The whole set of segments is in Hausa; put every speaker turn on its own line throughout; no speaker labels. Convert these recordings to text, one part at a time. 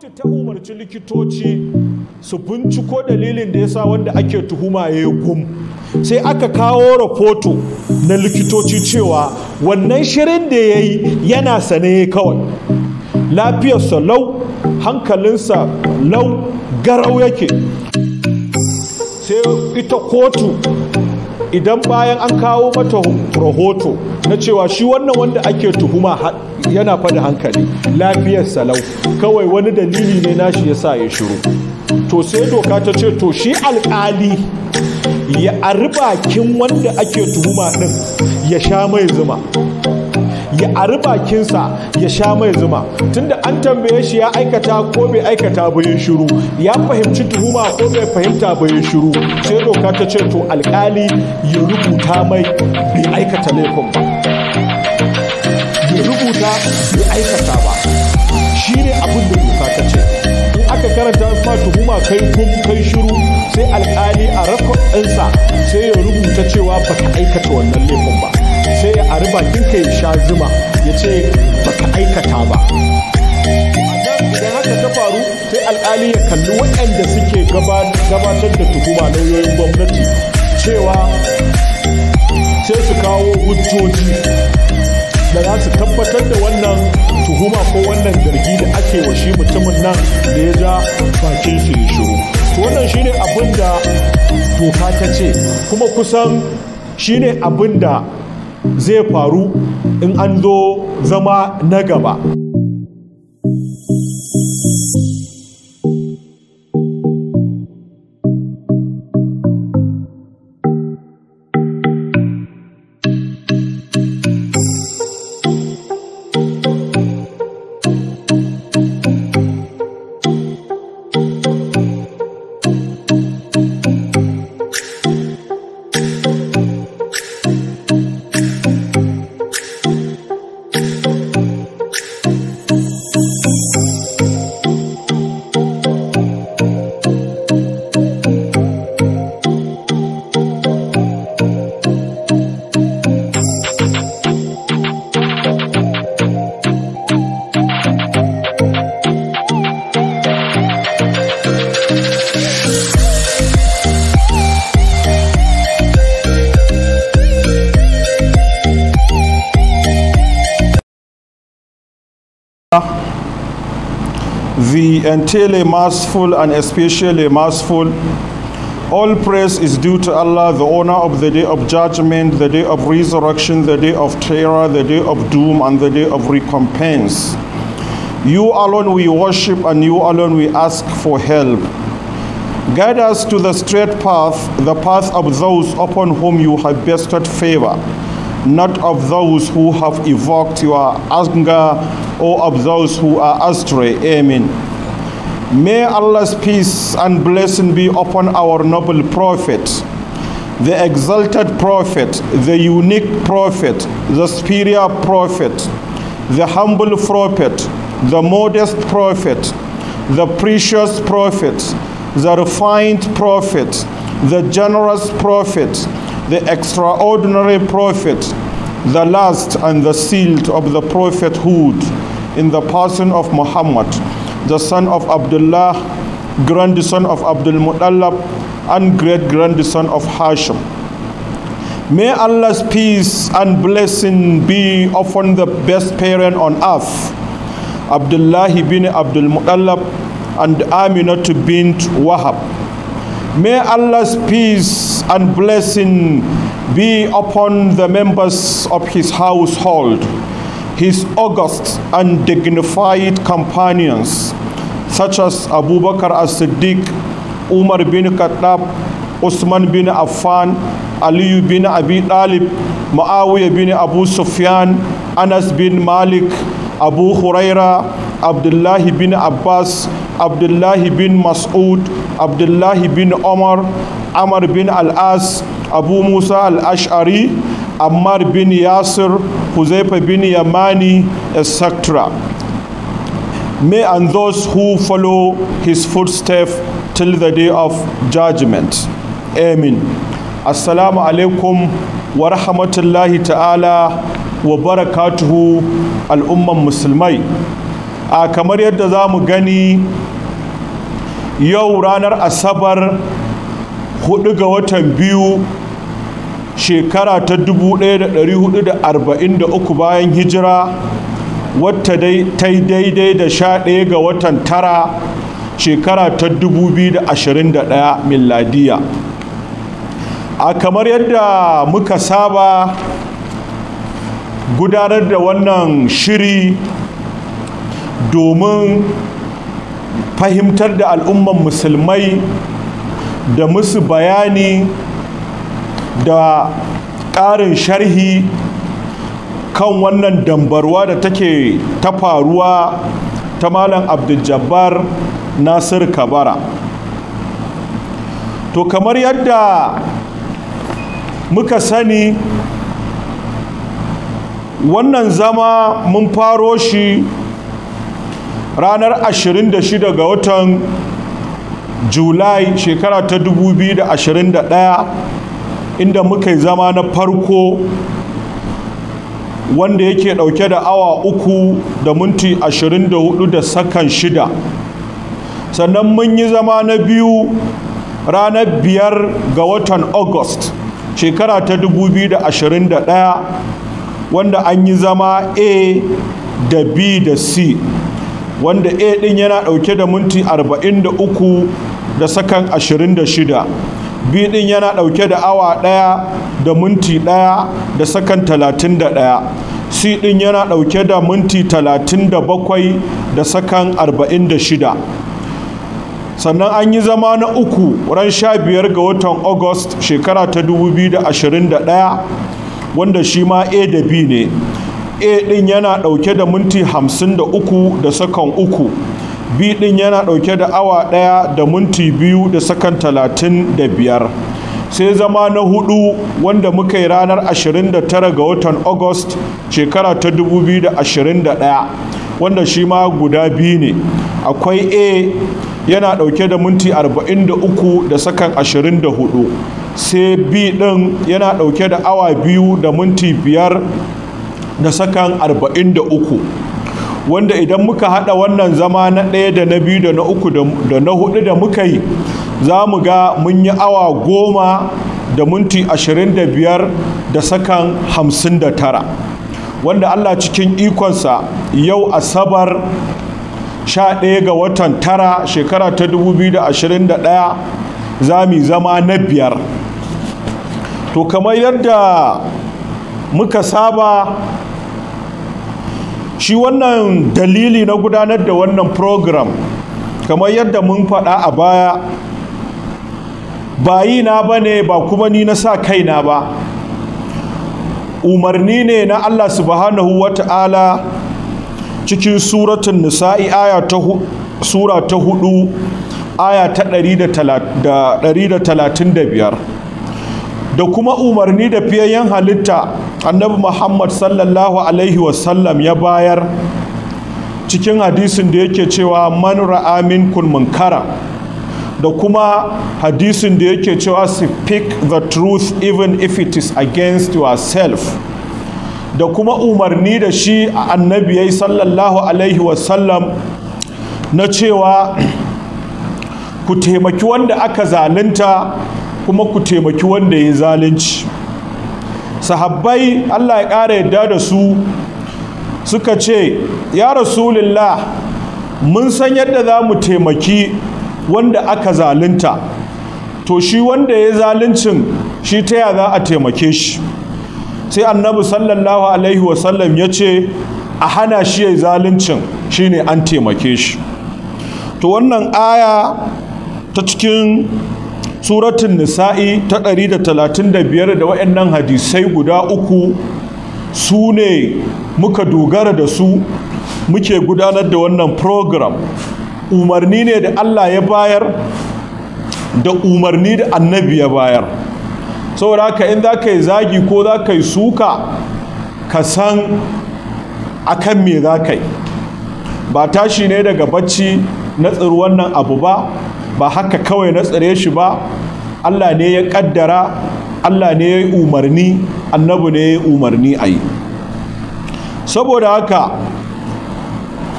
kotu ta umarci likitoci su binciko dalilin da ya sa wanda ake tuhuma ya yi gum sai aka kawo rahoto na likitoci cewa wannan shirin da ya yi yana sane kawai lafiyarsa lau hankalinsa lau garau yake sai ita kotu idan bayan an kawo mata rahoto na cewa shi wannan wanda ake tuhuma yana fada hankali lafiyar salau kawai wani dalili ne nashi ya sa ya shiru to sai doka ta ce to shi alkali ya ari bakin wanda ake tuhuma din ya sha mai zuma ya ari bakinsa ya sha mai zuma tunda an tambaye shi ya aikata ko bai aikata ba ya shiru ya fahimci tuhuma ko bai fahimta ba ya shiru sai doka ta ce to alkali ya rubuta mai bai aikata laifin ba ke rubuta ya aikata ba shi ne abin da doka ta ce in aka karanta ba tuhuma kai kun kai shiru sai alkali a rakon ɗinsa sai ya rubuta cewa ka aikata wannan laifin ba sai ya ari ka ya sha zuma ya ce ka aikata ba idan haka ta faru sai alkali ya kalli waɗanda suke gabatar da tuhuma lauyoyin gwamnati cewa sai su kawo hujjoji da za su tabbatar da wannan tuhuma ko wannan zargi da ake wa shi mutumin nan da ya ja bakin shi shiru to wannan shine abin da toka ta ce kuma kusan shine abin da zai faru in an zo zama na gaba entail a massful and especially a massful. All praise is due to Allah, the owner of the day of judgment, the day of resurrection, the day of terror, the day of doom, and the day of recompense. You alone we worship and you alone we ask for help. Guide us to the straight path, the path of those upon whom you have bestowed favor, not of those who have evoked your anger or of those who are astray. Amen. May Allah's peace and blessing be upon our noble prophet, the exalted prophet, the unique prophet, the superior prophet, the humble prophet, the modest prophet, the precious prophet, the refined prophet, the generous prophet, the extraordinary prophet, the last and the sealed of the prophethood in the person of Muhammad the son of Abdullah, grandson of Abdul Muttalib, and great grandson of Hashim. May Allah's peace and blessing be upon the best parent on earth, Abdullah bin Abdul Muttalib and Aminat bint Wahab. May Allah's peace and blessing be upon the members of his household, his august and dignified companions, such as Abu as-Siddiq, Umar bin Khattab, Usman bin Affan, Aliyu bin Abi dalib ma'awiya bin Abu Sufyan, Anas bin Malik, Abu Huraira, Abdullahi bin Abbas, Abdullahi bin Mas'ud, Abdullahi bin Umar, Amar bin Al-As, Abu Musa Al-Ash'ari, Ammar bin Yasir, Huzaifa bin Yamani, etc. May and those who follow his footsteps till the day of judgment. Amen. Assalamu alaikum wa rahmatullahi ta'ala wa barakatuhu al'umman musulmai. A kamar yadda za mu gani yau ranar Asabar hudu ga watan biyu shekara ta 1443 bayan hijira wata ta yi daidai da sha ɗaya ga watan tara shekara ta 2021 miladiya a kamar yadda muka saba gudanar da wannan shiri domin fahimtar da al'umman musulmai da musu bayani da ƙarin sharhi kan wannan dambarwa da take ta faruwa ta malam abdul nasir kabara to kamar yadda muka sani wannan zama mun faro shi ranar 26 ga watan julai shekara ta 2021 inda muka yi zama na farko wanda yake dauke da awa uku da minti ashirin da sakan shida sannan mun yi zama na biyu ranar biyar ga watan august shekara ta 2021 wanda an yi zama a da b da c wanda a din yana dauke da minti 43 da sakan 26 biyu din yana ɗauke da awa daya da minti daya da sakan talatin da daya c din yana ɗauke da minti talatin da bakwai da sakan arba'in da shida sannan an yi zama na uku ran sha biyar ga watan august shekara ta da da 2021 wanda shi ma a da b ne a din yana ɗauke da minti hamsin da uku da sakan uku bi din yana dauke da awa daya da minti biyu da sakan talatin da biyar sai zama na hudu wanda muka yi ranar 29 ga watan august shekara ta 2021 wanda shi ma guda biyu ne akwai a yana dauke da minti 43 da sakan 24 sai b din yana dauke da awa biyu da minti biyar da sakan 43 wanda idan muka hada wannan zama na ɗaya da na biyu da na uku da na hudu da muka yi za mu ga mun yi awa goma da minti ashirin da biyar da sakan hamsin da tara wanda allah cikin ikonsa yau asabar sha ɗaya ga watan tara shekara ta dubu biyu da ashirin da ɗaya za mu zama na biyar to kamar yadda muka saba shi wannan dalili na gudanar da wannan program kamar yadda mun faɗa a baya ba yi na ba ne ba kuma ni na sa kaina ba umarni ne na allah subhanahu wa ta'ala cikin suratun nisa'i aya ta sura ta hudu aya ta 135 da kuma umarni da fiyayyen halitta annabi muhammad sallallahu alaihi wasallam ya bayar cikin hadisin da yake cewa man ra'a kun munkara da kuma hadisin da yake cewa speak the truth even if it is against yourself da kuma umarni da shi a annabi yayi sallallahu alaihi wasallam na cewa ku taimaki wanda aka zalunta kuma ku taimaki wanda ya zalunci sahabbai Allah ya ƙara yadda da su suka ce ya rasulullah mun san yadda za mu taimaki wanda aka zalunta to shi wanda ya zaluncin shi ta ya za a taimake shi sai annabi sallallahu alaihi wasallam ya ce a hana shi ya zaluncin ne an taimake shi to wannan aya ta cikin suratun nisa'i ta 135 da waɗannan hadisai guda uku su ne muka dogara da su muke gudanar da wannan program umarni ne da allah ya bayar da umarni da annabi ya bayar saboda in za ka yi zagi ko za ka yi suka ka san akan me za ka yi ba tashi ne daga bacci na tsiri wannan abu ba ba haka kawai na tsare shi ba Allah ne ya kaddara Allah ne ya yi umarni Annabu ne ya yi umarni a yi saboda haka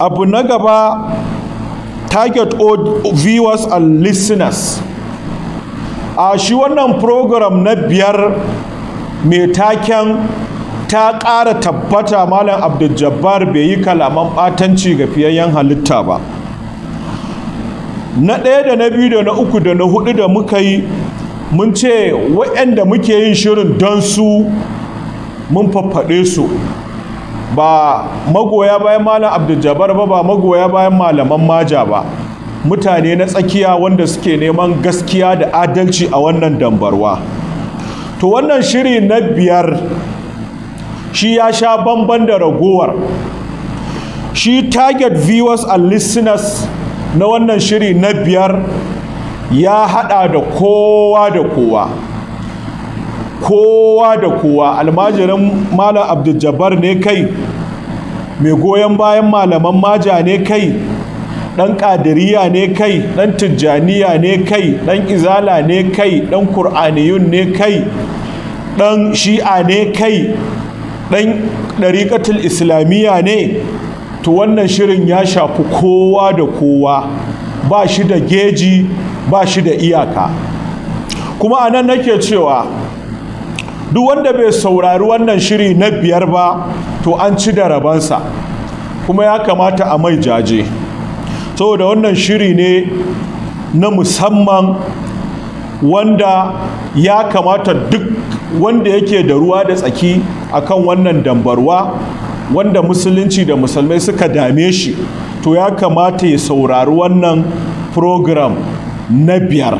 abu na gaba target viewers and listeners a shi wannan program na biyar mai taken ta ƙara tabbata malam abdul bai yi kalaman ɓatanci ga fiyayyen halitta ba na ɗaya da na biyu da na uku da na hudu da muka yi mun ce waɗanda muke yin shirin don su mun faffaɗe su ba magoya bayan malam abdul ba ba magoya bayan malaman maja ba mutane na tsakiya wanda suke neman gaskiya da adalci a wannan dambarwa to wannan shiri na biyar shi ya sha bamban da ragowar shi target viewers and listeners na wannan shiri na biyar ya hada da kowa da kowa kowa da kowa almajirin malam abdujabar ne kai mai goyon bayan malaman maja ne kai ɗan ƙadiriya ne kai ɗan tijjaniya ne kai ɗan izala ne kai ɗan kur'aniyun ne kai ɗan shi'a ne kai ɗan ɗariƙatul islamiyya ne to wannan shirin ya shafi kowa da kowa ba shi da geji ba shi da iyaka kuma a nan nake cewa duk wanda bai saurari wannan shiri na biyar ba to an ci da rabansa kuma ya kamata a mai jaje saboda wannan shiri ne na musamman wanda ya kamata duk wanda yake da ruwa da tsaki akan wannan dambarwa wanda musulunci da musulmai suka dame shi to ya kamata ya saurari wannan program na biyar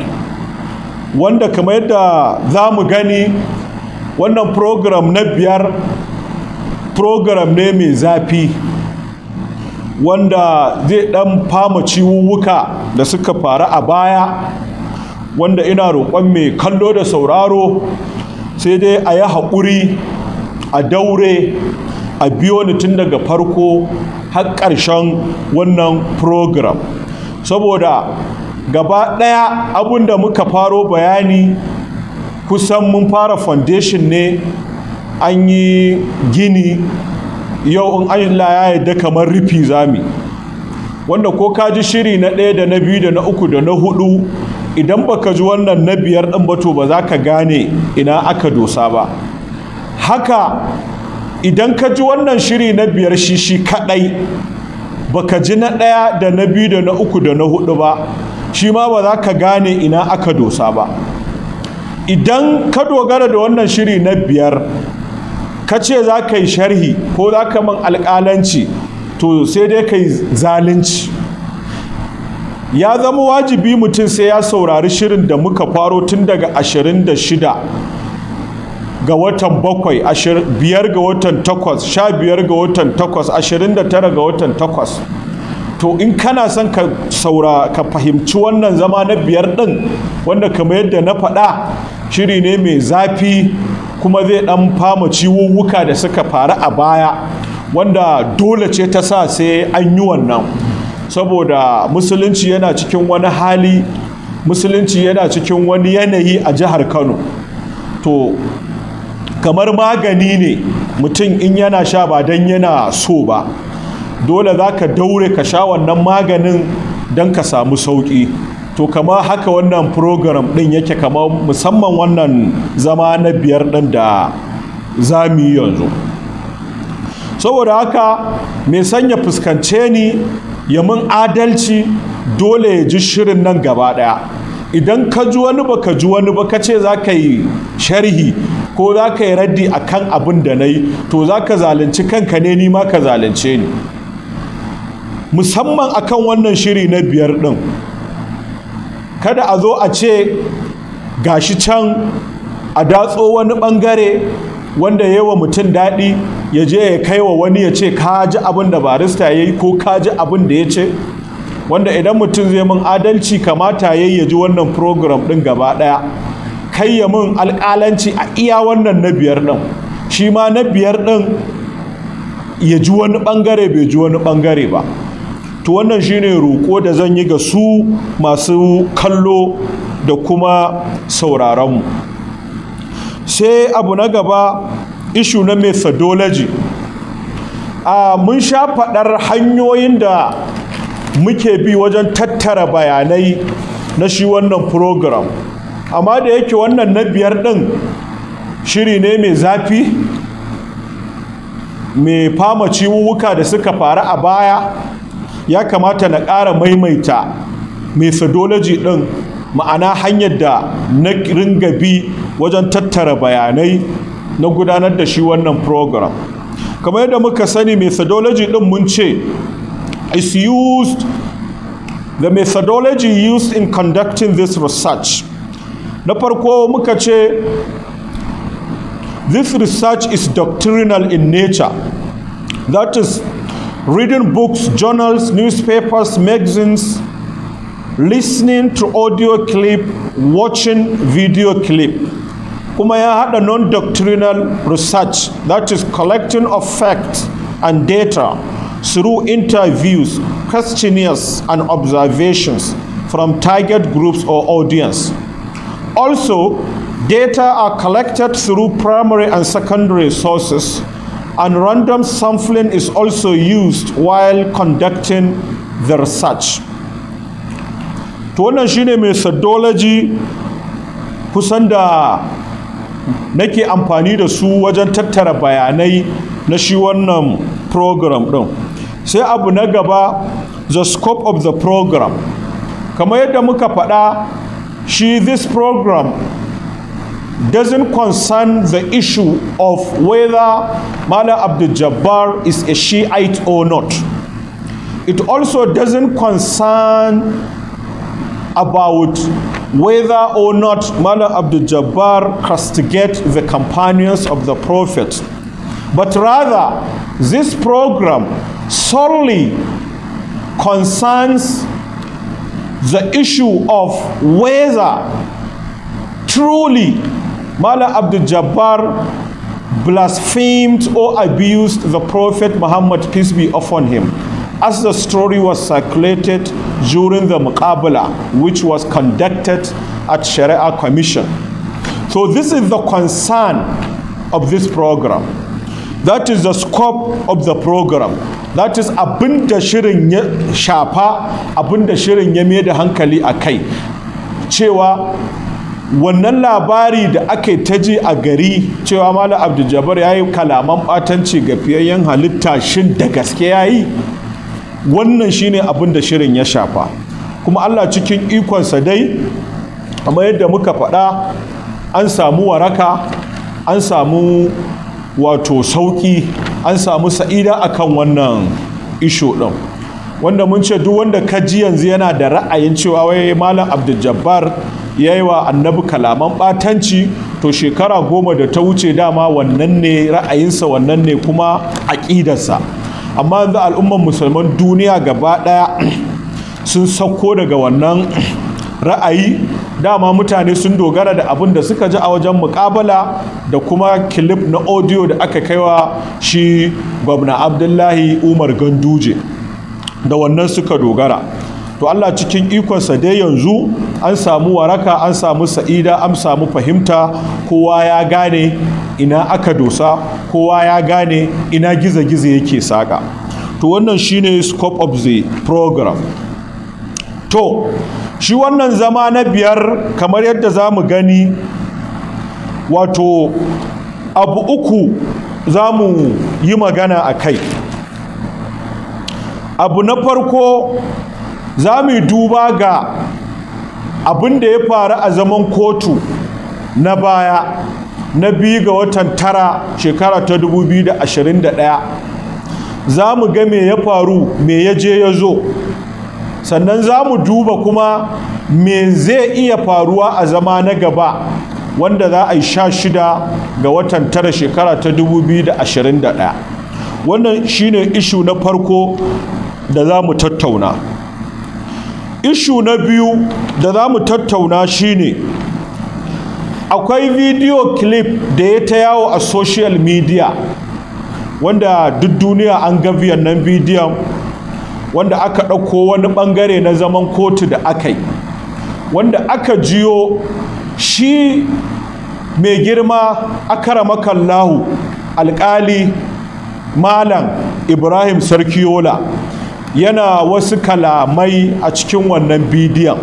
wanda kama yadda za mu gani wannan program na biyar program ne mai zafi wanda zai dan fama ciwuwuka da suka faru a baya wanda ina roƙon mai kallo da sauraro sai dai a yi haƙuri a daure a biyo ni tun daga farko har ƙarshen wannan program saboda gaba ɗaya abun da muka faro bayani kusan mun fara foundation ne an yi gini yau in allah ya yarda kamar rufi zami wanda ko ka ji shiri na ɗaya da na biyu da na uku da na hudu idan baka ji wannan na biyar ɗin ba to ba za ka gane ina aka dosa ba haka idan ka ji wannan shiri na biyar shishi shi kaɗai baka ji na ɗaya da na biyu da na uku da na hudu ba shi ma ba za ka gane ina aka dosa ba idan ka dogara da wannan shiri na biyar ka ce za ka yi sharhi ko za ka man alƙalanci to sai dai ka yi zalunci ya zama wajibi mutum sai ya saurari shirin da muka faro tun daga 26 ga watan bakwai biyar ga watan takwas sha biyar ga watan takwas ashirin da tara ga watan takwas to in kana son ka saura ka fahimci wannan zama na biyar ɗin wanda kamar yadda na faɗa shiri ne mai zafi kuma zai ɗan fama ciwuwuka da suka faru a baya wanda dole ce ta sa sai an yi wannan saboda musulunci yana cikin wani hali musulunci yana cikin wani yanayi a jihar kano to kamar magani ne mutum in yana sha ba don yana so ba dole za ka daure ka sha wannan maganin don ka samu sauƙi to kama haka wannan program ɗin yake kama musamman wannan zama na biyar ɗin da za mu yi yanzu saboda haka mai sanya fuskance ni ya mun adalci dole ya ji shirin nan gaba ɗaya idan ka ji wani ba ka ji wani ba ka ce za ka yi sharhi ko za ka yi raddi a kan abin da na yi to za ka zalunci kanka ne ni ma ka zalunce ni musamman a kan wannan shiri na biyar ɗin kada a zo a ce gashi can a datso wani ɓangare wanda wa mutum daɗi ya je ya kai wa wani ya ce ka ji abin da barista ya yi ko ka ji abin da ya ce wanda idan mutum zai mun adalci kamata yayi ya ji wannan program ɗin gaba daya kai ya mun alƙalanci a iya wannan na biyar ɗin shi ma na biyar din ya ji wani bangare bai ji wani bangare ba to wannan shi ne roƙo da zan yi ga su masu kallo da kuma sauraronmu sai abu na gaba ishu na methodology a ah, mun sha faɗar hanyoyin da muke bi wajen tattara bayanai na shi wannan program amma da yake wannan na biyar ɗin shiri ne mai zafi mai fama ciwuwuka da suka faru a baya ya kamata na ƙara maimaita methodology ɗin ma'ana hanyar da na ringa bi wajen tattara bayanai na gudanar da shi wannan program kamar yadda muka sani methodology ɗin mun ce is used, the methodology used in conducting this research. Na farko muka ce, this research is doctrinal in nature. That is, reading books, journals, newspapers, magazines, listening to audio clip, watching video clip. Kuma ya haɗa non-doctrinal research, that is collecting of facts and data through interviews, questionnaires, and observations from target groups or audience. Also, data are collected through primary and secondary sources, and random sampling is also used while conducting the research. To wannan shine methodology kusan da nake amfani da su wajen tattara bayanai na shi wannan program ɗin. sai abu na gaba the scope of the program kamar yadda muka faɗa shi this program doesn't concern the issue of whether Mala Abdul Jabbar is a Shiite or not. It also doesn't concern about whether or not Mala Abdul Jabbar castigate the companions of the Prophet but rather this program solely concerns the issue of whether truly Mala Abdul Jabbar blasphemed or abused the Prophet Muhammad, peace be upon him, as the story was circulated during the Muqabala, which was conducted at Sharia Commission. So this is the concern of this program. that is the scope of the program that is abinda shirin ya shafa abinda shirin ya mai da hankali a kai cewa wannan labari da ake ji a gari cewa malam abdul ya yi kalaman batanci ga fiyayyen halitta shin da gaske ya yi wannan shine abin da shirin ya shafa kuma allah cikin ikonsa dai kamar yadda muka faɗa an samu waraka an samu wato sauƙi an samu sa'ida akan wannan isho ɗin wanda mun ce duk wanda ka ji yanzu yana da ra'ayin cewa wai malam abdul ya yi wa annabi kalaman ɓatanci to shekara goma da ta wuce dama wannan ne ra'ayinsa wannan ne kuma aƙidarsa amma yanzu al'umman musulman duniya gaba ɗaya sun sauko daga wannan ra'ayi dama mutane sun dogara da abin da suka ji a wajen mukabala da kuma kilif na audio da aka kaiwa shi gwamna abdullahi umar ganduje da wannan suka dogara to Allah cikin ikonsa dai yanzu an samu waraka an samu sa'ida an samu fahimta kowa ya gane ina aka dosa kowa ya gane ina giza-giza yake saka to wannan shine scope of the program to shi wannan zama na biyar kamar yadda za mu gani wato abu uku za mu yi magana a kai abu na farko za mu yi duba ga abin da ya faru a zaman kotu na baya na biyu ga watan tara shekara ta 2021 za mu ga me ya faru me ya je ya zo sannan za mu duba kuma me zai iya faruwa a zama na gaba wanda za a yi sha shida ga watan tara shekara ta 2021 wannan shine ishu na farko da za mu tattauna ishu na biyu da za mu tattauna shine akwai video clip da ya ta yawo a social media wanda duk duniya an ga biyan nan bidiyon wanda aka ɗauko wani ɓangare na zaman kotu da aka yi wanda aka jiyo shi mai girma akara makallahu alƙali malam ibrahim sarkiyola yana wasu kalamai a cikin wannan bidiyon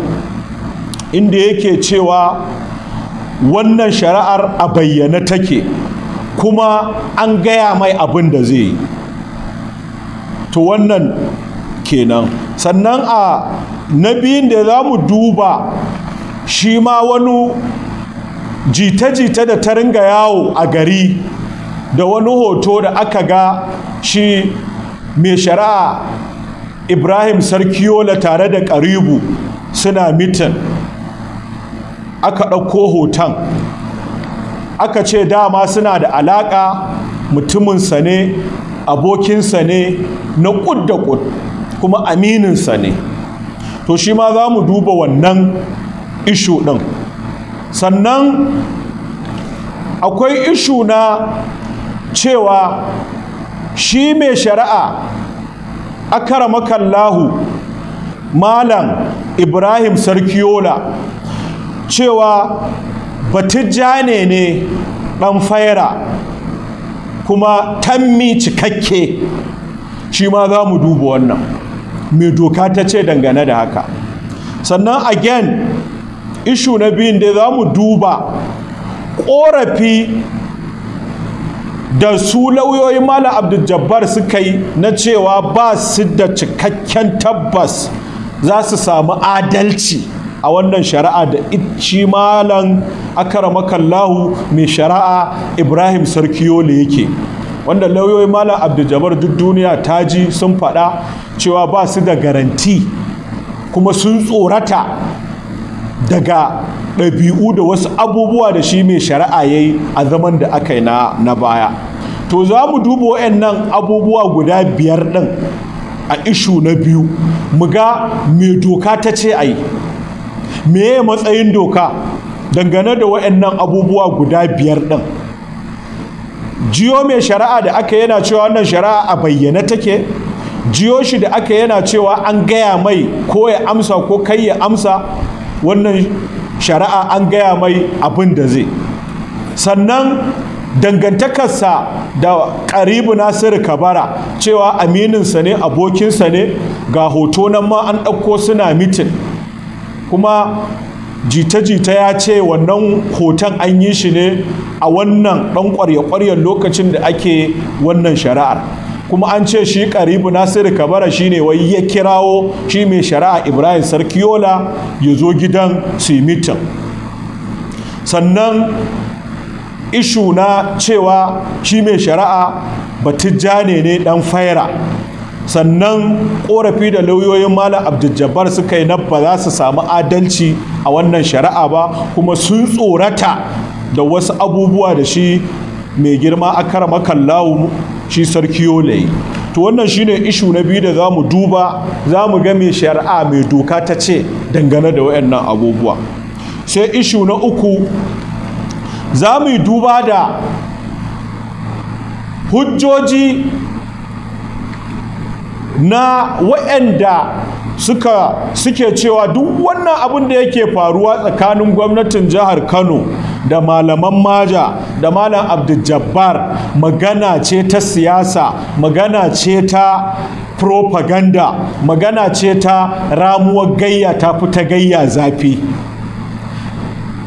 inda yake cewa wannan shari'ar a bayyana take kuma an gaya mai abin da zai yi to wannan kenan sannan a na biyun da za mu duba shi ma wani jita-jita da ta ringa yawo a gari da wani hoto da aka ga shi mai shari'a ibrahim sarkiyola tare da karibu suna mitin aka ɗauko hoton aka ce dama suna da alaƙa mutuminsa ne abokinsa ne na ƙud da ƙud kuma amininsa ne to shi ma za mu duba wannan ishu ɗin sannan akwai ishu na cewa shi mai shari'a makallahu malam ibrahim sarkiola cewa batijjane ne ɗan faira kuma tammi cikakke shi ma za mu duba wannan mai doka ta ce dangane da haka sannan again ishu na biyun da za mu duba ƙorafi da su lauyoyi mala abdujabbar suka yi na cewa ba su da cikakken tabbas za su samu adalci a wannan shari'a da ici malan akara makallahu mai shari'a ibrahim ne yake wanda lauyoyin malam abdul duk duniya ta ji sun faɗa cewa ba su da garanti kuma sun tsorata daga ɗabi'u da wasu abubuwa da shi mai shari'a ya yi a zaman da aka yi na baya to za mu duba nan abubuwa guda biyar ɗin a ishu na biyu mu ga me doka ta ce a yi meye matsayin doka dangane da waɗannan abubuwa guda biyar ɗin jiyo mai shari'a da aka yana cewa wannan shari'a a bayyane take jiyo shi da aka yana cewa an gaya mai ko ya amsa ko kai ya amsa wannan shari'a an gaya mai abin da zai sannan dangantakarsa da karibu nasiru kabara cewa amininsa ne abokinsa ne ga hoto nan ma an ɗauko suna mitin kuma jita-jita ya ce wannan hoton an yi shi ne a wannan ɗan ƙwarya-ƙwaryen lokacin da ake wannan shari'ar kuma an ce shi karibu nasiru kabara shi ne wai ya kirawo shi mai shari'a ibrahim sarkiola ya zo gidan simitin sannan ishu na cewa shi mai shari'a batijjane ne ɗan faira sannan korafi da lauyoyin malam abdujabbar suka yi nabba za su samu adalci a wannan shari'a ba kuma sun tsorata da wasu abubuwa da shi mai girma a karama shi sarki yolayi to wannan shine ishu na biyu da za mu duba za mu ga mai shari'a mai doka ta ce dangane da wayannan abubuwa sai ishu na uku za mu duba da hujjoji na waɗanda suka suke cewa duk wannan abin da yake faruwa tsakanin gwamnatin jihar kano da malaman maja da malam abdul magana ce ta siyasa magana ce ta propaganda magana ce ta ramuwar gayya ta fi gayya zafi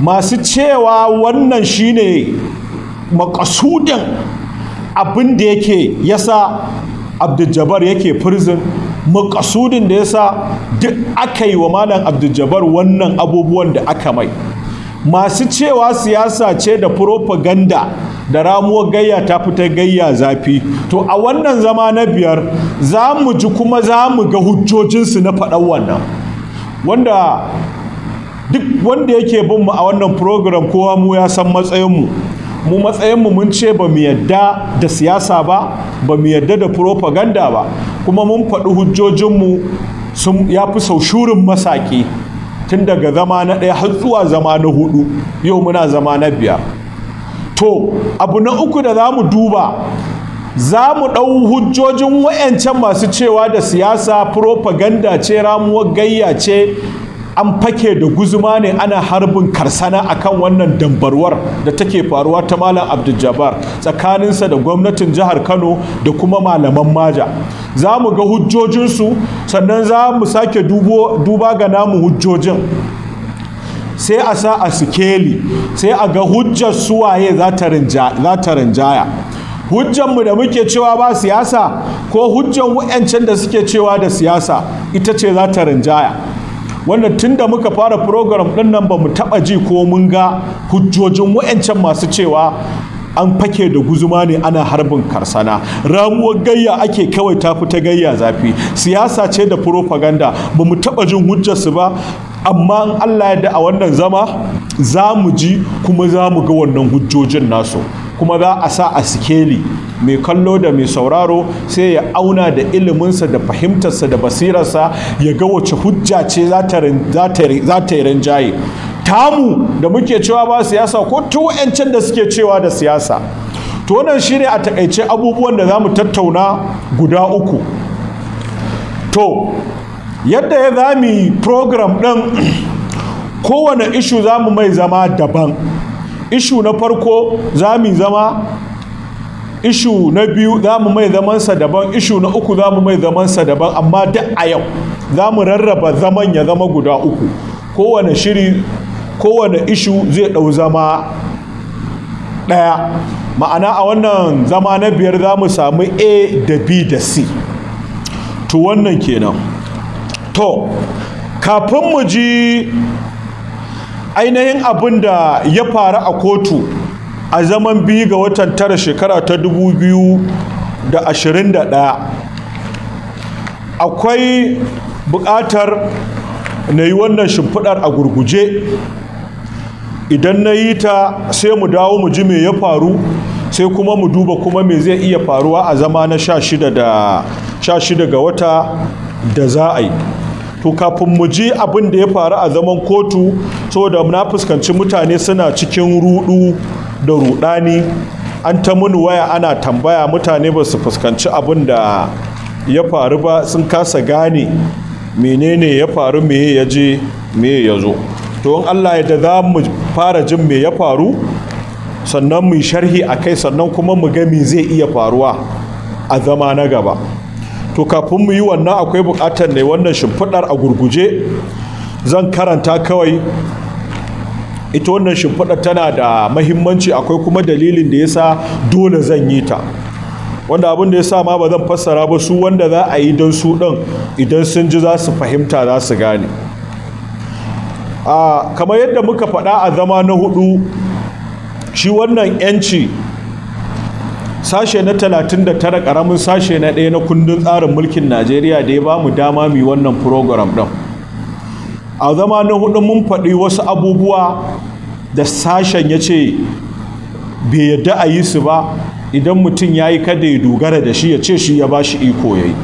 masu cewa wannan shine makasudin abin da yake yasa abdujabar yake firzin makasudin da ya sa duk aka yi wa malam abdujabar wannan abubuwan da aka mai masu cewa siyasa ce da propaganda da ramuwar gayya ta fita gayya zafi to a wannan zama na biyar za mu ji kuma za mu ga hujjojinsu na faɗan wannan wanda duk wanda yake bin mu a wannan program kowa mu ya san matsayinmu mu matsayin mu mun ce ba mu yadda da siyasa ba ba mu yadda da propaganda ba kuma mun faɗi hujjojinmu sun ya fi sau shurin masaƙi tun daga zama na ɗaya har zuwa zama na hudu yau muna zama na biyar to abu na uku da za mu duba za mu ɗau hujjojin wa'yancan masu cewa da siyasa propaganda ce ramuwar gayya ce an fake da guzuma ne ana harbin karsana akan wannan dambarwar da take faruwa ta malam abdul tsakaninsa da gwamnatin jihar kano da kuma malaman maja za mu ga hujjojinsu sannan za mu sake duba ga namu hujjojin sai a sa a sikeli sai a ga hujjar suwaye za ta rinjaya hujjanmu da muke cewa ba siyasa ko hujjan wa'yancan da suke cewa da siyasa ita ce za ta rinjaya wannan tun da muka fara program ɗin nan ba mu taɓa ji ko mun ga hujjojin wa'ancan masu cewa an fake da guzuma ne ana harbin karsana ramuwar gayya ake kawai tafi ta gayya zafi siyasa ce da propaganda ba mu taɓa jin hujjarsu ba amma in allah ya a wannan zama za mu ji kuma za mu ga wannan hujjojin nasu kuma za a sa a sikeli mai kallo da mai sauraro sai ya auna da iliminsa da fahimtarsa da basirarsa ya ga wace hujja ce za ta yi rinjaye tamu da muke cewa ba siyasa ko 'yancin da suke cewa da siyasa to wannan shi ne a takaice abubuwan da za mu tattauna guda uku to yadda ya zami program ɗin kowane ishu za mu mai zama daban ishu na farko za mu zama ishu na biyu za mu mai zamansa daban ishu na uku za mu mai zamansa daban amma duk a yau za mu rarraba zaman ya zama guda uku kowane shiri kowane ishu zai ɗau zama ɗaya ma'ana a wannan zama na biyar za mu samu a da b da c to wannan kenan to kafin mu ji ainihin abin da ya faru a kotu a zaman biyu ga watan tara shekara ta 2021 akwai bukatar na yi wannan shimfidar a gurguje idan na yi ta sai mu dawo mu ji me ya faru sai kuma mu duba kuma me zai iya faruwa a zama na 16 ga wata da za a yi to kafin mu ji abin da ya faru a zaman kotu saboda na fuskanci mutane suna cikin rudu da rudani an ta mini waya ana tambaya mutane ba su fuskanci abin da ya faru ba sun kasa gane menene ya faru me ya je me ya zo to in Allah ya da za mu fara jin me ya faru sannan mu sharhi a kai sannan kuma mu ga me zai iya faruwa a zama na gaba to kafin mu yi wannan akwai bukatar ne wannan shimfiɗar a gurguje zan karanta kawai ita wannan shimfiɗar tana da mahimmanci akwai kuma dalilin da yasa dole zan yi ta wanda abin da ya sa ma ba zan fassara ba su wanda za a yi don su ɗin idan sun ji za su fahimta za su gane ah, kamar yadda muka faɗa a zama na hudu shi wannan 'yanci sashe na 39 karamin sashe na ɗaya na kundin tsarin mulkin najeriya da ya ba mu dama mai wannan program ɗin a zama na hudu mun faɗi wasu abubuwa da sashen ya ce bai yadda a yi su ba idan mutum ya yi kada ya dogara da shi ya ce shi ya ba shi iko ya yi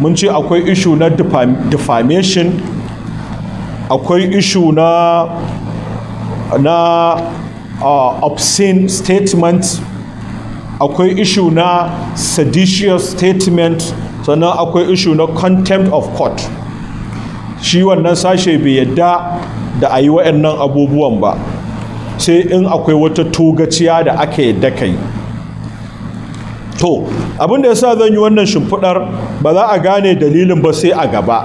mun ce akwai ishu na defamation akwai ishu na na uh, obscene statement akwai ishu na seditious statement sannan akwai ishu na contempt of court shi wannan sashe bai yadda da a yi wa'annan abubuwan ba sai in akwai wata togaciya da aka yadda kai to abinda ya sa zan yi wannan shimfiɗar ba za a gane dalilin ba sai a gaba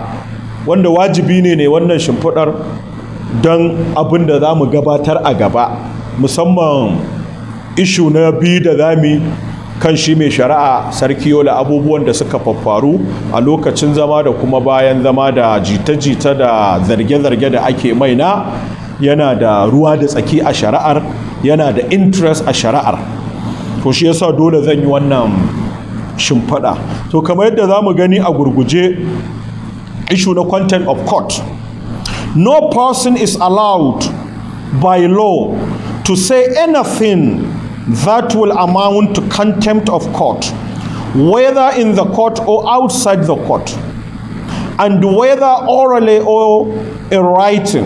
wanda wajibi ne ne wannan shimfiɗar don abin da za mu gabatar a gaba musamman ishu na biyu da zami kan shi mai shari'a sarki yola abubuwan da suka faffaru a lokacin zama da kuma bayan zama da jita-jita da zarge-zarge da ake mai na yana da ruwa da tsaki a shari'ar yana da interest a shari'ar to shi yasa dole zan yi wannan shimfiɗa to kamar yadda za mu gani a gurguje ishu na content of court no person is allowed by law to say anything that will amount to contempt of court, whether in the court or outside the court, and whether orally or in writing.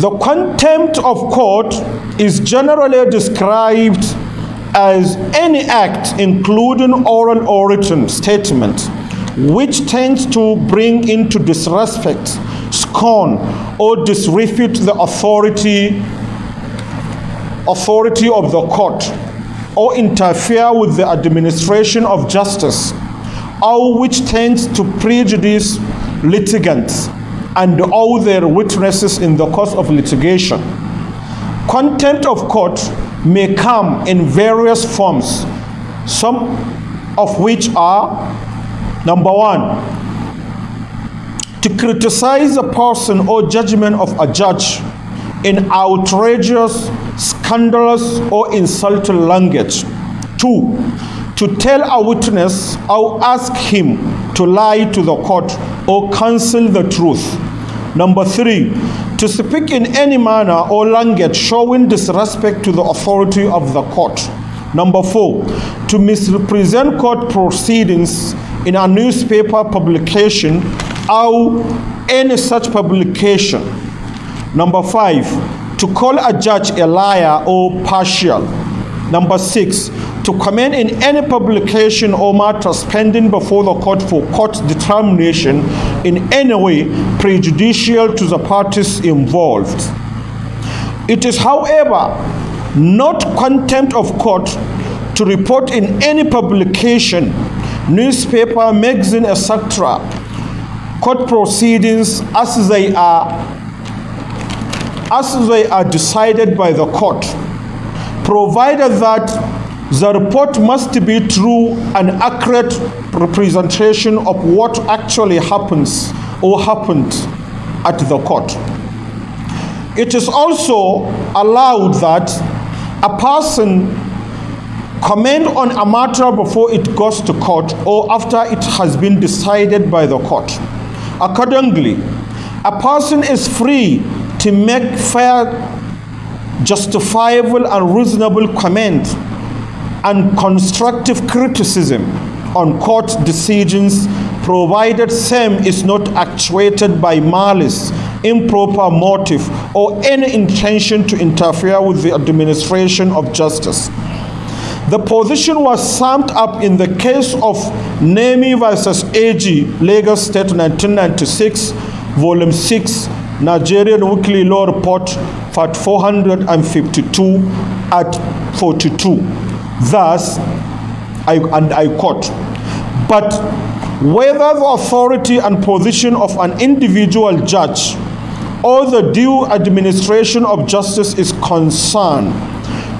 The contempt of court is generally described as any act, including oral or written statement, which tends to bring into disrespect, scorn, or disrepute the authority authority of the court or interfere with the administration of justice all which tends to prejudice litigants and all their witnesses in the course of litigation. Content of court may come in various forms, some of which are number one, to criticize a person or judgment of a judge in outrageous, scandalous, or insulting language. Two, to tell a witness or ask him to lie to the court or cancel the truth. Number three, to speak in any manner or language showing disrespect to the authority of the court. Number four, to misrepresent court proceedings in a newspaper publication or any such publication. Number five, to call a judge a liar or partial. Number six, to comment in any publication or matter pending before the court for court determination in any way prejudicial to the parties involved. It is, however, not contempt of court to report in any publication, newspaper, magazine, etc., court proceedings as they are as they are decided by the court, provided that the report must be true and accurate representation of what actually happens or happened at the court. It is also allowed that a person comment on a matter before it goes to court or after it has been decided by the court. Accordingly, a person is free to make fair, justifiable, and reasonable comment and constructive criticism on court decisions provided same is not actuated by malice, improper motive, or any intention to interfere with the administration of justice. The position was summed up in the case of Nemi versus AG, Lagos State 1996, Volume 6, Nigerian Weekly Law Report, Part 452 at 42. Thus, I, and I quote, but whether the authority and position of an individual judge or the due administration of justice is concerned,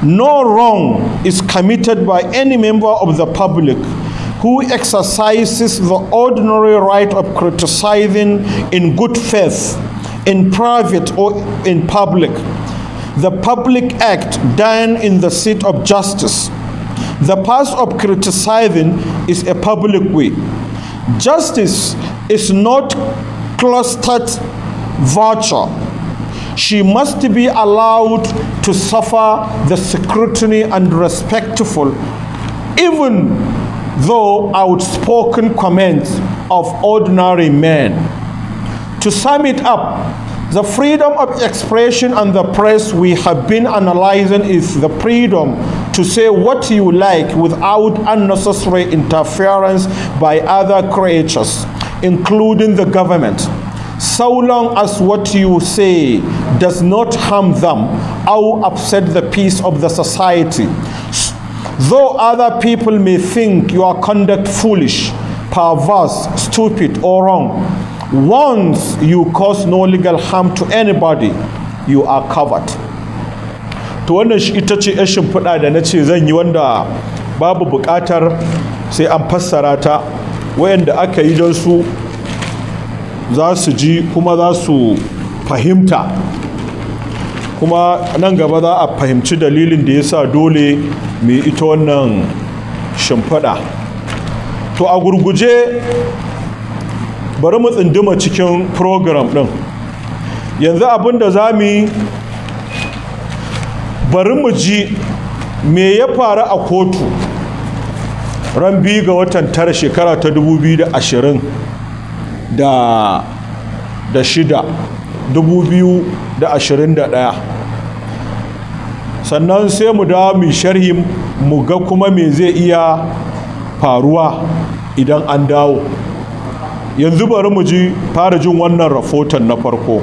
no wrong is committed by any member of the public who exercises the ordinary right of criticizing in good faith in private or in public, the public act done in the seat of justice. The path of criticizing is a public way. Justice is not clustered virtue. She must be allowed to suffer the scrutiny and respectful, even though outspoken comments of ordinary men. To sum it up, the freedom of expression and the press we have been analyzing is the freedom to say what you like without unnecessary interference by other creatures, including the government so long as what you say does not harm them or upset the peace of the society. Though other people may think your conduct foolish, perverse, stupid, or wrong, Once you cause no legal harm to anybody, you are covered. To wannan ita ce ‘yan shimfiɗa da na ce zan yi wanda babu buƙatar sai an fassara ta wayanda aka yi don su za su ji kuma za su fahimta kuma nan gaba za a fahimci dalilin da ya sa dole mai ita wannan shimfiɗa to a gurguje bari mu tsinduma cikin program ɗin yanzu abin da za mu yi bari mu ji me ya faru a kotu ran biyu ga watan tara shekara ta 2020 da da shida 2021 sannan sai mu dawo mu sharhi mu ga kuma me zai iya faruwa idan an dawo yanzu bari mu ji fara jin wannan rahoton na farko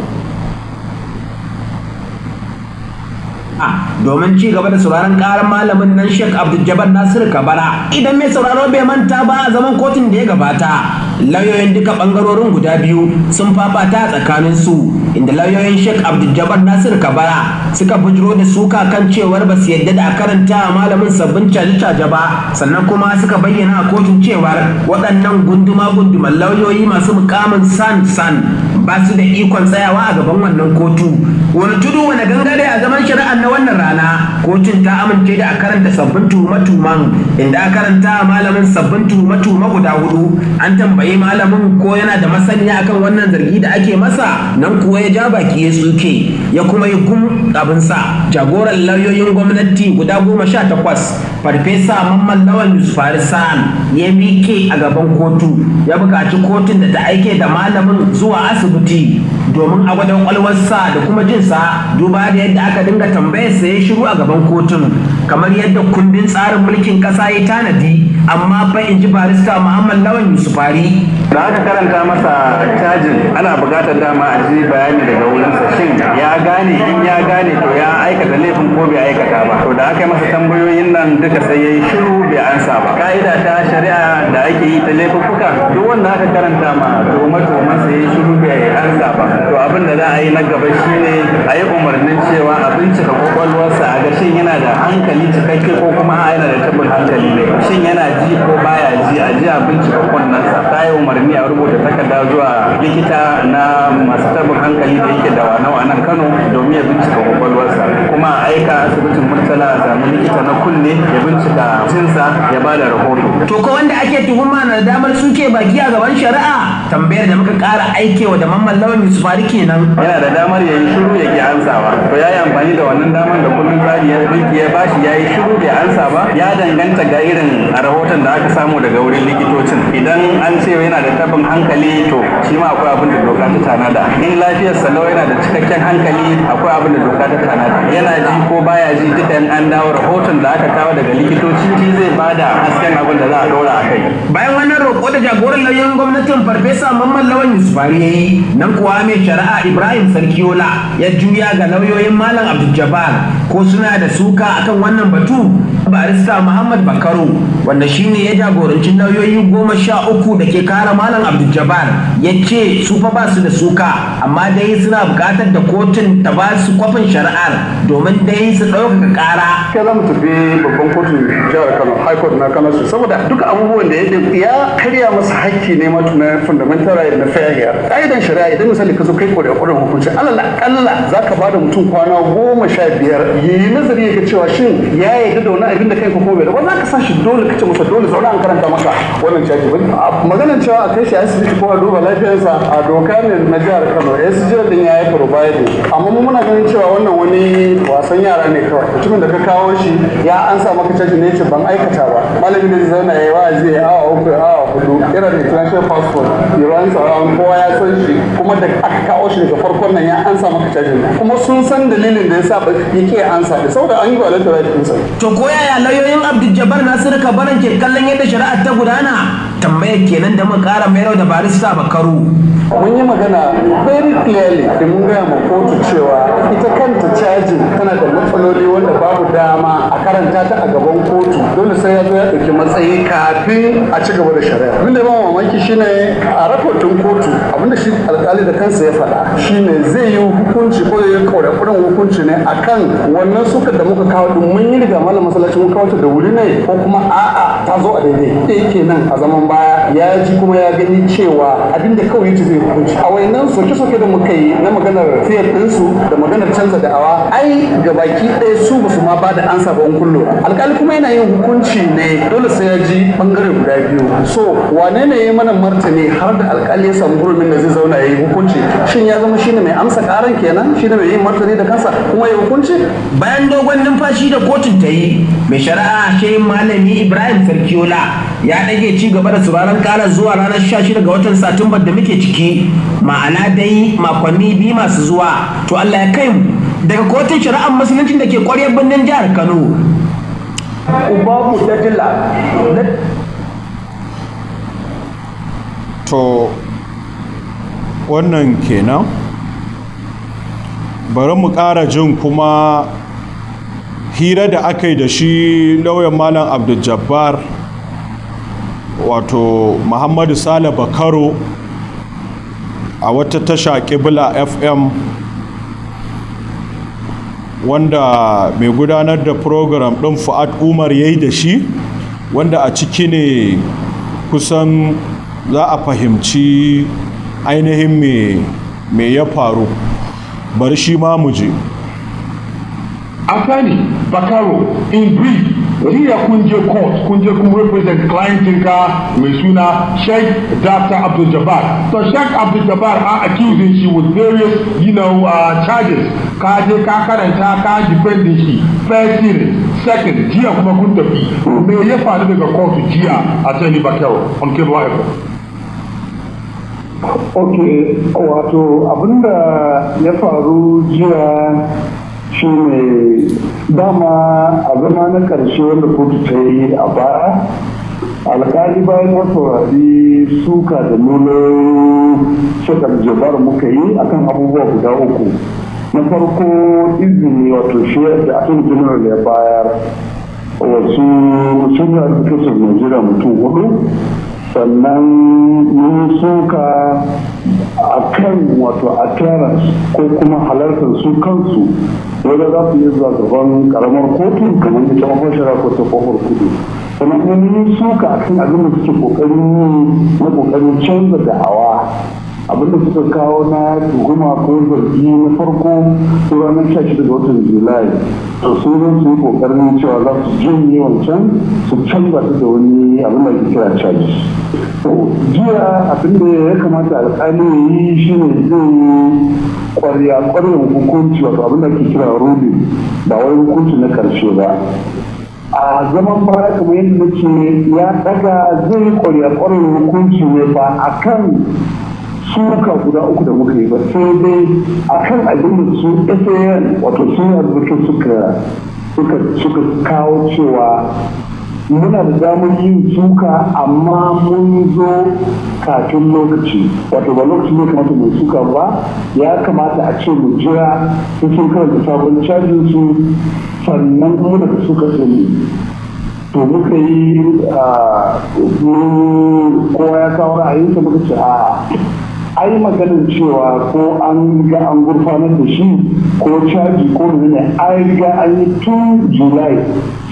domin ci gaba da sauraron karar malamin nan Sheikh Abdul Jabbar Nasir Kabara idan mai sauraro bai manta ba a zaman kotun da ya gabata lauyoyin duka bangarorin guda biyu sun fafata tsakanin su inda lauyoyin Sheikh Abdul Jabbar Nasir Kabara suka bujiro da suka kan cewar ba su yadda da karanta malamin sabbin caje-caje ba sannan kuma suka bayyana a kotun cewar waɗannan gunduma-gunduman lauyoyi masu mukamin san san ba su da ikon tsayawa a gaban wannan kotu wani tudu wani gangare a zaman shari'ar na wannan rana kotun ta amince da a karanta sabbin tuhuma-tuhuman inda a karanta malamin sabbin tuhuma guda hudu an tambayi malamin ko yana da masaniya akan wannan zargi da ake masa nan kuwa ya ja baki ya tsuke ya kuma yi gum abinsa jagoran lauyoyin gwamnati guda goma sha takwas farfesa mamman lawan yusuf farisan ya mike a gaban kotu ya buƙaci kotun da ta aike da malamin zuwa asibiti domin a gwada kwalwarsa da kuma jinsa duba da yadda aka dinga tambayarsa ya shiru a gaban kotun kamar yadda kundin tsarin mulkin ƙasa ya tanadi amma fa in ji barista muhammad lawan yusufari da aka karanta masa cajin
ana buƙatar dama a ji bayani daga wurinsa shin ya gane in ya gane to ya aikata laifin ko bai aikata ba to da aka yi masa tambayoyin nan duka sai ya yi shiru bai ansa ba ka'ida ta shari'a da ake yi ta laifuffuka duk wanda aka karanta ma to tuhumar sai ya yi shiru bai ansa ba to abin da za a yi na gaba shine a yi umarnin cewa a bincika kwakwalwarsa a ga shin yana da hankali cikakke ko kuma a yana da tabin hankali ne shin yana ji ko baya ji a ji a bincika kunnansa ta yi umarni a rubuta takarda zuwa likita na masu tabin hankali da yake da nawa nan kano domin ya bincika kwakwalwarsa kuma aika asibitin murtala a samu likita na kunne ya bincika jinsa ya ba da rahoto.
to ko wanda ake tuhuma na damar suke baki a gaban shari'a tambayar da muka kara aikewa
da mamman lawan yusuf kenan. yana da damar ya yi shiru ya ki ansawa to ya yi amfani da wannan damar da kullum tsari ya bashi ya yi shiru bai ansa ba ya danganta ga irin a rahoto. rahoton da aka samu daga wurin likitocin idan an ce yana da tabin hankali to shi ma akwai abin da doka ta tanada in lafiyar salo yana da cikakken hankali akwai abin da doka ta tanada yana ji ko baya ji duka an dawo rahoton da aka kawo daga likitoci shi zai bada hasken abin da
za a dora a kai bayan wannan roƙo da jagoran lauyoyin gwamnatin farfesa mamman lawan yusuf ya yi nan kuwa mai shari'a ibrahim sarkiola ya juya ga lauyoyin malam abdul ko suna da suka akan wannan batu barista muhammad bakaro wanda shine ya jagoranci lauyoyi goma sha uku da ke kare malam abdul ya ce su fa ba su da suka amma dai suna buƙatar da kotun ta ba su kwafin shari'ar domin
dai su ɗaukaka kara ke za mu tafi babban kotun jihar kano high court na kano su saboda duka abubuwan da ya karya masa hakki ne matu na fundamental right na fair hair ƙa'idan shari'a idan misali ka zo kai kore ƙwarin hukunci alala aƙalla za ka ba da mutum kwana goma sha biyar yi nazari ya ga cewa shin ya yarda da wani abinda kai ko bai da ba za ka sa shi dole kace masa dole zauna an karanta maka wannan caji ba maganar cewa a kai shi asibiti ko a duba lafiyarsa a doka ne na jihar Kano eh, SJ din ya yi provide amma mu muna ganin cewa wannan wani wasan yara ne kawai mutumin da ka kawo shi ya an sa maka caji ne ce ban aikata ba malamin da zai zauna ya yi wa'azi ya awa uku awa hudu irin international passport iran kowa ya san shi kuma da aka kawo shi daga farkon nan ya ansa maka cajin kuma sun san dalilin da ya sa yake ansa da saboda an yi wa to ko yaya lauyoyin abdul jabbar nasiru kabaran ke kallon yadda
shari'ar ta gudana tambayar kenan da mun kara mayar da barista bakaru
mun yi magana very clearly da mun gaya ma kotu cewa ita kanta cajin tana da matsaloli wanda babu dama a karanta ta a gaban kotu dole sai ya zo ya dauki matsayi kafin a ci gaba da shari'a abin da ba mamaki shine a rahoton kotu abin da shi alkali da kansa ya faɗa shine zai yi hukunci ko ya kaura kuɗin hukunci ne akan wannan sukar da muka kawo din mun yi riga malam masallacin mun da wuri ne ko kuma a'a ta zo a daidai kenan a zaman baya ya ji kuma ya gani cewa abinda kawai yace zai hukunci a wayannan soke-soke da muka yi na maganar fiyar ɗinsu da maganar canza da awa. ai ga baki ɗaya su ba su ma ba da ansa ba kullum alƙali kuma yana yin hukunci ne dole sai ya ji bangare guda biyu so wane ne ya mana martani har da alƙali ya samu gurbin da zai zauna ya yi hukunci shin ya zama shine mai amsa ƙaran kenan shine mai yin martani da kansa kuma ya hukunci
bayan dogon numfashi da kotun ta yi mai shari'a shehin malami ibrahim sarkiola ya ɗage ci gaba da a ranar kara zuwa ranar 16 ga watan satumbar da muke ciki ma'ana dai makonni biyu masu zuwa to allah ya kai mu daga kotun shari'ar musuluncin da ke kwarya birnin jihar kano
to wannan kenan bari mu ƙara jin kuma hira da aka yi da shi lauyan malam abdul jabbar wato muhammadu sale bakaro a wata tasha kibla fm wanda mai gudanar da program ɗin fu'ad umar ya yi da shi wanda a ciki ne kusan za a fahimci ainihin me ya faru bari shi ma mu je
afani bakaro in brief riya kun je court kun je kun represent client ka mai suna Sheikh Dr. Abdul Jabbar so Sheikh Abdul Jabbar are accusing she with various you know uh, charges ka je ka karanta ka defending shi first series second jiya kuma kun tafi me ya faru daga court jiya a Tani Bakel on Kebwa
ok wato abinda ya faru jiya shi ne dama a zama na ƙarshe wanda kotu ta yi a baya alkali bayan ya saurari suka da nuna shakar jabar muka yi akan abubuwa guda uku na farko izini wato shi da asin general ya bayar wasu suna rikicin nigeria mutum hudu sannan mun suka a kan wato a ko kuma halartar su kansu wanda za su yi zuwa gaban karamar kotu kamar ta ta mafashara ko ta kofar kudu sannan kuma mun suka akan abin da suke kokarin yi na kokarin canza da'awa abinda suka kawo na tuhuma ko zargi na farko su ranar 16 ga watan julai to su zo su yi kokarin cewa za su janye wancan su canza su da wani abin da ke kira caji to jiya abinda ya kamata alkali ya yi ne zai yi kwarya kwarya hukunci wato abin da ke kira rubin ba wai hukunci na karshe ba a zaman baya kamar yadda nake ya daga zai kwarya kwarya hukunci ne ba akan suka guda uku da muka yi ba sai dai akan abin da su san wato sun yi suka suka suka kawo cewa muna da damar yin suka amma mun zo kafin lokaci wato ba lokaci ne kamata mai suka ba ya kamata a ce mu jira sun sun da sabon cajin su sannan muna da suka sani to muka yi ah, kowa ya kawo ra'ayinsa muka ce a ai maganin cewa ko an ga an gurfanar da shi ko caji ko menene ai ga an yi tun july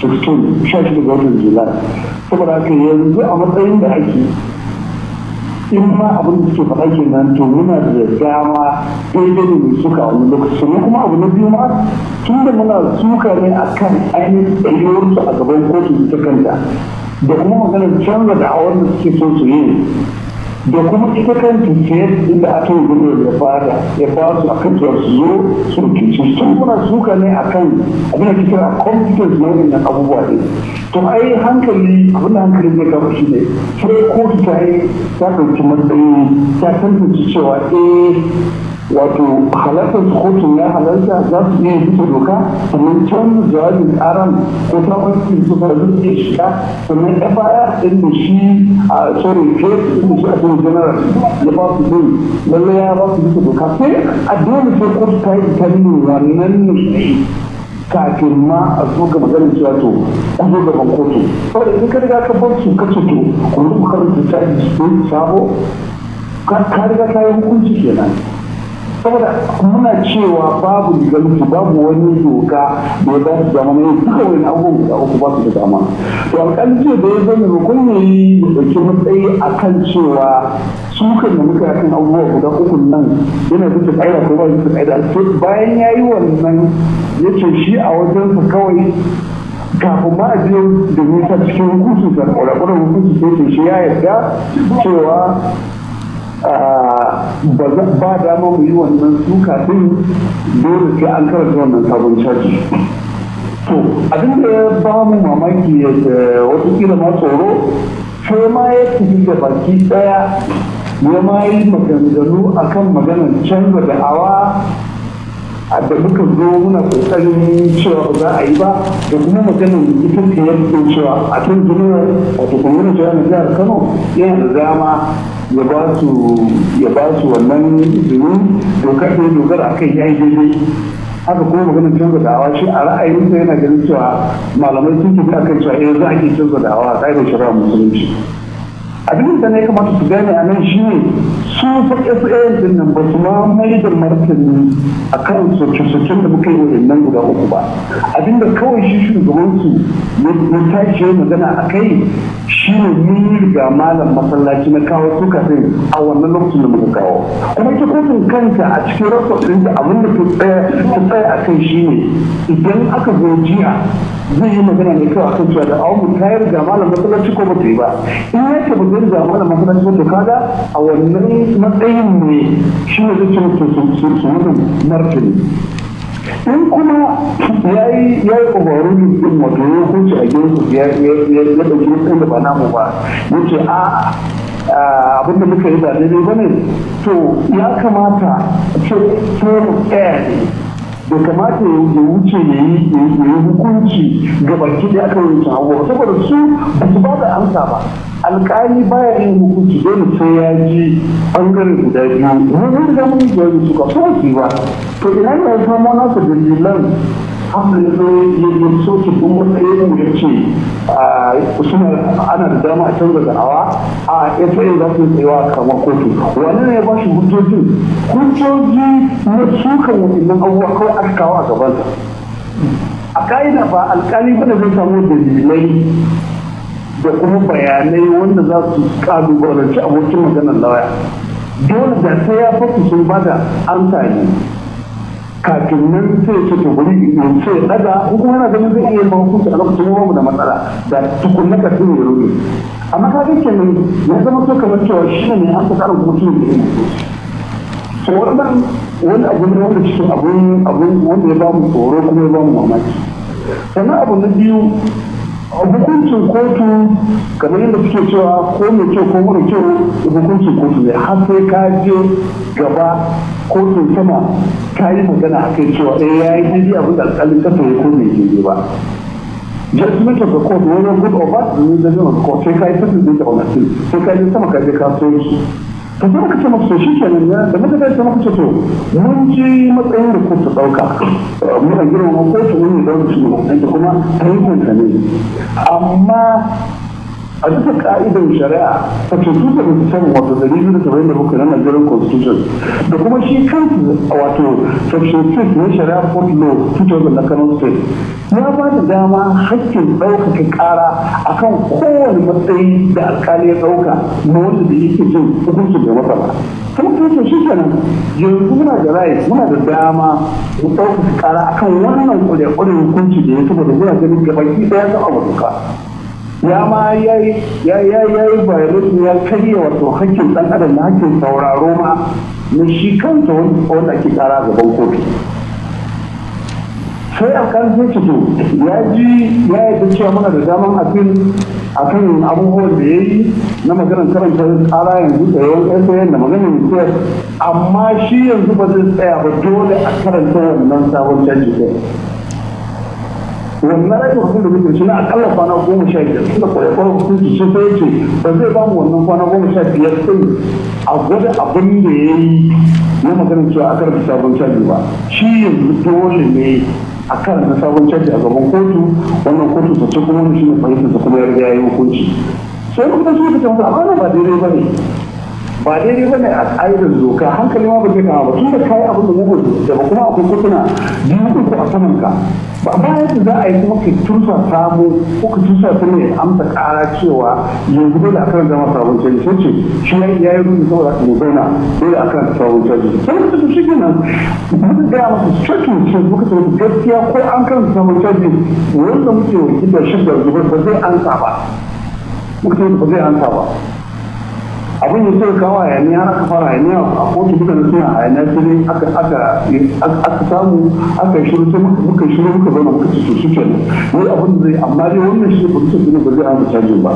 16 shashi da watan july saboda haka yanzu a matsayin da ake in ma abin da suke faɗa nan to muna da dama daidai da mai suka wani lokaci ne kuma abu na biyu ma tun da muna suka ne kan ainihin tsayuwarsu a gaban kotu ta kanta da kuma maganar canza da a suke so su yi da kuma ita kan ce inda aka yi gudu ya fara ya fara su akan to su zo su rikici sun suka ne a kan abin da kike a confidence na abubuwa ne to ai hankali abin da hankali ne ga shi ne sai kotu ta yi ta ɗauki matsayi ta tantance cewa eh wato halartar su kotun ya halarta za su iya bisa doka sannan can jawabin karan ko ta wani su ka zuke shiga sannan ya baya inda shi a tsoron ke inda su a tsoron general ya ba su zai lalle ya ba su bisa doka sai a dole sai kotu ta yi ta nuna wannan ne kafin ma a zo ga maganin cewa to a zo gaban kotu saboda in ka riga ka bar su ka ce to kuma ka rubuta ta sabo ka riga ka yi hukunci kenan saboda muna cewa babu ligalci babu wani doka da ya dace da mana duka wani abubuwan guda uku ba su da dama to alƙalci da ya zama ba kun yi ke matsayi a kan cewa sukan da muka yakan abubuwa guda uku nan yana da ƙaira ko ba bisa ƙaira bayan ya yi wannan ya ce shi a wajensa kawai kafin ma a je da nisa cikin hukuncin sa ƙwararren hukuncin sai ce shi ya yarda cewa Ah, ba ba dama mu yi wannan suka din dole sai an karanta wannan sabon caji to abin da ya ba mu mamaki ya eh, wasu kila ma tsoro sai ma ya tafi da baki daya ya ma yi maganganu akan maganar canza da'awa a da muka zo muna kokarin cewa ba za a yi ba da kuma maganin ita ce ya fito cewa a kan gina wato kwamitin cewa na jihar kano yana da dama ya ba su ya ba su wannan izini dokar da dokar a kai ya yi daidai haka kuma maganar canza awa shi a ra'ayinsa yana ganin cewa malamai sun fi kan cewa yanzu eh, za a ke canza da'awa a ƙa'idar shari'a musulunci abin da ne kamata su gane a nan shi ne su fa'fa'in din nan ba su ma mai da martani a kan soke da muka yi wa nan guda uku ba abin da kawai shi shugabansu ya tashi ya magana a kai shi ne mun ga malam masallaci na kawo su sai a wannan lokacin da muka kawo kuma ki kotun kanta a cikin rasar ɗin da abin da ta tsaya a kai shi ne idan aka zo jiya zai yi magana ne kawai a kan cewa da awon mu tayar ga malam masallaci ko ba ta yi ba in yake ba mirza mana makarantar da kaga a wannan matsayin ne shi ne zai ce su wani martini in kuma ya yi ya yi overruling wato ya hukunci a gefe ya ya matsayin da ba namu ba ya ce a abin da muka yi ba daidai ba ne to ya kamata ce ke ne da kamata ya wuce ya yi hukunci ga baki da aka yi abubuwa saboda su ba su ba da amsa ba alkali baya yin hukunci dole sai ya ji bangare guda biyu mun riga mun yi jawabi su ka so su ba to ina ne ya samu nasa dalilan hasan ya soke kuma matsayin mu ya ce suna ana da dama a canza da'awa a ya tsaye za su tsayawa kama kotu wani ne ya ba shi hujjojin hujjoji na sukan waɗannan abubuwa kawai aka kawo a gabansa a ka'ida ba alkali ba da zai samu dalilai da kuma bayanai wanda za su kalubalanci abokin maganar lawaya dole da sai ya fasu sun bada amsa ne kafin nan sai ce to guri in ce daga ko kuma yana ganin zai iya yin hukunci a lokacin mu da matsala da tukun na kafin ya rubi amma ka ga ne ya zama so kamar cewa shi ne an fasa karin mutum ne yake so wannan wani abu ne wanda cikin abun abun wanda ya ba mu tsoro kuma ya ba mu mamaki sannan abu na biyu hukuncin kotu kamar yadda suke cewa ko mai kyau ko mara kyau hukuncin kotu ne har sai ka je gaba kotun sama ta yi magana a kai cewa ɗaya eh, ya yi daidai abin da alƙalin ƙasa ya ko mai daidai ba judgment of the court whether good or bad ne judgment zama ko sai ka yi fasin ɗinta wani asil sai ka yi sama ka ka so su to sai muka ce maka shi kenan ne da muka dace maka ce to mun ji matsayin da kotu ɗauka muna girmama kotu ne da wani shi ne kuma ta ne amma a duka ka'idar shari'a a cikin da mutu san wato da ne da sabayin da muka na Nigerian constitution da kuma shi kansu wato section 6 na shari'a court law 2000 state ya ba da dama hakkin ɗaukaka ƙara kan kowane matsayi da alkali ya ɗauka na wanda da yake jin hukuncin da masa ba kuma kai ce shi kenan yanzu muna da rai muna da dama mu ɗaukaka ƙara kan wannan kure hukunci da ya saboda muna ganin gabaki ɗaya za a ya ma ya yi bayanin ya karya wato hakkin ɗan adam na hakkin sauraro ma na shi kanta wanda ake kara gaban kotu sai a kan sai ya ji ya yi ta cewa mana da daman abin a kan abubuwan da ya yi na maganar karanta tsara yanzu da yawan sayan da maganar yusuf amma shi yanzu ba zai tsaya ba dole a karanta wannan sabon canji wannan rashin hukunci da muke shi akalla kwana goma sha biyar suka kwaye kwaye hukunci shi sai ce ba zai ba mu wannan kwana goma sha biyar sai a gwada abin da ya yi na maganin cewa aka rufe sabon caji ba shi yanzu dole ne a kan na sabon caji a gaban kotu wannan kotu ta ce kuma wani shi ne fahimtar kuma ya riga ya yi hukunci sai kuma su ka tambaya amma ba daidai ba ne ba daidai ba ne a ƙa'idar doka hankali ma ba zai kama ba tun da kayi abin da ya gudu da ba kuma akwai kutuna biyu uku a saman ka ba bayan za a yi kuma ka tursa samu ko ka tursa ta ne amsa ƙara cewa yanzu dole a kan zama sabon canji sai ce shi ya yi rubutu saboda ka zauna dole a kan sabon canji sai ka tafi shi kenan muka gaya masa cikin ce muka tafi gaskiya ko an kan sabon canji wanda muke wakil shi da zubar ba zai ansa ba muka ba zai ansa ba abin da suka kawo a har aka fara hayaniya a kotu duka da suna a hayaniya sai dai aka aka aka samu aka shiru sai muka shiru muka zama muka ci su ke nan wai abin da zai amma dai wannan shi ba su ne ba zai hana cajin ba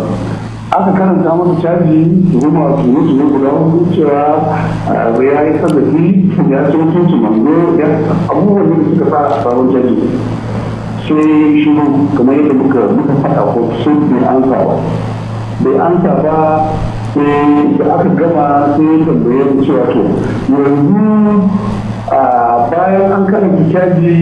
aka karanta masa caji goma a tuni tuni guda wani cewa ah, ya yi sababi ya ci mutunci mango ya abubuwan da suka fara a sabon caji sai shi kamar yadda muka muka faɗa ko sun ne an ba bai an ba sai da aka gama sai ya tambaye mu cewa to yanzu a bayan an karanta caji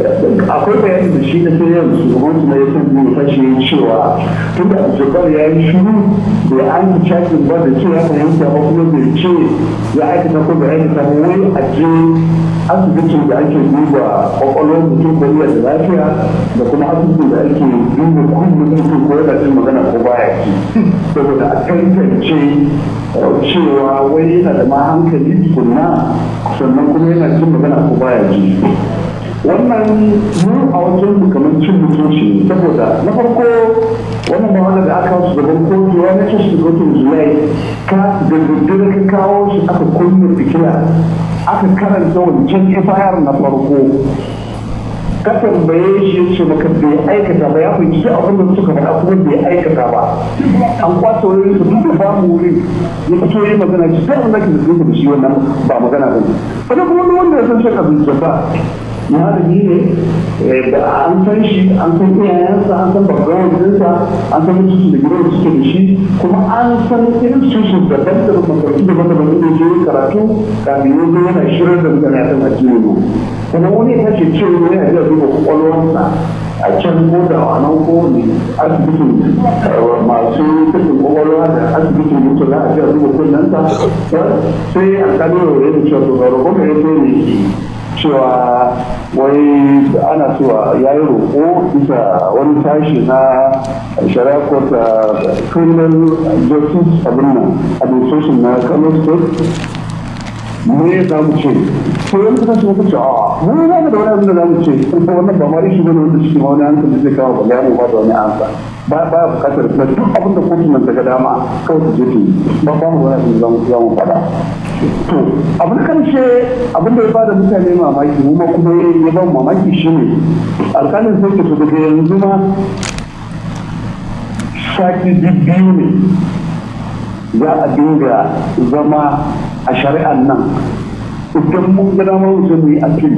akwai bayani da shi na sayar da shugabansu na yasan biyu ce cewa tun da jabbar ya yi shuru da an yi cakin ba da ce ya fahimta ba kuma bai ce ya aikata ko bai ta ba wai a je asibitin da ake duba kwakwalwar mutum ko da lafiya da kuma asibitin da ake duba kullum mutum ko yana cin magana ko baya ki saboda a tantance eh, cewa wai yana da ma hankali kuma sannan kuma yana cin magana ko baya ji wannan mu a wajen mu kamar cin mutunci saboda na farko wannan magana da aka su gaban kotu ya nace shi kotun zulai ka da daddare ka kawo shi aka kunna fikira aka karanta wancan ifayar na farko ka tambaye shi su maka bai aikata ba ya fahimci abin da suka faɗa kuma bai aikata ba an kwato wani su duk da ba mu wuri ya fito yi magana shi sai an zaki da shi wannan ba magana ba ne kuma wanda ya san shi ka zuciya ba malami ne da eh, an san shi an san iyayensa an san babban wajensa an san mutuncin da gidan suke da shi kuma an san irin tushen da ban da makarantu da da ke karatu kafin ya zo yana shirin da mutane a kan addini kuma wani ya tashi cewa yana da duba kwakwalwarsa a can ko da a nan ko ne asibitin eh, masu cikin kwakwalwa da asibitin mutu na a duba kunnansa sai a kalli wa yana cewa to ga rukun da ya ne cewa wai ana so ya yi roƙo bisa wani tashi na shari'a court criminal justice abin nan administration na kano state ne za mu ce to yanzu suka ce kuka ce a mun za mu da wani abin da za mu ce kuma wannan ba ma ishi bane wanda shi ma wani hankali zai kama ba ya mu ba da wani ansa ba ba bukatar da duk abin da kotu nan daga dama kawai su ba ba mu wani za za mu to abin karshe abin da ya bada mutane mamaki mu ma kuma ya ba mu mamaki shine alƙalin sai ke daga yanzu ma sati biyu ne za a dinga zama a shari'an nan idan mun ga damar mu je a yi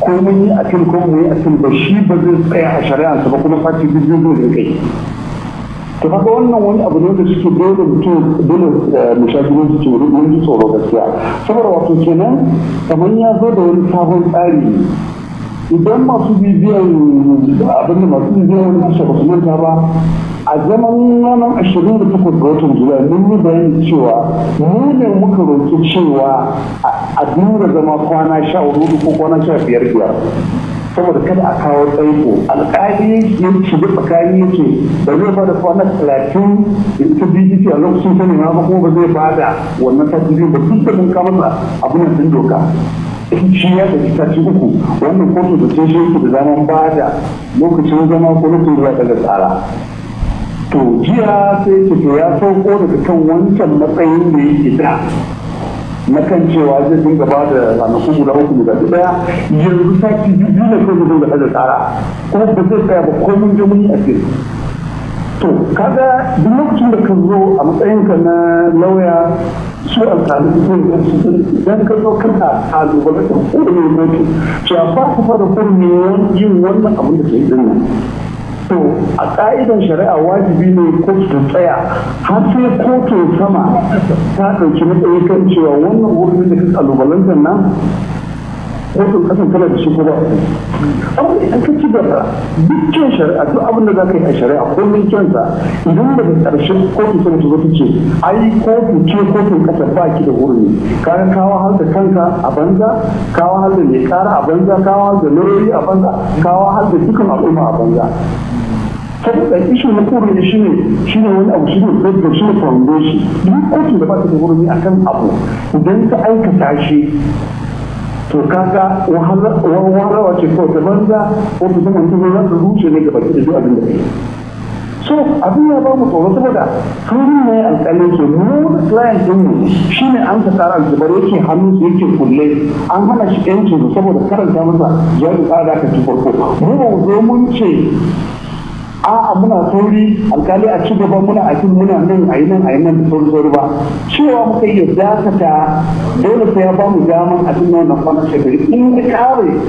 ko mun yi apil ko mun yi apil ba shi ba zai tsaya a shari'arsa ba kuma fati duk zai zai kai to kaga wannan wani abu ne da suke dole mutum dole eh, mushakirin su tsoro mun ji tsoro gaskiya saboda wato kenan kamar ya zo da wani sabon tsari idan masu bibiyan abin da masu bibiyan wani kusa ba su manta ba a zaman ranar ashirin da takwas ga watan julai mun yi bayani cewa mu ne muka roƙi cewa a dura zama kwana sha hudu ko kwana sha biyar biyar saboda kada a kawo tsaiko alƙali ya shiga tsakani yake ba zai da kwana talatin ta bgc a lokacin sani ma ba kuma ba zai bada wannan sati biyu ba duk da mun kama sa abin da sun doka shi ya da ci uku wannan kotu da ce shi da zaman bada lokacin zama ko lokacin da tsara to jiya sai ce ya sauko daga kan wancan matsayin da yake da na kan cewa zai dinga ba da ranakun guda uku guda daya yanzu sati biyu na kai mutum da kajar tsara kuma ba zai tsaya ba ko mun je mun yi asiri to kaga duk lokacin da ka zo a ka na lauya su amfani da kuma idan ka zo a kalubalen da kuma ne mutu cewa ba ku fara kuma yin wannan abin da ke yi dinnan to a ƙa'idar shari'a wajibi ne kotu ta tsaya har sai kotun sama ta ɗauki matsayi kan cewa wannan wurin da ka kalubalantar nan kotun kasan tana da shi ko ba abu ne an ka ci gaba dukkan shari'a duk abin da za ka yi a shari'a ko min kyansa idan daga ƙarshen kotun sama ta zo ce ai kotu ce kotun kasa ba ki da ne, ka kawo har da kanka a banza kawo har da mai kara a banza kawo har da lauyoyi a banza kawo har da dukkan al'umma a banza kada da na kore ne shi ne wani abu shine bedrock shine foundation duk kotun da ba su da hurumi akan abu idan ta aikata shi to kaga wahala ce kawai ta banza ko ta zama mutum ya zuce ne gaba da duk abin da kai so abin ya ba mu tsoro saboda hannun ne alƙalai ke mu da client din mu shine an ka tsara aljibar yake hannu su yake kulle an hana shi yancin saboda karanta masa jami'a da aka ci farko mu ba mu zo mun ce a'a muna sauri alkali a ci gaba muna a cikin muna nan a yi nan a yi nan sauri ba cewa muka yi dakata dole sai ya ba mu daman a cin wannan kwana shekaru in ka kare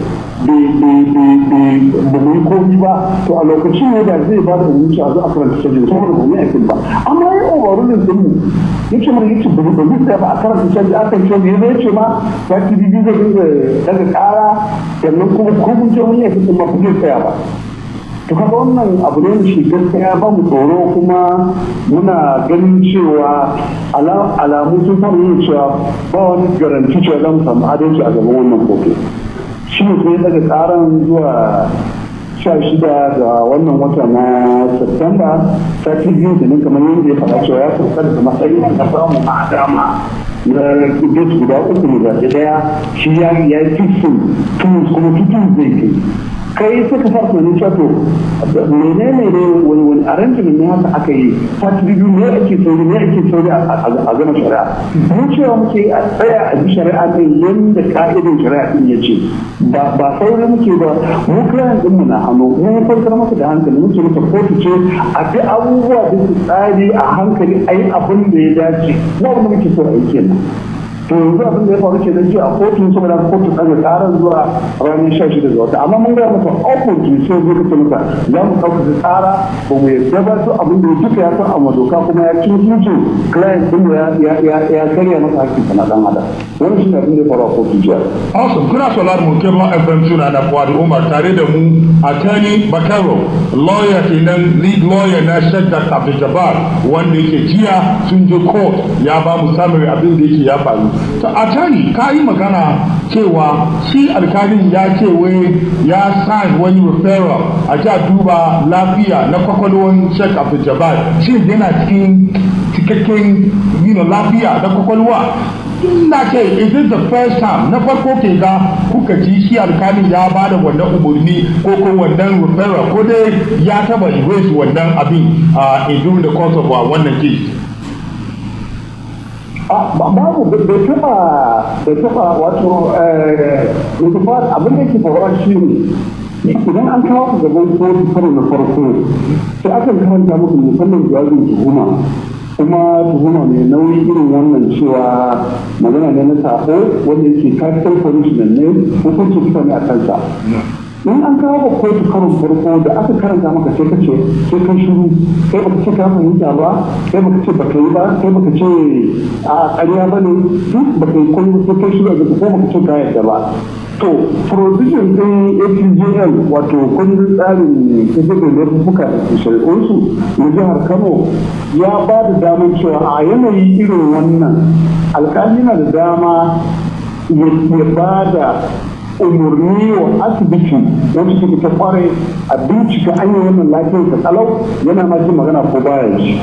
da mai ba to a lokacin ne da zai ba da wuce a zo a karanta shajin saboda ba mai aikin ba amma ya da din mu yake mun yace ba ba zai ba a karanta a akan shajin ya ce ma ya ci bibi zai dinga daga kara sannan kuma ko mun je mun yi aikin ba ku zai tsaya ba to kaga wannan abu ne shi gaskiya ba mu tsoro kuma muna ganin cewa alamu sun fara yin cewa ba wani garanti cewa za mu samu adalci a gaban wannan kotu shi ne sai daga tsarin zuwa sha shida ga wannan wata na Satamba sati biyu da nan kamar yadda ya faɗa cewa ya sauka daga matsayin da samu ma dama na su guda uku ne ba daya shi ya yi fisin kuma tutun zai kai kai suka sa tunanin cewa to menene ne wani wani arrangement ne haka aka yi sati biyu ne ake sauri ne ake sauri a gama shari'a mun wa muke a tsaya a bi shari'a ne yadda ka'idin shari'a din ya ce ba sauri muke ba mu kira din mu na hannu mu kwantar masa da hankali muke masa kotu ce a bi abubuwa da tsari a hankali ai abin da ya dace mu muke so a yi kenan to yanzu abin da ya faru ke nan a kotun saboda kotun ɗaga ƙarar zuwa ranar sha shida ga wata amma mun gaya masa ofin jinsu zai kace masa za mu ɗaukaka tsara ba mu yarda ba su abin da duka ya san a doka kuma ya ci mutunci client ɗin ya ya karya masa hakkin sana ɗan adam wani shi ne abin da ya faru a
kotun jiya. awesome kuna sauraron mu kirma fm suna da kwari umar tare da mu attorney bakaro lawyer kenan lead lawyer na shadda shaddad abdul wanda yake jiya sun je court ya ba mu samun abin da yake ya faru ta a can ka yi magana cewa shi alkalin ya ce wai ya sign wani referral a ja duba lafiya na kwakwalwan sheikh jabal shi yana cikin cikakken yin lafiya na kwakwalwa na ce is this the first time na farko ke ga kuka ji shi alkalin ya ba da wannan umarni ko ko wannan referral ko dai ya taba erase wannan abin a uh, in during the course of uh, wannan case
Ah, babu bai taba bai taba wato mutufa eh, abin da ke faruwa shi ne idan an kawo ku gaban kotu karo na farko sai aka karanta musu musamman jawabin tuhuma kuma tuhuma mai nauyi irin wannan cewa magana ne na sako wanda yake kasar kwamishinan ne hukuncin mutane a kansa in an kawo ba kotu karin farko da aka karanta maka sai kace sai kan shiru sai baka ce ka fahimta ba sai baka ce baka yi ba sai baka ce a ƙarya ba ne duk baka yi komai sai kan shiru a gaba ko baka ce ka yadda ba to provision din APGL wato kundin tsarin kasafin laifuka da shari'unsu na jihar Kano ya ba da damar cewa a yanayi irin wannan alƙalina da dama ya ba da umarni wa asibiti wani su ta kware a bincika an yi wannan lafiyar ta tsalau yana ma jin magana ko baya shi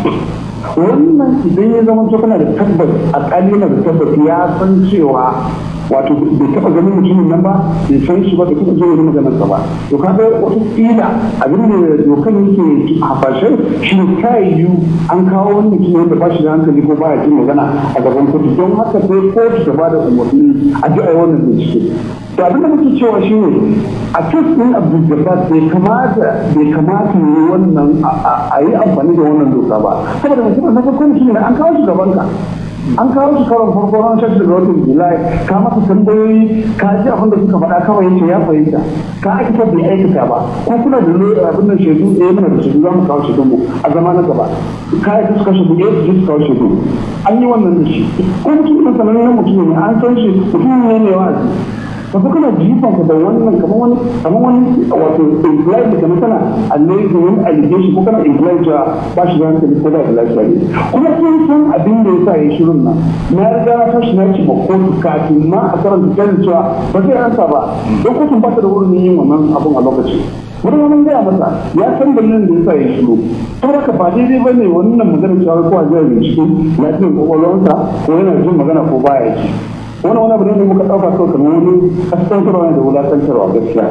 wannan idan ya zama ta kuna da tabbas a kalina da tabbas ya san cewa wato bai taba ganin mutumin nan ba bai san shi ba bai kuma zai wani maganar sa ba to ka ga wata kila abin da dokan yake hafashe shi ne ta yi an kawo wani mutum wanda ba shi da hankali ko ba ya jin magana a gaban kotu don haka sai kotu ta ba da umarni a ji a yi wannan bincike da abin da muke cewa shi ne a kes abu abdul bai kamata bai kamata ne wannan a yi amfani da wannan doka ba saboda hukumar na farko shi ne an kawo shi gaban ka an kawo shi karon farko ran shashi da watan julai ka masa tambayoyi ka ji abin da suka faɗa kawai yace ya fahimta ka aikata bai aikata ba ko kuna da lura abin da shaidu ɗaya eh, mana da shaidu za mu kawo shaidu mu a zama na gaba ka yi suka shaidu ɗaya su eh, suka kawo shaidu an yi wannan da shi ko mutum ɗin sanannen mutum ne an san shi mutum ne ne wa'azi wasu kana jifa ka da wannan kamar wani kamar wani wato implied da kamar tana allegation yin allegation ko kana implied da ba shi da hankali ko da lafiya ne kuma sun san abin da ya sa ya shirin nan na riga na tashi na ci ba kotu kafin ma a karanta kan cewa ba zai ansa ba don kotun ba ta da wurin yin wannan abun a lokaci wani wani gaya masa ya san dalilin da yasa ya shiru to haka ba daidai ba ne wannan magana cewa ko a zai bincike lafiyar kwakwalwarsa ko yana jin magana ko baya ci. wani wani abu ne da muka ɗauka so kamar wani kasantarwa ne da wulatantarwa gaskiya.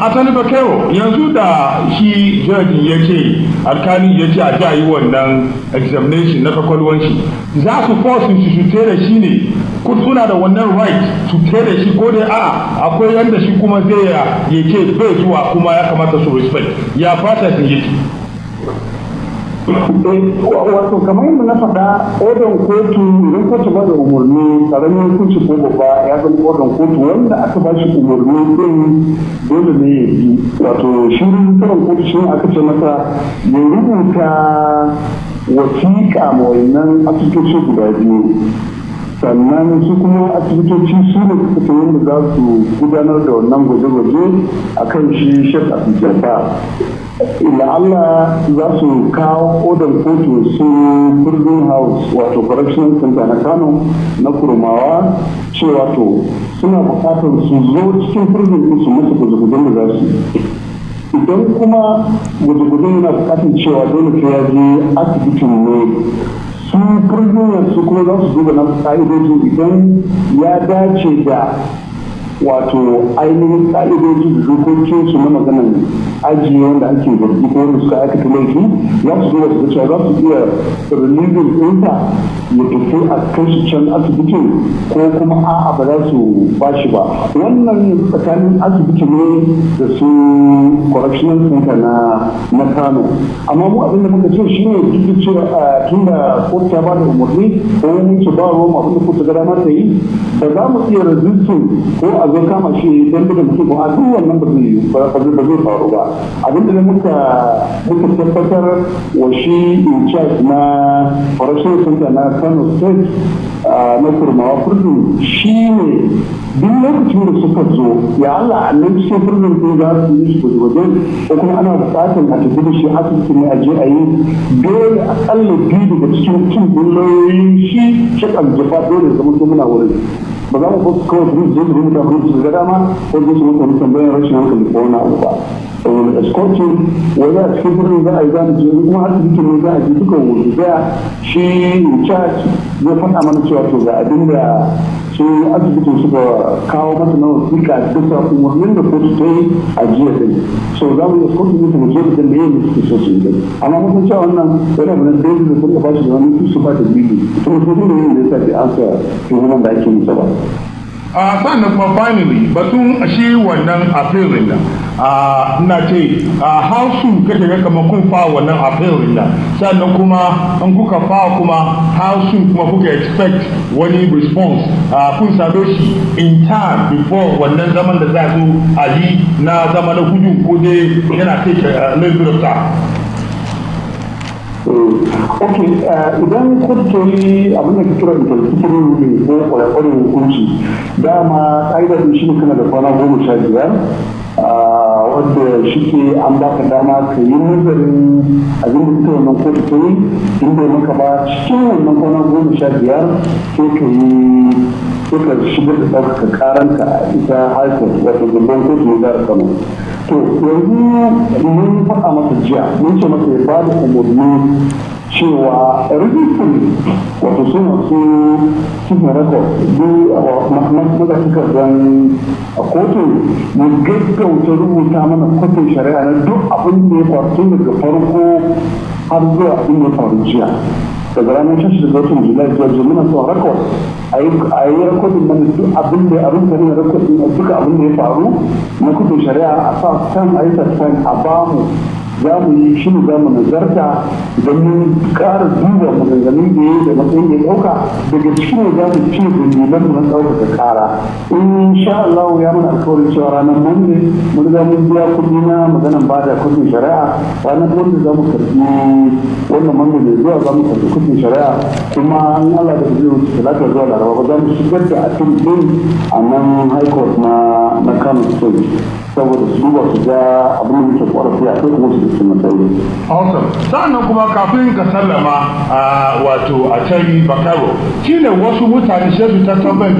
a ba kaiwa yanzu da shi jaji ya ce alkali ya ce a ja yi wannan examination na kwakwalwanci za su force su tere shi ne kun suna da wannan right su tere shi ko dai a'a akwai yanda shi kuma zai ya ce bai zuwa kuma ya kamata su respect ya fata sun yake
Eh, wato kamar yadda na faɗa odon kotu idan kotu ba da umarni karamin hukunci ko babba ya zama odon kotu wanda aka ba shi umarni din dole ne ya yi wato shi karan kotu shi aka ce masa ya rubuta wasiƙa ma wannan asibitoci guda biyu sannan su kuma asibitoci su ne suka yadda za su gudanar da wannan gwaje-gwaje a kan shi shek Allah za su kawo odar kotu su prison house wato correction center na kano na kurmawa cewa wato suna bukatar su zo cikin prison su musu gudugudun da za su idan kuma gudugudun yana bukatar cewa dole ta ya asibitin ne su prison su kuma za su duba na ka'idojin idan ya dace da wato ainihin ƙa'idoji da dokokin su na maganan ajiye wanda ake zargi ko wanda suka aikata laifi za su zo su cewa za su iya releasing ɗinta ya tafi a kai shi can asibiti ko kuma a ba za su ba shi ba wannan tsakanin asibiti ne da su correctional center na na kano amma mu abinda muka ce shi ne duk cewa tun da kotu ta ba da umarni ko mun nuna ba ruwan abinda da kotu gada mata yi ba za mu iya rajistin ko a zo kama shi don buga mutum ko a duk wannan ba zai faru ba abinda da muka muka tabbatar wa shi in charge na correctional center na kano state na kurmawa furdun shi ne duk lokacin da suka zo ya Allah annan cikin furdun ko za su yi su wajen ko kuma ana bukatar a tafi da shi asibiti ne a je a yi dole akalla biyu daga cikin cin buloyin shi shi kan jafa dole zama to muna wurin ba za mu kawai su zo su rubuta rubuta su ga dama ko su mutu tambayar rashin hankali ko wani abu ba escorting wani a cikin birnin za a yi zamu je kuma asibiti ne za a je duka wuri da shi in charge ya faɗa mana cewa to ga abin da su asibiti suka kawo mata na wasiƙa bisa umarnin da kotu ta yi a jiya din so za mu escorting ne mu je da da yayin da so su yi amma mun cewa wannan yana da dalilin da suka ba shi da wani su ba da dalili to su ne ne da yasa ke ansa tuhuman da ake yi ba
a ah, sannan kuma finally batun shi wannan appeal a na ah, ce a ah, hausu kake ga kamar kun fa wannan afirin da sannan kuma an kuka fa kuma hausu kuma kuka expect wani response kun sado shi in time before wannan zaman da za zo a yi na zama na hudu ko dai yana take a little bit of
Eh, ok eh, idan kuka yi abin ka kira intansikin rubin ko kwarekwaren hukunci dama ƙa'idar shi ne kana da kwana goma sha biyar ah, wadda shi ke an baka dama ka yi nazarin abin da suka wannan kotu inda maka ba cikin wannan kwana goma sha biyar sai ka yi ko ka shigar da ɗaukaka karanta a ita harkar wato gudun kotu na jihar kano to yanzu mun faɗa masa jiya mun ce masa ya ba da umarni cewa rijistin wato su masu cikin rekod maza suka zan a kotu mu gaggauta rubuta mana kwatin shari'a na duk abin da ya faru daga farko har zuwa inda ya faru jiya daga shi da zautun julai zuwa jimina su a rakon a yi rakodin na duk abin da abin da ne rakodin duka abin da ya faru na kudin shari'a a sa can a yi sassan a bamu za mu yi shi za mu nazarta don mun ƙara duba maganganun da ya da matsayin da ya ɗauka daga cikin za mu ci mu na ɗaukaka ƙara in sha Allah ya mana alƙawarin cewa ranar Monday mun za mu biya kuɗi na maganan ba da kuɗin shari'a ranar Monday za mu karɓi wannan Monday zuwa za mu karɓi kuɗin shari'a kuma an Allah da zai wuce talata zuwa laraba ba za mu shigar da atin ɗin a nan high court na na Kano State saboda su duba su ga abin da muke ƙorafi
a kai kuma su cikin masallaci kuma kafin ka sallama wato a cari bakaro ne wasu mutane shi su ta tambayar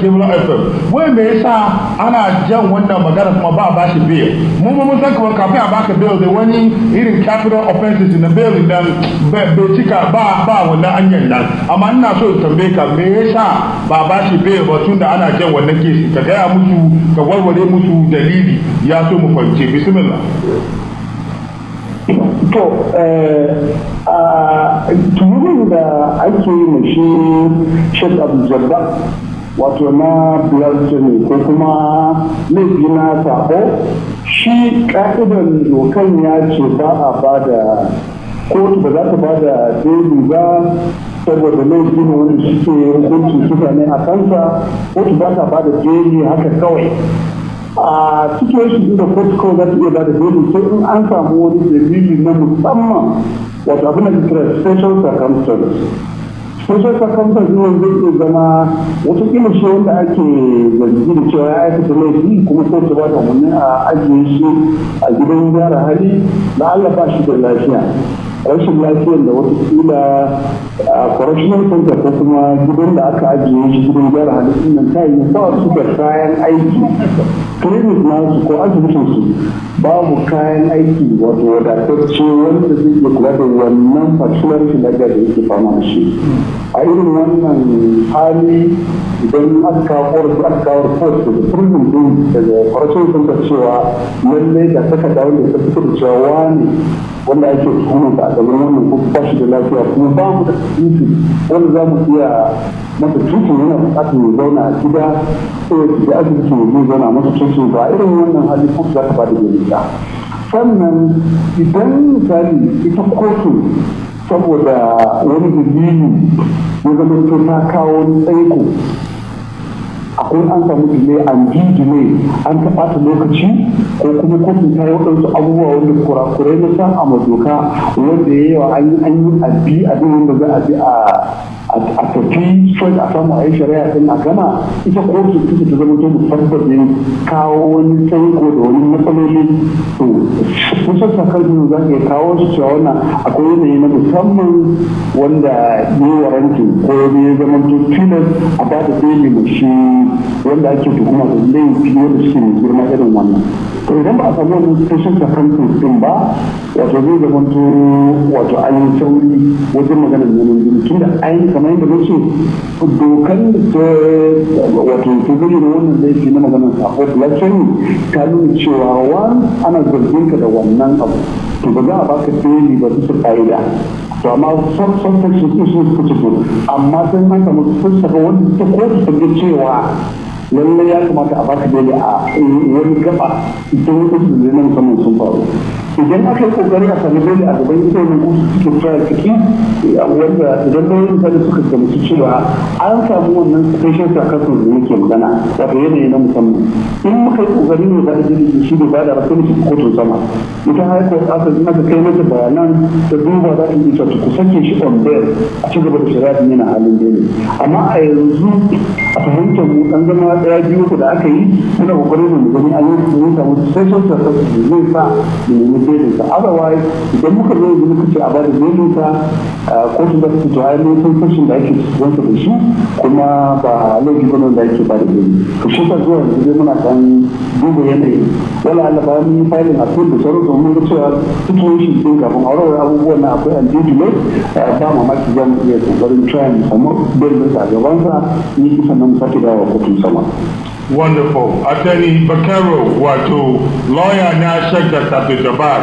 fm wai me yasa ana jan wannan magana kuma ba a bashi bail mu ma mun san kafin a baka bail da wani irin capital offenses na bail dan bai cika ba ba wannan anyan nan amma ina so in tambaye ka me yasa ba bashi bail ba tun da ana jan wannan kesi ka gaya musu ka warware mutu dalili ya so mu fahimce bismillah
to eh, a da ake yi mu shi wato na blasphemy ko kuma laifi na sabo shi ka'idan dokan ya ce ba a ba da kotu ba za ta ba da daidai ba saboda laifi ne shi ke hukuncin suka ne a kansa kotu ba ta ba da jeri haka kawai a cikin shi da protocol za ta iya ba da dole sai in an samu wani dalili na musamman wato abin da ke kira special circumstances special circumstances ne zai iya zama wata kila shi wanda ake zargi da cewa ya aikata laifi kuma sai ta ba da umarni a ajiye shi a gidan gyara hali da Allah ba shi da lafiya rashin lafiyar da wata kila a correctional center ko kuma gidan da aka ajiye shi gidan gyara halittun nan ta yi ba su da kayan aiki clinic nasu ko asibitin su babu kayan aiki wato wadatacce wanda zai iya kula da wannan particular shi da yake fama da shi a irin wannan hali idan aka korafi aka kawo report daga prison din daga farashin sun ta cewa lalle da saka dawo da ta fito da cewa wani wanda ake tuhumar da a gaban wannan ko ba shi da lafiya kuma ba mu da titi wanda za mu iya masa titi yana bukatar ya zauna a gida sai ya tafi asibiti ya zauna masa titi ba irin wannan hali ko za ka ba da sannan idan misali ita kotu saboda wani dalili ya zama to na kawo tsaiko akwai an samu dile an ji dile an ta lokaci ko kuma kotun ta yi waɗansu abubuwa wanda kurakurai na san a madoka wanda ya yi wa an yi abi abin wanda za a bi a a tafi soja a samu a yi shari'a din a gana ita kotu ita ta zama tozu farfajin kawo wani ko da wani matsaloli to kusan sakarfin za ka kawo su cewa wani akwai yanayi na musamman wanda ne warantin ko ne zama to tilas a ba da daily mashi wanda ake tuhuma da laifi wanda suke mai girma irin wannan to idan ba a samu wani kusan sakarfin din ba wato zai zama to wato an yi sauri wajen maganar neman tun da an kamar yadda na ce dokar da wato zai da wannan laifi na a safar lafiyarni ta nuna cewa wa ana zargin ka da wannan abu to ba za a baka beli ba su ƙa'ida to amma sun san ta ce su suka fito amma sai an samu sun saka ta kotu ta ga cewa lallai ya kamata a baka beli a eh, wani gaba don wasu zai nan saman sun faru idan aka yi kokari a sami dole a gaban ita ne ko suke fara ciki wanda idan dole misali suka gamsu cewa an samu wannan special sarcasm da muke magana wato yanayi na musamman in muka yi kokari ne za a jirgin shi ne ba da rasu ne kotun sama ita haifar aka zina ka kai mata bayanan ta duba za ta yi ta ku sake shi on bail a ci gaba da shari'a yana halin dole amma a yanzu a fahimtar mu dan zama daya biyu ku da aka yi muna kokarin mu gani an yi mun samu social ne fa sa ne nemi daidai ta otherwise idan muka zo yanzu muka ce a bada ta ko su da su tuwa ne sun kashi da ake don su da shi kuma ba laifi ba da ake bada ne to shi ka zuwa yanzu dai muna kan duba yanayi wala Allah ba mu filin a cikin da sauransu mun ga cewa shi din kafin aurar abubuwan na akwai an daidai ne ba mamaki za iya kokarin
try mu samu daidai sa gaban sa ni kusa 南先田お父様。wonderful attorney bakaro wato lawyer na shagga tafi jabar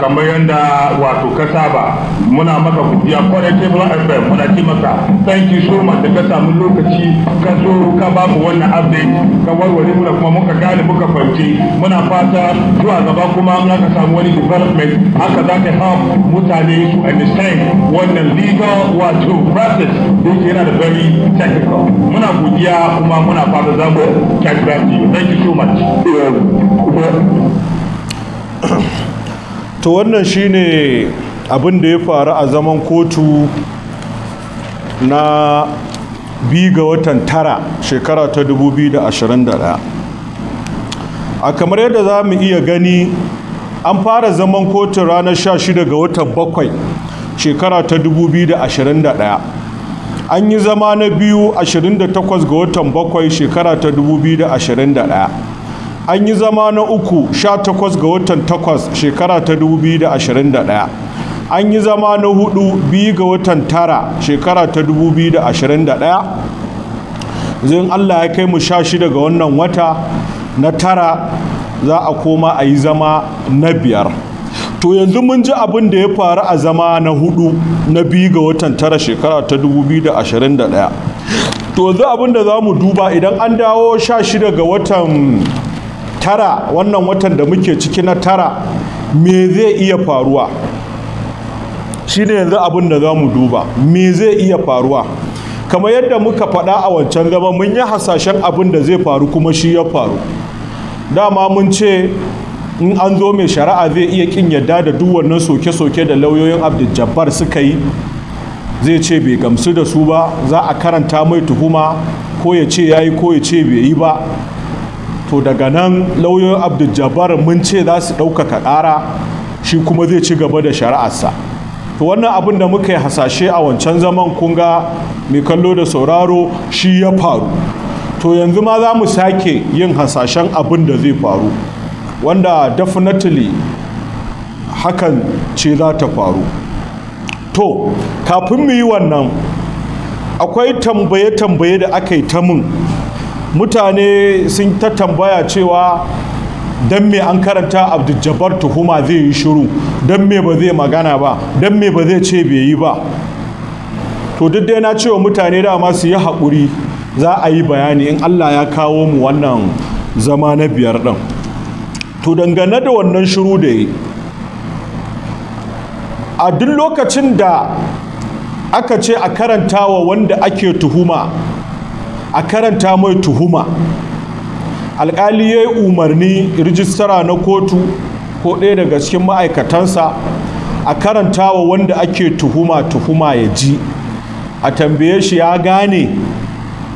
kamar yadda wato ka saba muna maka kudiya kwanar table fm muna ci maka thank you so much da ka samu lokaci ka zo ka ba mu wannan update ka warware muna kuma muka gane muka fahimci muna fata zuwa gaba kuma muna ka samu wani development haka za ka help mutane su understand wannan legal wato process da yana da very technical muna godiya kuma muna fata za mu Thank you so much.
To wannan shi ne abin da ya faru a zaman kotu na bi ga watan tara shekara ta 2021 a kamar yadda za mu iya gani an fara zaman kotun ranar 16 ga watan bakwai shekara ta 2021 an yi zama na biyu 28 ga watan bakwai shekara ta 2021 an yi zama na uku 18 ga watan takwas shekara ta 2021 an yi zama na hudu 2 ga watan tara shekara ta 2021 zin allah ya kai mu sha shida ga wannan wata na tara za a koma a yi zama na biyar to yanzu mun ji abin da ya faru a zama na hudu na biyu ga watan tara shekara ta 2021 to yanzu abin da za mu duba idan an dawo sha shida ga watan tara wannan watan da muke ciki na tara me zai iya faruwa shi ne yanzu abin da za mu duba me zai iya faruwa kamar yadda muka faɗa a wancan gaba mun yi hasashen abin da zai faru kuma shi ya faru dama mun ce in an zo mai shari'a zai iya kin yadda da duk wannan soke-soke da lauyoyin abdul suka yi zai ce bai gamsu da su ba za a karanta mai tuhuma ko ya ce ya yi ko ya ce bai yi ba to daga nan lauyoyin abdul mun ce za su ɗaukaka ƙara shi kuma zai ci gaba da shari'arsa to wannan abin da muka yi hasashe a wancan zaman kunga mai kallo da sauraro shi ya faru to yanzu ma za mu sake yin hasashen abin da zai faru wanda definitely hakan ce za ta faru to kafin mu yi wannan akwai tambaye-tambaye da aka yi ta mun mutane sun ta tambaya cewa don me an karanta abdujabar tuhuma zai yi shiru don me ba zai magana ba don me ba zai ce bai yi ba to duk dai na cewa mutane dama su yi haƙuri za a yi bayani in allah ya kawo mu wannan zama na biyar ɗin to dangane da wannan shiru da yi a duk lokacin da aka ce a karanta wa wanda ake tuhuma a karanta mai tuhuma alkali ya yi umarni rijistara na kotu ko ɗaya daga cikin ma'aikatansa a karanta wa wanda ake tuhuma tuhuma ya ji a tambaye shi ya gane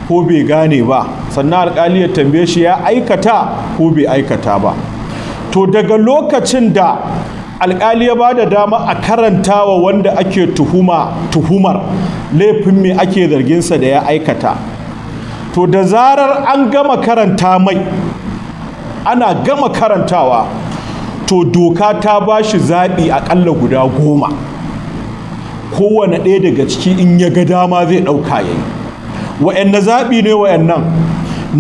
ko bai gane ba sannan alkali ya tambaye shi ya aikata ko bai aikata ba to daga lokacin da alƙali ya ba da dama a karanta wa wanda ake tuhuma tuhumar laifin mai ake zarginsa da ya aikata to da zarar an gama karanta mai ana gama karantawa to doka ta ba shi zaɓi aƙalla guda goma kowane ɗaya daga ciki in ya ga dama zai ɗauka ya yi na zaɓi ne wa'yan nan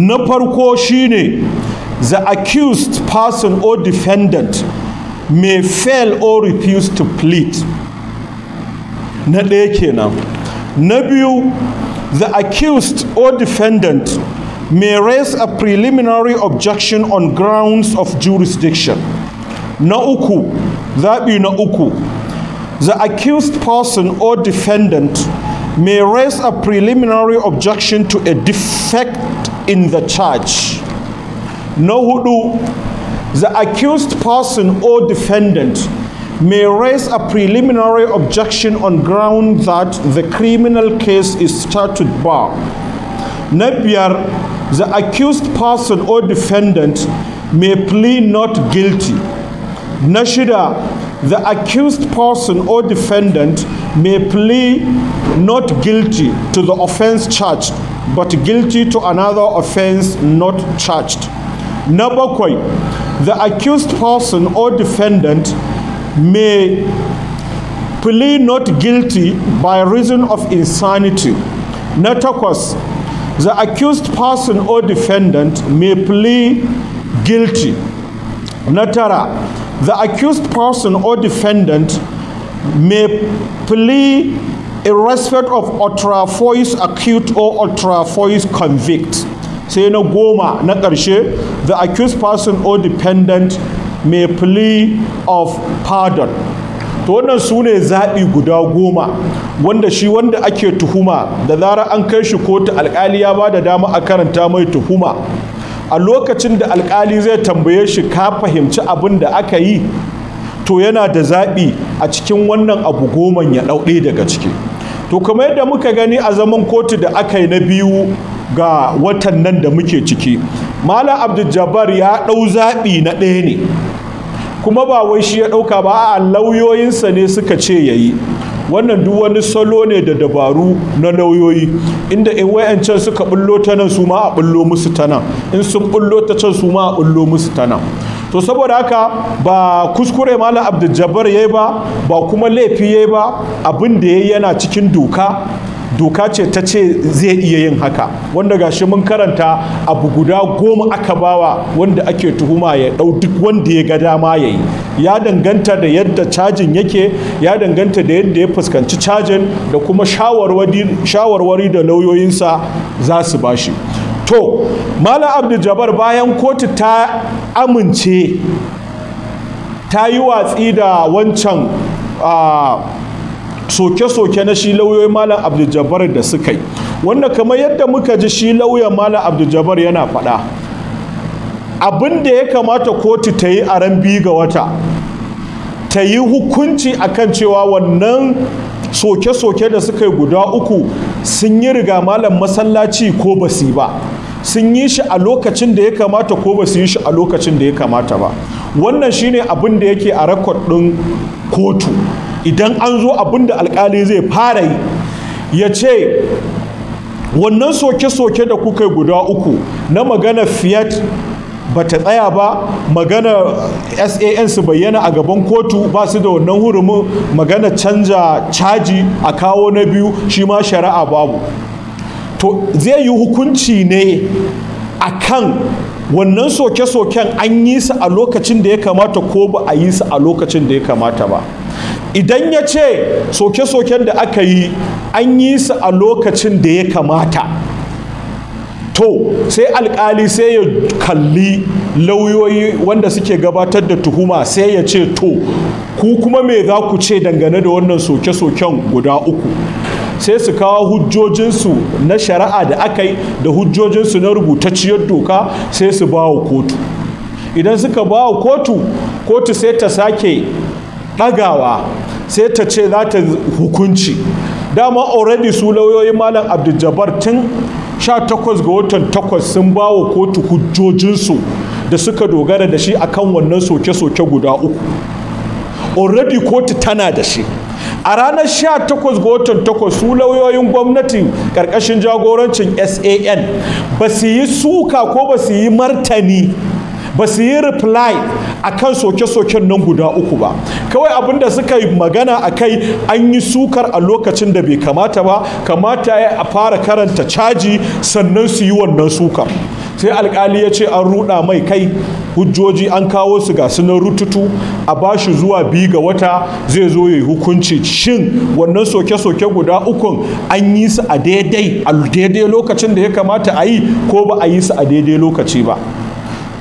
na farko shine the accused person or defendant may fail or refuse to plead na ɗaya kenan na biyu the accused or defendant may raise a preliminary objection on grounds of jurisdiction na uku zaɓi na uku the accused person or defendant may raise a preliminary objection to a defect in the charge na hudu the accused person or defendant may raise a preliminary objection on ground that the criminal case is statute bar na biyar the accused person or defendant may plead not guilty na shida the accused person or defendant may plead not guilty to the offense charged but guilty to another offense not charged na bakwai the accused person or defendant may plead not guilty by reason of insanity na takwas the accused person or defendant may plead guilty na tara the accused person or defendant may plead in respect of ultra acute or ultra convict sai na goma na ƙarshe the accused person or dependent may plea of pardon to wannan su ne zaɓi guda goma wanda shi wanda ake tuhuma da zara an kai shi kotu alƙali ya ba da dama a karanta mai tuhuma a lokacin da alƙali zai tambaye shi ka fahimci abin da aka yi to yana da zaɓi a cikin wannan abu goma ya ɗauɗe daga ciki to kamar yadda muka gani a zaman kotu da aka yi na biyu ga watan nan da muke ciki malam abdul jabbar ya ɗau zaɓi na ɗaya ne kuma ba wai shi ya ɗauka ba a lauyoyinsa ne suka ce ya yi wannan duk wani salo ne da dabaru na lauyoyi inda in wayancan suka bullo ta nan su ma a bullo musu ta nan in sun bullo ta can su ma a bullo musu ta nan to saboda haka ba kuskure malam abdul jabbar yi ba ba kuma laifi ya yi ba abin da ya yi yana cikin doka doka ce ta ce zai iya yin haka wanda gashi mun karanta abu guda goma aka bawa wanda ake tuhuma ya dau duk wanda ya ga dama ya yi ya danganta da yadda cajin yake ya danganta da yadda ya fuskanci cajin da kuma shawarwari da lauyoyinsa za su bashi to mala abdu jabar bayan kotu ta amince ta yi watsi da wancan ah, soke-soke na shi lauyoyi malam abdul da suka yi wanda kamar yadda muka ji shi lauyan malam abdul yana faɗa abin da ya kamata kotu ta yi a ran biyu ga wata ta yi hukunci akan cewa wannan soke-soke da suka yi guda uku sun yi riga malam masallaci ko basi ba sun yi shi a lokacin da ya kamata ko ba yi shi a lokacin da ya kamata ba wannan shine abin da yake a rakod ɗin kotu idan an zo abin da alkali zai fara yi ya ce wannan soke-soke da kuka guda uku na magana fiat ba ta tsaya ba magana san su bayyana a gaban kotu ba su da wannan hurumin magana canja caji a kawo na biyu shi ma shari'a babu to zai yi hukunci ne a kan wannan soke-soken an yi su a lokacin da ya kamata ko ba a yi su a lokacin da ya kamata ba idan ya ce soke-soken da aka yi an yi su a lokacin da ya kamata to sai alkali sai ya kalli lauyoyi wanda suke gabatar da tuhuma sai ya ce to ku kuma me za ku ce dangane da wannan soke-soken guda uku sai su kawo hujjojinsu na shari'a da aka yi da hujjojinsu na rubutacciyar doka sai su ba wa kotu idan suka ba wa kotu kotu sai ta sake ɗagawa sai ta ce za ta hukunci dama already su lauyoyin malam abdul tun 18 ga watan 8 sun ba wa kotu hujjojinsu da suka dogara da shi akan wannan soke-soke guda uku already kotu tana da shi a ranar 18 ga watan 8 su lauyoyin gwamnati karkashin jagorancin san ba su yi suka ko ba su yi martani ba su yi reply a kan soke-soken nan guda uku ba kawai abin da suka yi magana a kai an yi sukar a lokacin da bai kamata ba kamata ya a fara karanta caji sannan su yi wannan sukar sai alkali ya ce an ruɗa mai kai hujjoji an kawo su ga sunan rututu a bashi zuwa biyu ga wata zai zo ya yi hukunci shin wannan soke-soke guda ukun an yi su a daidai a daidai lokacin da ya kamata a yi ko ba a yi su a daidai lokaci ba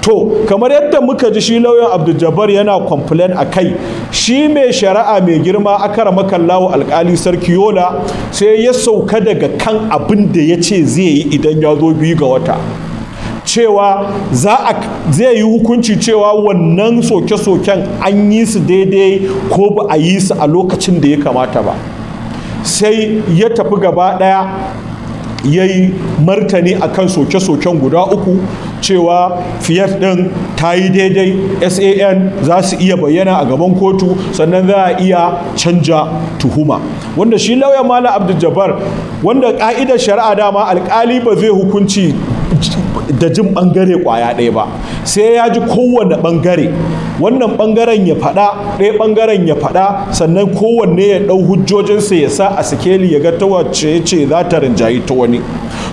to kamar yadda muka ji shi lauyan abdul yana complain a kai shi mai shari'a mai girma akara wa alkali sarki yola sai ya sauka daga kan abin da ya ce zai yi idan ya zo biyu ga wata cewa za a zai yi hukunci cewa wannan soke-soken an yi su daidai ko ba a yi su a lokacin da ya kamata ba sai ya tafi gaba daya. ya yi martani a kan soke-soken guda uku cewa fiyat ɗin ta yi daidai san za su iya bayyana a gaban kotu sannan za a iya canja tuhuma wanda shi lauyan mala abdul wanda ka'idar shari'a dama alkali ba zai hukunci da jin bangare kwaya ɗaya ba sai ya ji kowane bangare wannan bangaren ya faɗa ɗaya bangaren ya faɗa sannan kowanne ya ɗau hujjojinsa ya sa a sikeli ya ga ta wacce ya ce za ta rinjayi ta wani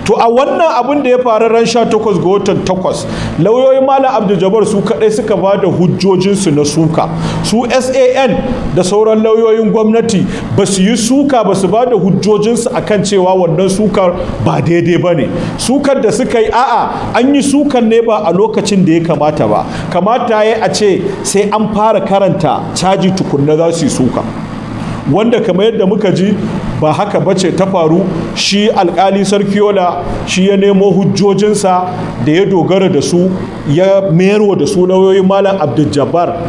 to a wannan abin da ya faru ran 18 ga watan 8 lauyoyin malam abdul jabbar su kadai suka ba da hujjojinsu na suka su san da sauran lauyoyin gwamnati ba su yi suka ba su ba da hujjojinsu a kan cewa wannan sukar ba daidai ba ne sukar da suka yi a'a an yi sukar ne ba a lokacin da ya kamata ba kamata ya a ce sai an fara karanta caji tukunna za su yi suka wanda kamar yadda muka ji ba haka bace ta faru shi alkali sarkiola shi ya nemo hujjojinsa da ya dogara da su ya mayarwa da su lauyoyin malam abdul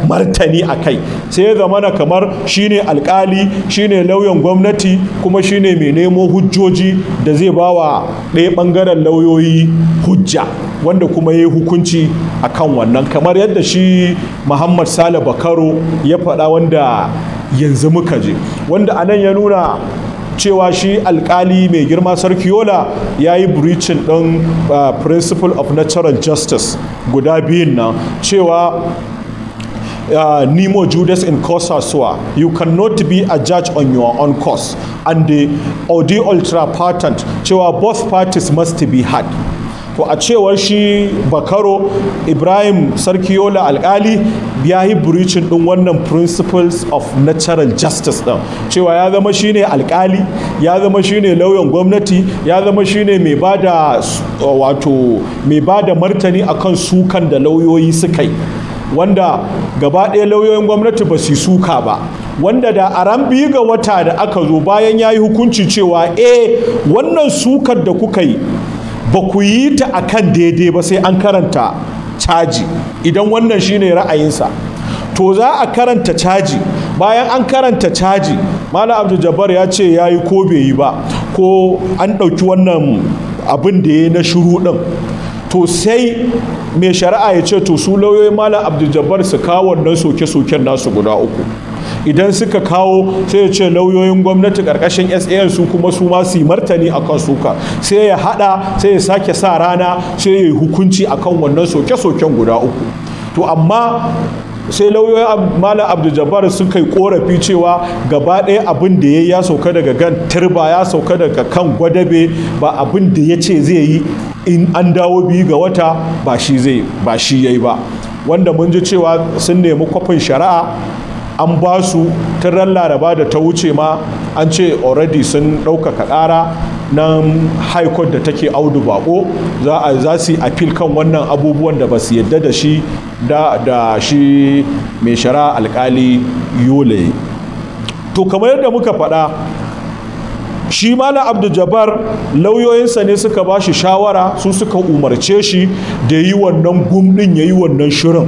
martani a kai sai ya zamana kamar shine alkali shine lauyan gwamnati kuma shine mai nemo hujjoji da zai ba wa ɗaya ɓangaren lauyoyi hujja wanda kuma ya yi hukunci a kan wannan kamar yadda shi muhammad sale bakaro ya faɗa wanda yanzu muka je wanda anan ya nuna cewa shi alkali mai girma Sarkiola, yola ya yi breaching ɗin uh, principle of natural justice guda biyun nan cewa Uh, Nemo Judas in Cosa You cannot be a judge on your own cause. And the Audi Ultra patent, cewa both parties must be had. to a cewar shi bakaro ibrahim sarkiyola alkali ya yi breaching din wannan principles of natural justice din cewa ya zama shine alkali ya zama shine lauyan gwamnati ya zama shine mai bada wato mai bada martani akan sukan da lauyoyi suka yi wanda gaba ɗaya lauyoyin gwamnati ba su suka ba wanda da a ran biyu ga wata da aka zo bayan ya yi hukunci cewa eh wannan sukar da kuka yi ba ku yi ta akan daidai ba sai an karanta caji idan wannan shine ra'ayinsa to za a karanta caji bayan an karanta caji malam abdul jabbar ya ce ya yi ko bai yi ba ko an ɗauki wannan abin da ya na shuru ɗin to sai mai shari'a ya ce to su lauyoyi malam abdul jabbar su kawo wannan soke-soken nasu guda uku idan suka kawo sai ya ce lauyoyin gwamnati karkashin san su kuma su masu su a martani suka sai ya hada sai ya sake sa rana sai ya yi hukunci kan wannan soke-soken guda uku to amma sai lauyoyin malam abdul sun kai korafi cewa gaba ɗaya abin da ya yi ya sauka daga gan turba ya sauka daga kan gwadabe ba abin da ya ce zai yi in an dawo biyu ga wata ba shi zai ba yayi ba wanda mun ji cewa sun nemi kwafin shari'a an ba su ta laraba da ta wuce ma an ce already sun ɗaukaka ƙara na high court da take audu bako za a za su appeal kan wannan abubuwan da ba su yadda da shi da, da shi mai shara alkali yule to kamar yadda muka faɗa shi malam abdul jabbar lauyoyinsa ne suka ba shi shawara su suka umarce shi da yi wannan gumɗin ya yi wannan shirin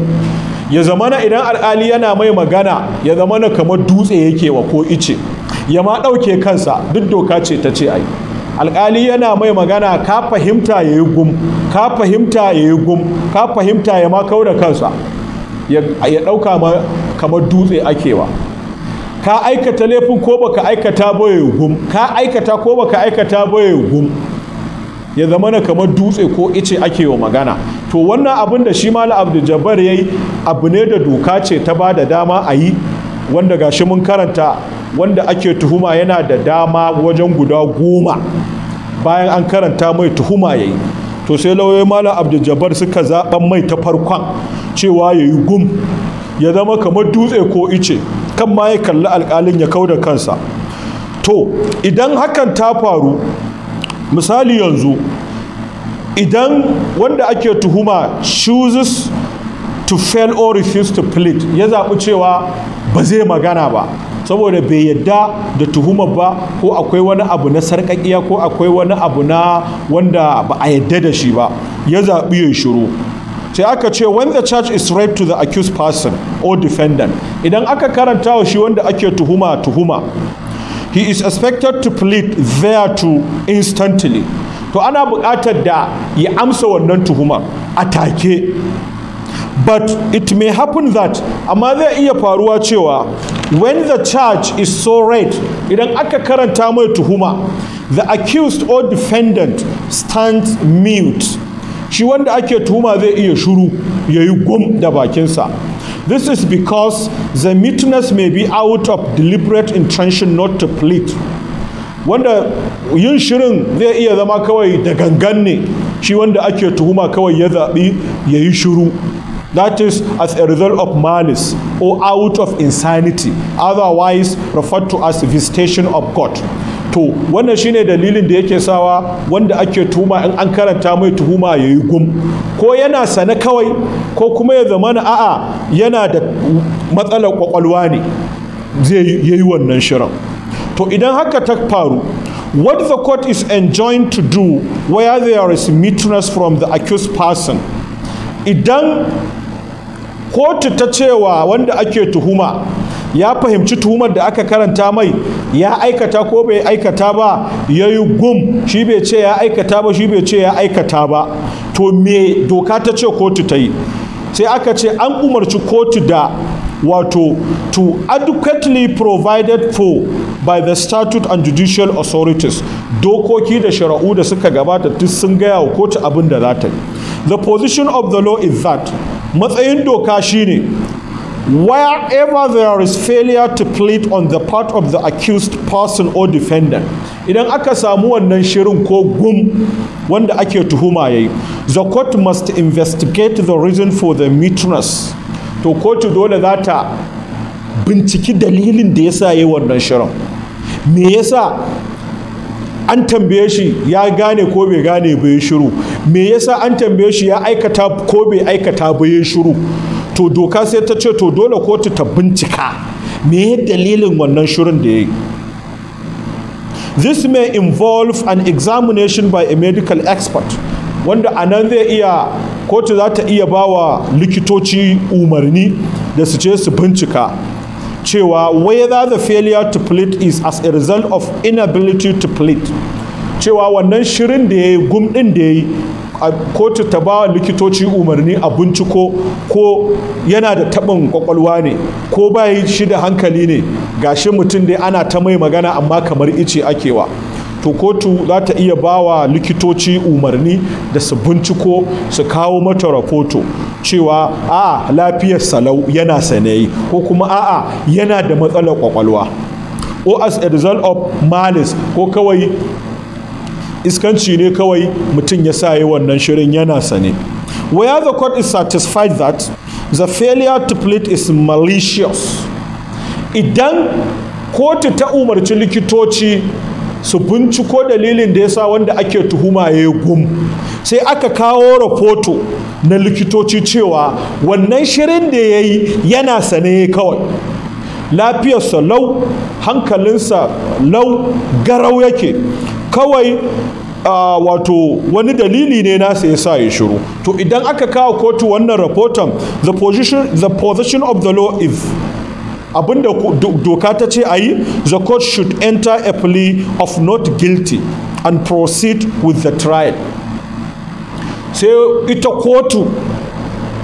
ya zamana idan al'ali yana mai magana ya zamana kamar dutse yake wa ko ice ya ma ɗauke kansa duk doka ce ta ce ai alƙali yana mai magana ka fahimta ya yi gum ka fahimta ya yi gum ka fahimta ya ma kau da kansa ya ɗauka kamar dutse akewa ka aikata laifin ko baka aikata ba ya gum ka aikata ko baka aikata ba ya gum ya zama na kamar dutse ko ice ake wa magana to wannan abin da shi mala abdul jabbar ya yi abu ne da doka ce ta ba da dama a yi wanda gashi mun karanta wanda ake tuhuma yana da dama wajen guda goma bayan an karanta mai tuhuma ya yi to sai lauyoyi mala abdul jabbar suka zaɓan mai ta farkon cewa ya yi gum ya zama kamar dutse ko ice kan ma ya kalli alkalin ya kau da kansa to idan hakan ta faru misali yanzu idan wanda ake tuhuma chooses to fail or refuse to plead ya zaɓi cewa ba zai magana ba saboda bai yadda da tuhuma ba ko akwai wani abu na sarƙaƙiya ko akwai wani abu na wanda ba a yadda da shi ba ya zaɓi ya shiru sai aka ce when the charge is read to the accused person or defendant idan aka karanta wa shi wanda ake tuhuma tuhuma he is expected to plead thereto instantly to ana bukatar da ya amsa wannan tuhuma a take but it may happen that amma zai iya faruwa cewa when the charge is so red idan aka karanta mai tuhuma the accused or defendant stands mute shi wanda ake tuhuma zai iya shuru ya yi gum da bakinsa This is because the mutinous may be out of deliberate intention not to plead. Wanda yin shirin zai iya zama kawai da gangan ne shi wanda ake tuhuma kawai ya zaɓi ya yi shiru. That is as a result of malice or out of insanity, otherwise referred to as visitation of God. to wannan shine dalilin da yake sawa wanda ake tuma in an karanta mai tuhuma ya yi gum ko yana sane kawai ko kuma ya zamana a'a yana da matsalar kwakwalwa ne zai yi wannan shirin to idan haka ta faru what the court is enjoined to do where there is mitness from the accused person idan kotu ta cewa wanda ake tuhuma ya fahimci tuhumar da aka karanta mai ya aikata ko bai aikata ba ya yi gum shi bai ce ya aikata ba shi bai ce ya aikata ba to me doka ta ce kotu ta yi sai aka ce an umarci kotu da wato to adequately provided for by the statute and judicial authorities dokoki da shara'u da suka gabata duk sun gaya wa kotu abin da za ta yi the position of the law is that matsayin doka shine wherever there is failure to plead on the part of the accused person or defendant idan aka samu wannan shirin ko gum wanda ake tuhuma yayi the court must investigate the reason for the mutinous to kotu dole za ta binciki dalilin da yasa yayi wannan shirin me yasa an tambaye shi ya gane ko bai gane bai shiru me yasa an tambaye shi ya aikata ko bai aikata bai shiru to doka sai ta ce to dole kotu ta bincika me ya dalilin wannan shirin da ya yi this may involve an examination by a medical expert wanda a nan zai iya kotu za ta iya bawa likitoci umarni da su ce su bincika cewa whether the failure to plead is as a result of inability to plead cewa wannan shirin da ya yi gumɗin da ya yi kotu ta bawa likitoci umarni a binciko ko yana da taɓin ƙwaƙwalwa ne ko bayi shi da hankali ne ga shi mutum dai ana ta mai magana amma kamar ice akewa to kotu za ta iya bawa likitoci umarni da su binciko su kawo mata rahoto cewa a lafiyar salau yana sanayi ko kuma a'a yana da matsalar kwakwalwa or as a result of malice ko kawai iskanci ne kawai mutum ya sa yi wannan shirin yana sane where the court is satisfied that the failure to plead is malicious idan kotu ta umarci likitoci su binciko dalilin da ya sa wanda ake tuhuma ya gum sai aka kawo rahoto na likitoci cewa wannan shirin da ya yi yana sane kawai lafiyarsa lau hankalinsa lau garau yake kawai Uh, wato wani dalili ne nasa ya sa ya shiru to idan aka kawo kotu wannan rahoton the position, the position of the law is abinda doka ta ce a yi the court should enter a plea of not guilty and proceed with the trial sai ita kotu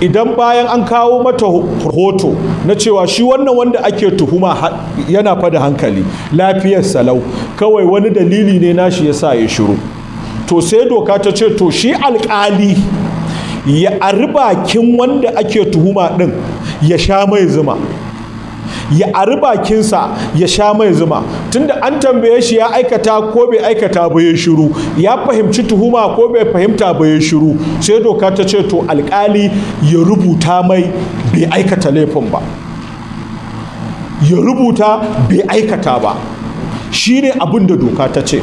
idan bayan an kawo mata hoto na cewa shi wannan wanda ake tuhuma yana fada hankali lafiyar salau kawai wani dalili ne nashi ya sa ya shiru to sai doka ta ce to shi alkali ya arbakin wanda ake tuhuma din ya sha mai zuma ya ari bakinsa ya sha mai zuma tunda an tambaye shi ya aikata ko bai aikata ba ya shiru ya fahimci tuhuma ko bai fahimta ba ya shiru sai doka ta ce to alkali ya rubuta mai bai aikata laifin ba ya rubuta bai aikata ba shi ne abin da doka ta ce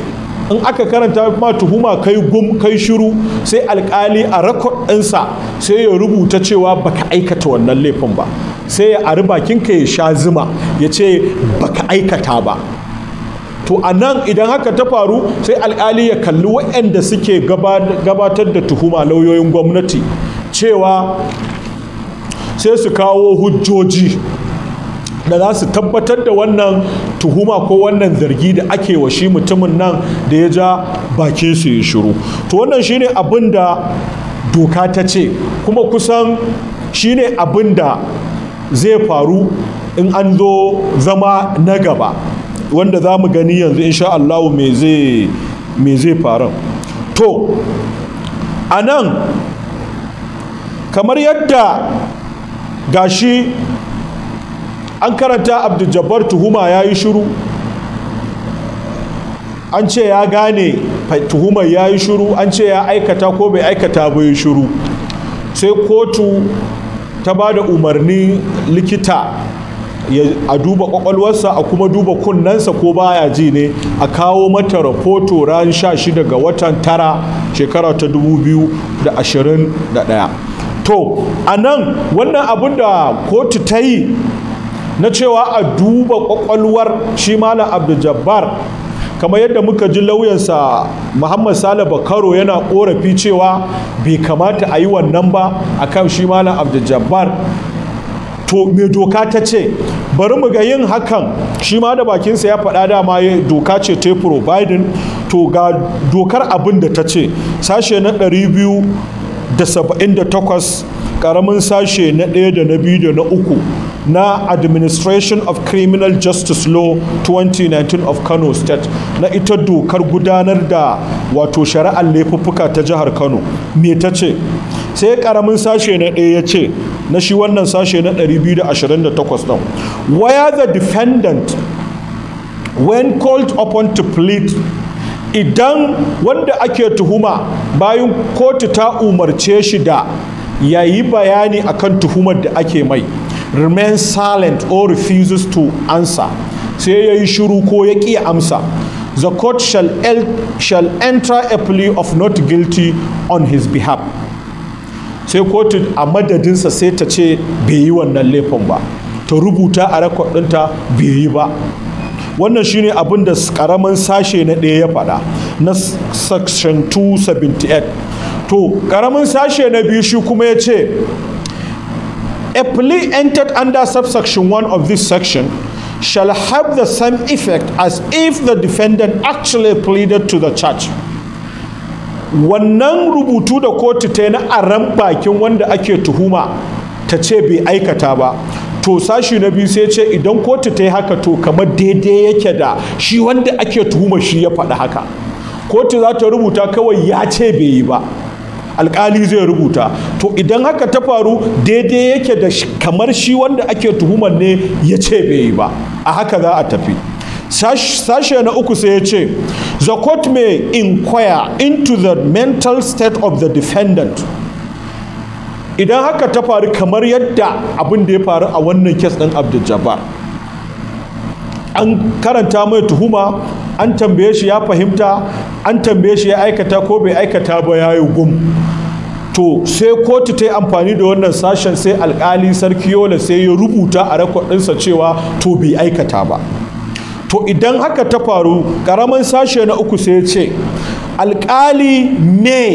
in aka karanta ma tuhuma kai gum kai shiru sai alkali a rakod ɗinsa sai ya rubuta cewa baka aikata wannan laifin ba sai ya ari bakinka ya sha zuma ya ce baka aikata ba to a nan idan haka ta faru sai alkali ya kalli waɗanda suke gabatar da tuhuma lauyoyin gwamnati cewa sai su kawo hujjoji da za su tabbatar da wannan tuhuma ko wannan zargi da ake wa shi mutumin nan da ya ja bakin su ya shiru to wannan shine abin da doka ta ce kuma kusan shine abin da zai faru in an zo zama na gaba wanda za mu gani yanzu insha Allah me zai faru to a nan kamar yadda gashi an karanta abdul jabbar tuhuma ya yi shuru an ce ya gane tuhumar ya yi shuru an ce ya aikata ko bai aikata ba ya shuru sai kotu ta ba da umarni likita a duba kwakwalwarsa a kuma duba kunnensa ko baya ji ne a kawo mata rahoto ran 16 ga watan tara shekara ta 2021 to a nan wannan abin da kotu ta yi na cewa a duba kwakwalwar shi malam abdul jabbar kamar yadda muka ji lauyansa muhammad sale bakaro yana korafi cewa bai kamata a yi wannan ba a kan shi malam abdul jabbar to me doka ta ce bari mu ga yin hakan shi ma da bakinsa ya faɗa dama ya doka ce ta providing to ga dokar abin da ta ce sashe na 278 ƙaramin sashe na 1 da na 2 da na 3 na administration of criminal justice law 2019 of kano state na ita dokar gudanar da wato shari'ar laifuffuka ta jihar kano me ta ce sai karamin sashe na ɗaya ya ce na shi wannan sashe na 228 ɗin where the defendant when called upon to plead idan wanda ake tuhuma bayan kotu ta umarce shi da yayi bayani akan tuhumar da ake mai remains silent or refuses to answer sai ya yi shiru ko ya ƙi amsa the court shall, shall enter a plea of not guilty on his behalf sai kotu a madadinsa sai ta ce bai yi wannan laifin ba ta rubuta a rakwadinta ɗinta bai yi ba wannan shine abin da karamin sashe na ɗaya ya faɗa na section 278 to karamin sashe na biyu shi kuma ya ce A plea entered under subsection 1 of this section shall have the same effect as if the defendant actually pleaded to the church. Wannan rubutu da kotu ta na aran bakin wanda ake tuhuma ta ce bai aikata ba. To sashi na biyu sai ce idan kotu ta yi haka to kamar daidai yake da shi wanda ake tuhuma shi ya faɗi haka. Kotu za ta rubuta kawai ya ce bai yi ba. alkali zai rubuta to idan haka ta faru daidai yake da kamar shi wanda ake tuhumar ne ya ce bai yi ba a haka za a tafi sashe na uku sai ya ce the court may inquire into the mental state of the defendant idan haka ta faru kamar yadda abin da ya faru a wannan kes ɗin abdul an karanta mai tuhuma an tambaye shi ya fahimta an tambaye shi ya aikata ko bai aikata ba ya yi gum to sai kotu ta yi amfani da wannan sashen sai alkali sarki yola sai ya rubuta a rakwadinsa cewa to bai aikata ba to idan haka ta faru karamin sashe na uku sai ya ce alkali ne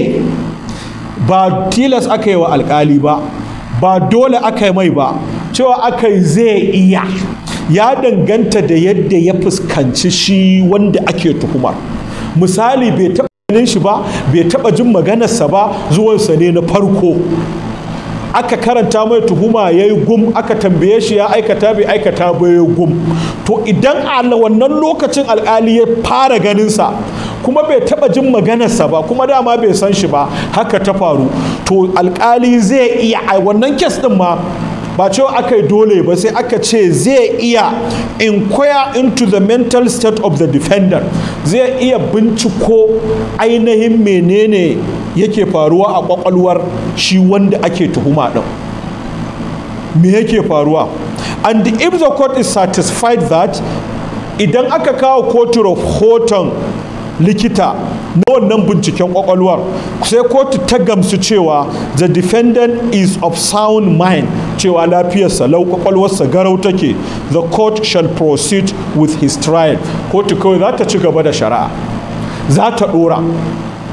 ba tilas aka yi wa alkali ba ba dole aka yi mai ba cewa aka yi zai iya ya danganta da yadda ya fuskanci shi wanda ake tuhumar misali bai taba ganin shi ba bai taba jin maganarsa ba zuwansa ne na farko aka karanta mai tuhuma ya yi gum aka tambaye shi ya aikata bai aikata ba ya gum to idan a wannan lokacin alkali ya fara ganinsa kuma bai taba jin maganarsa ba kuma dama bai san shi ba haka ta faru to alkali zai iya wannan kes din ma ba cewa aka yi dole ba sai aka ce zai iya inquire into the mental state of the defender zai iya binciko ainihin menene yake faruwa a kwakwalwar shi wanda ake tuhuma ɗin me yake faruwa and if the court is satisfied that idan aka kawo kotu rahoton likita na wannan binciken kwakwalwar sai kotu ta gamsu cewa the defendant is of sound mind cewa lafiyarsa lau kwakwalwarsa garau take the court shall proceed with his trial kotu kawai za ta ci gaba da shari'a za ta dora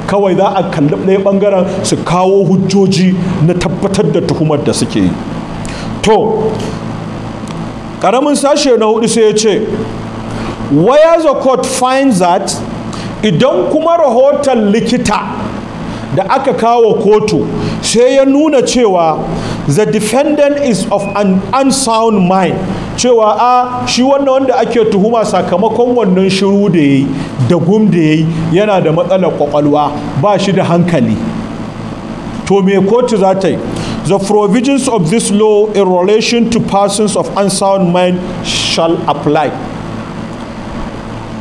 kawai za a kalli ɗaya ɓangaren su kawo hujjoji na tabbatar da tuhumar da suke yi to ƙaramin sashe na hudu sai ya ce where the court finds that idan kuma rahoton likita da aka kawo kotu sai ya nuna cewa the defendant is of an unsound mind cewa a ah, shi wannan wanda ake tuhuma sakamakon wannan shiru da ya yi da gum da ya yi yana da matsalar kwakwalwa ba shi da hankali to me kotu za ta yi the provisions of this law in relation to persons of unsound mind shall apply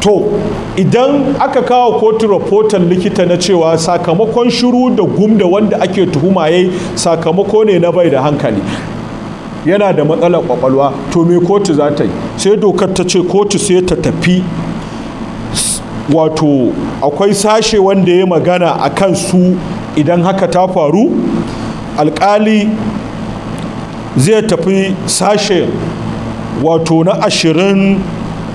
to idan aka kawo kotu rahoton likita na cewa sakamakon shiru da gum da wanda ake tuhuma yayi sakamako ne na bai da hankali yana da matsalar kwakwalwa to me kotu za ta yi sai dokar ta ce kotu sai ta tafi wato akwai sashe wanda ya magana a kan su idan haka ta faru alkali zai tafi sashe wato na ashirin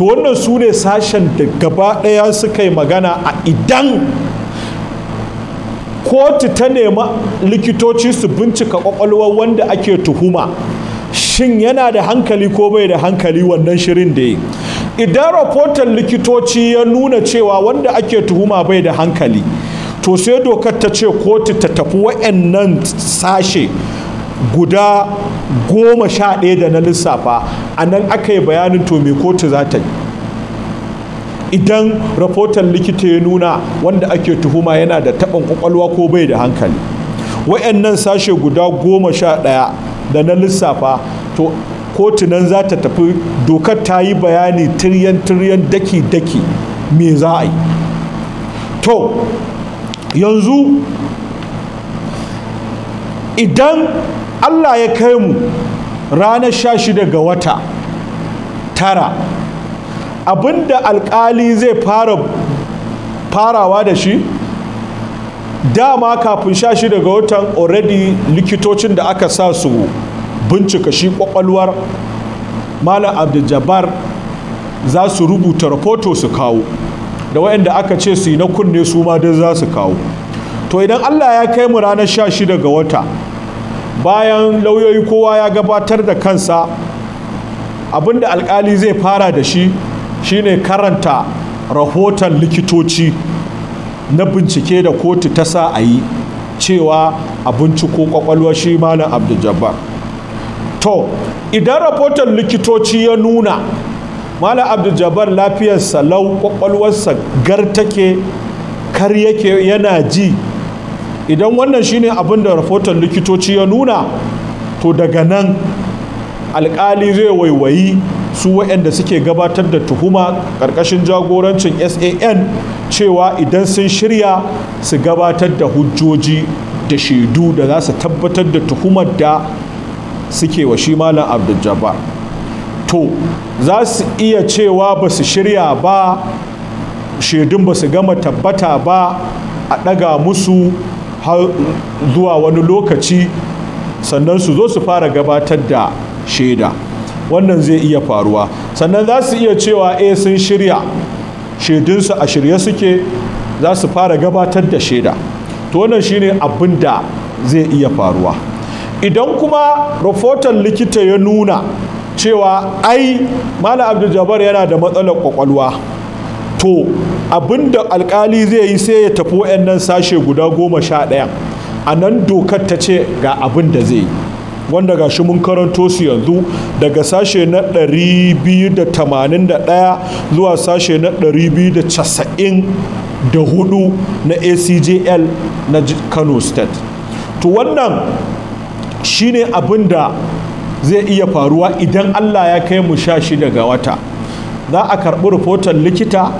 to wannan su ne sashen da gaba ɗaya suka yi magana a idan kotu ta nema likitoci su bincika kwakwalwar wanda ake tuhuma shin yana da hankali ko bai da hankali wannan shirin da yi idan rahoton likitoci ya nuna cewa wanda ake tuhuma bai da hankali to sai dokar ta ce kotu ta tafi wa'annan sashe guda goma sha ɗaya da na lissafa a nan aka yi bayanin to me kotu za ta yi idan rahoton likita ya nuna wanda ake tuhuma yana da taɓan ƙwaƙwalwa ko bai da hankali wayannan sashe guda goma sha ɗaya da na lissafa to kotu nan za ta tafi dokar ta yi bayani tiryan tiryan daki daki me za a yi to yanzu idan allah ya kai mu ranar sha shida ga wata tara abinda alkali zai fara farawa da shi dama kafin sha shida ga watan already likitocin da aka sa su bincika shi kwakwalwar malam abdul za su rubuta rahoto su kawo da waɗanda aka ce su yi na kunne su ma don za su kawo to idan allah ya kai mu ranar sha shida ga wata bayan lauyoyi kowa ya gabatar da kansa abinda alkali zai fara da shi shine karanta rahoton likitoci na bincike da kotu ta sa a yi cewa abinci ko kwakwalwa shi malam abdul to idan rahoton likitoci ya nuna malam abdul lafiyarsa lau kwakwalwarsa gar take kar yake yana ji idan wannan shine abin da rahoton likitoci ya nuna to daga nan alkali zai waiwayi su waɗanda suke gabatar da tuhuma ƙarƙashin jagorancin san cewa idan sun shirya su gabatar da hujjoji da shaidu da za su tabbatar da tuhumar da suke wa shi malam jabbar to za su iya cewa ba su shirya ba shaidun ba su gama tabbata ba a ɗaga musu har zuwa wani lokaci sannan su zo su fara gabatar da shaida wannan zai iya faruwa sannan za su iya cewa a eh, sun shirya shaidunsu a shirye suke za su fara gabatar da shaida to wannan shine abin da zai iya faruwa idan kuma rahoton likita ya nuna cewa ai malam abdul yana da matsalar kwakwalwa to abinda alkali zai yi sai ya tafi wayannan sashe guda goma sha ɗaya a nan dokar ta ce ga abinda zai yi wanda ga shi mun karanto su yanzu daga sashe na 281 zuwa sashe na 294 na acjl na kano state to wannan shine abin da zai iya faruwa idan allah ya kai mu sha shi daga wata za a karɓi rahoton likita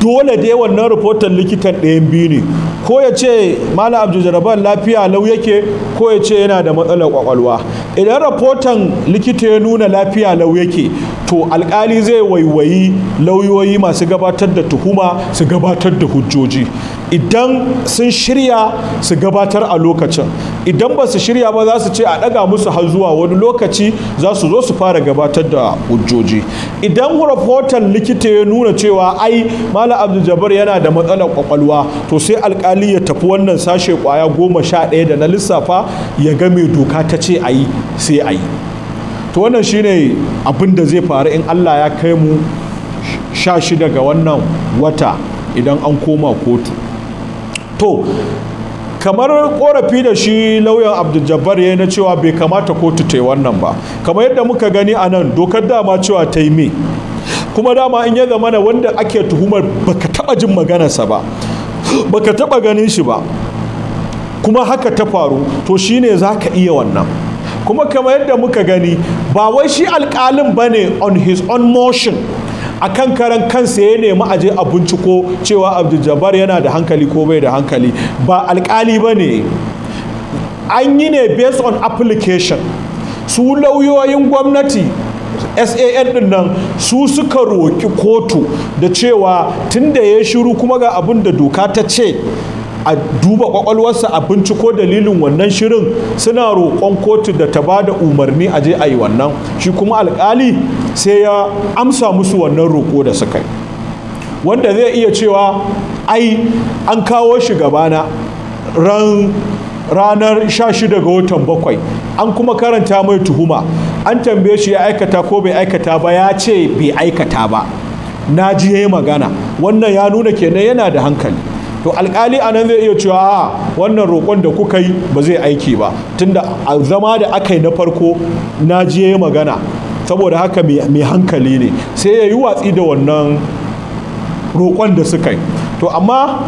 dole dai wannan rahoton likitan ɗayan biyu ne ko ya ce malam abdul lafiya lau yake ko ya ce yana da matsalar kwakwalwa idan rahoton likita ya nuna lafiya lau yake to alkali zai waiwayi lauyoyi masu gabatar da tuhuma su gabatar da hujjoji idan sun shirya su gabatar a lokacin idan ba su shirya ba za su ce a daga musu har zuwa wani lokaci za su zo su fara gabatar da hujjoji idan rahoton likita ya nuna cewa ai malam abdul jabbar yana da matsalar kwakwalwa to sai alkali ya tafi wannan sashe kwaya goma sha ɗaya da na lissafa ya ga mai doka ta ce ayi sai a yi to wannan shine abin da zai faru in allah ya kai mu sha shida ga wannan wata idan an koma kotu to kamar korafi da shi lauyan abdul ya yi na cewa bai kamata kotu ta yi wannan ba kamar yadda muka gani a nan dokar dama cewa ta yi me kuma dama in ya mana wanda ake tuhumar baka taba jin maganarsa ba baka taba ganin shi ba kuma haka ta faru to shine za ka iya wannan kuma kamar yadda muka gani ba wai shi alkalin ba ne on his own motion a kan karan kansa ya nemi aje a binciko cewa abdul yana da hankali ko bai da hankali ba alkali ba ne an yi ne based on application su lauyoyin gwamnati san din nan su suka roƙi kotu da cewa tun da ya shiru kuma ga abin da doka ta ce a duba kwakwalwarsa a binciko dalilin wannan shirin suna roƙon kotu da ta ba da umarni a je a yi wannan shi kuma alkali sai ya amsa musu wannan roƙo da suka yi wanda zai iya cewa ai an kawo shi gabana ran ranar 16 ga watan bakwai an kuma karanta mai tuhuma an tambaye shi ya aikata ko bai aikata ba ya ce bai aikata ba na ji ya yi magana wannan ya nuna kenan yana da hankali to alkali a nan zai iya cewa wannan roƙon da kuka yi ba zai aiki ba tunda a zama da aka yi na farko na je magana saboda haka mai hankali ne sai ya yi watsi da wannan roƙon da suka yi to amma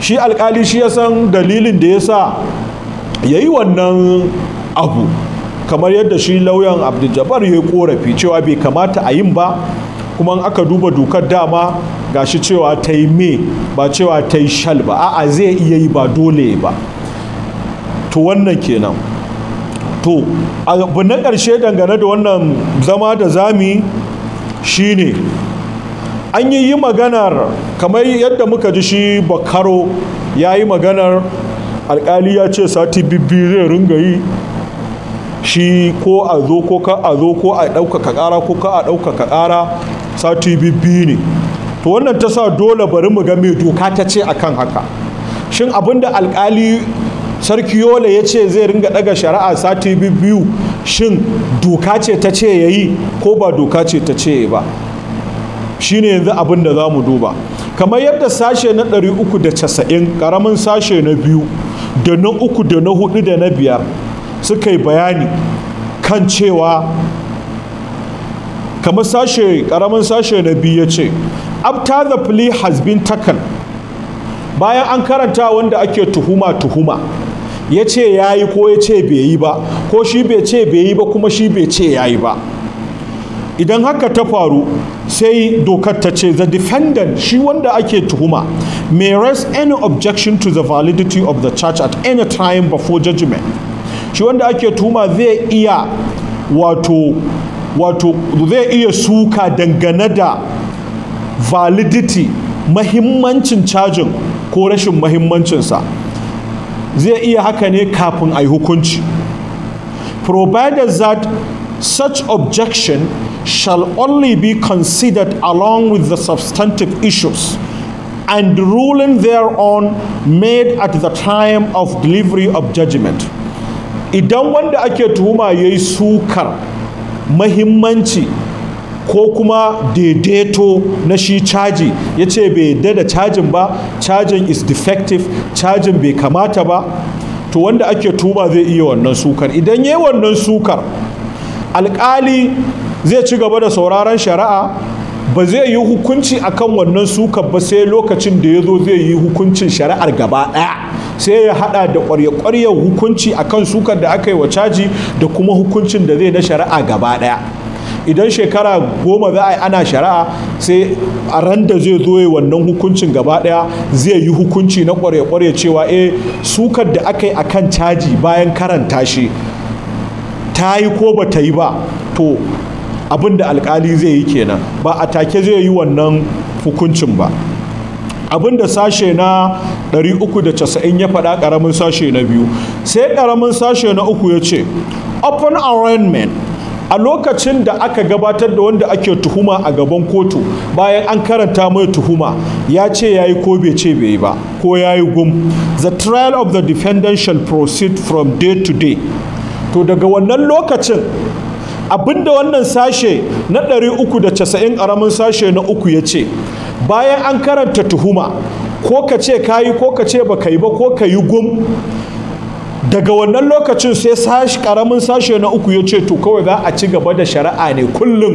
shi alkali shi ya san dalilin da ya sa ya yi wannan abu kamar yadda shi lauyan abdul ya yi korafi cewa bai kamata a yin ba kuma aka duba dokar dama shi cewa ta yi me ba cewa ta yi shal ba a'a zai iya yi ba dole ba to wannan kenan to abu na ƙarshe dangane da wannan zama da zami shine an yi yi maganar kamar yadda muka ji shi bakaro ya yi maganar alkali ya ce sati bibbi zai ringa yi shi ko a zo ko ka a zo ko a ɗaukaka ƙara ko ka a ɗaukaka ƙara sati bibbi ne to wannan ta sa dole bari mu ga mai doka ta ce akan haka shin abinda alkali sarki yola ya ce zai ringa ɗaga shari'a sati bibbi shin doka ce ta ce ya yi ko ba doka ce ta ce ba Shi ne yanzu abinda za mu duba kamar yadda sashe na 390 ƙaramin sashe na biyu da na uku da na hudu da na biyar suka yi bayani kan cewa kamar sashe karamin sashe na biyu ya ce after the plea has been taken bayan an karanta wanda ake tuhuma tuhuma ya ce ya yi ko ya ce bai yi ba ko shi bai ce bai yi ba kuma shi bai ce ya yi ba idan haka ta faru sai dokar ta ce the defendant shi wanda ake tuhuma may raise any objection to the validity of the charge at any time before judgment shi wanda ake tuma zai iya wato wato zai iya suka dangane da validity mahimmancin cajin ko rashin mahimmancinsa zai iya haka ne kafin a yi hukunci provided that such objection shall only be considered along with the substantive issues and ruling thereon made at the time of delivery of judgment. idan wanda ake tuhuma ya yi sukar mahimmanci ko kuma daidaito na shi caji ya ce bai yadda da cajin ba cajin is defective cajin bai kamata ba to wanda ake tuhuma zai iya wannan sukar idan ya yi wannan sukar alkali zai ci gaba da sauraron shari'a ba zai yi hukunci akan wannan sukar ba sai lokacin da ya zo zai yi hukuncin shari'ar gaba ɗaya sai ya hada da kwarya-kwaryar hukunci akan sukar da aka yi wa caji da kuma hukuncin da zai na shari'a gaba daya idan shekara goma za a yi ana shari'a sai a ran da zai zo wannan hukuncin gaba daya zai yi hukunci na kwarya-kwarya cewa eh sukar da aka yi akan caji bayan karanta shi ta yi ko ba ta yi ba to abin da alkali zai yi kenan ba a take zai yi wannan hukuncin ba abinda sashe na 390 ya faɗa karamin sashe na biyu sai karamin sashe na uku ya ce open arraignment a lokacin da aka gabatar da wanda ake tuhuma a gaban kotu bayan an karanta mai tuhuma ya ce ya yi ko bai ce bai ba ko ya yi gum the trial of the defendant shall proceed from day to day to daga wannan lokacin abinda wannan sashe na 390 karamin sashe na uku ya ce bayan an karanta tuhuma ko ka ce kayi ko ka ce ba yi ba ko ka yi gum daga wannan lokacin sai sashi karamin sashe na uku ya ce to kawai za a ci gaba da shari'a ne kullum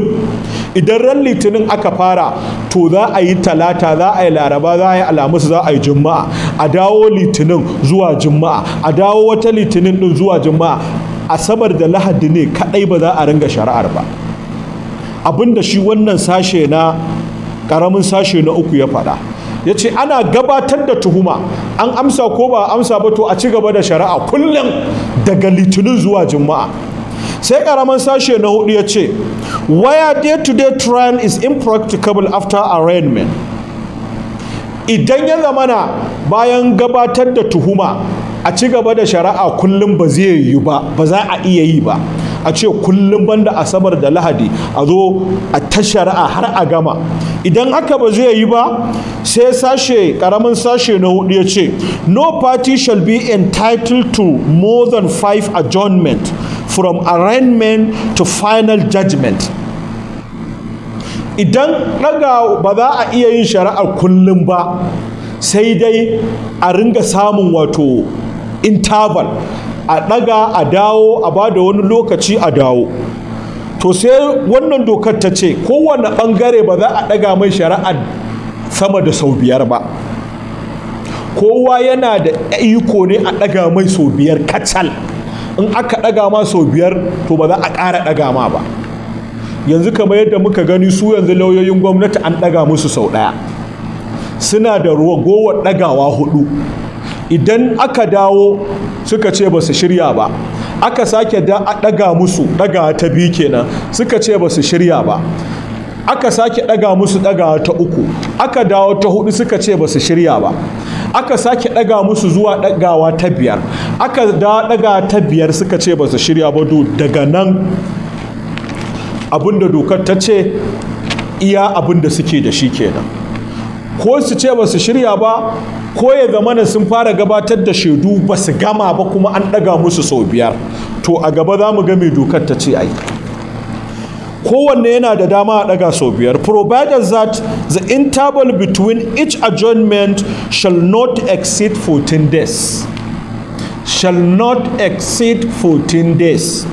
idan ran litinin aka fara to za a yi talata za a yi laraba za a yi alamus za a yi juma'a a dawo litinin zuwa juma'a a dawo wata litinin din zuwa juma'a asabar da lahadi ne kadai ba za a ringa shari'ar ba abinda shi wannan sashe na ƙaramin sashe na uku ya faɗa ya ce ana gabatar da tuhuma an amsa ko ba amsa ba to a ci gaba da shari'a kullum daga litinin zuwa juma'a sai ƙaramin sashe na hudu ya ce where day to day trial is impracticable after arraignment idan ya zamana bayan gabatar da tuhuma a ci gaba da shari'a kullum ba zai yi ba ba za a iya yi ba a ce kullum banda asabar da lahadi a zo a ta shari'a har a gama idan haka ba zai yi ba sai sashe karamin sashe na hudu ya ce no party shall be entitled to more than five adjournment from arraignment to final judgment idan daga ba za a iya yin shari'ar kullum ba sai dai a ringa samun wato interval a ɗaga a dawo a ba da wani lokaci a dawo to sai wannan dokar ta ce kowane ɓangare ba za a ɗaga mai shari'ar sama da sau biyar ba kowa yana da iko ne a ɗaga mai sau biyar kacal in aka ɗaga ma sau biyar to ba za a ƙara ɗaga ma ba yanzu kamar yadda muka gani su yanzu lauyoyin gwamnati an ɗaga musu sau ɗaya suna da ruwa gowar ɗagawa hudu idan aka dawo suka ce ba su shirya ba aka sake daga musu daga ta biyu kenan suka ce ba su shirya ba aka sake daga musu daga ta uku aka dawo ta hudu suka ce ba su shirya ba aka sake daga musu zuwa dagawa ta biyar aka da daga ta biyar suka ce ba su shirya ba daga nan abinda dokar ta ce iya abinda suke da shi kenan ko su ce ba su shirya ba ko ya mana sun fara gabatar da shaidu ba su gama ba kuma an ɗaga musu sau biyar to a gaba za mu ga mai dokar ta ce ai kowanne yana da dama a ɗaga sau biyar provided that the interval between each adjournment shall not exceed 14 days shall not exceed 14 days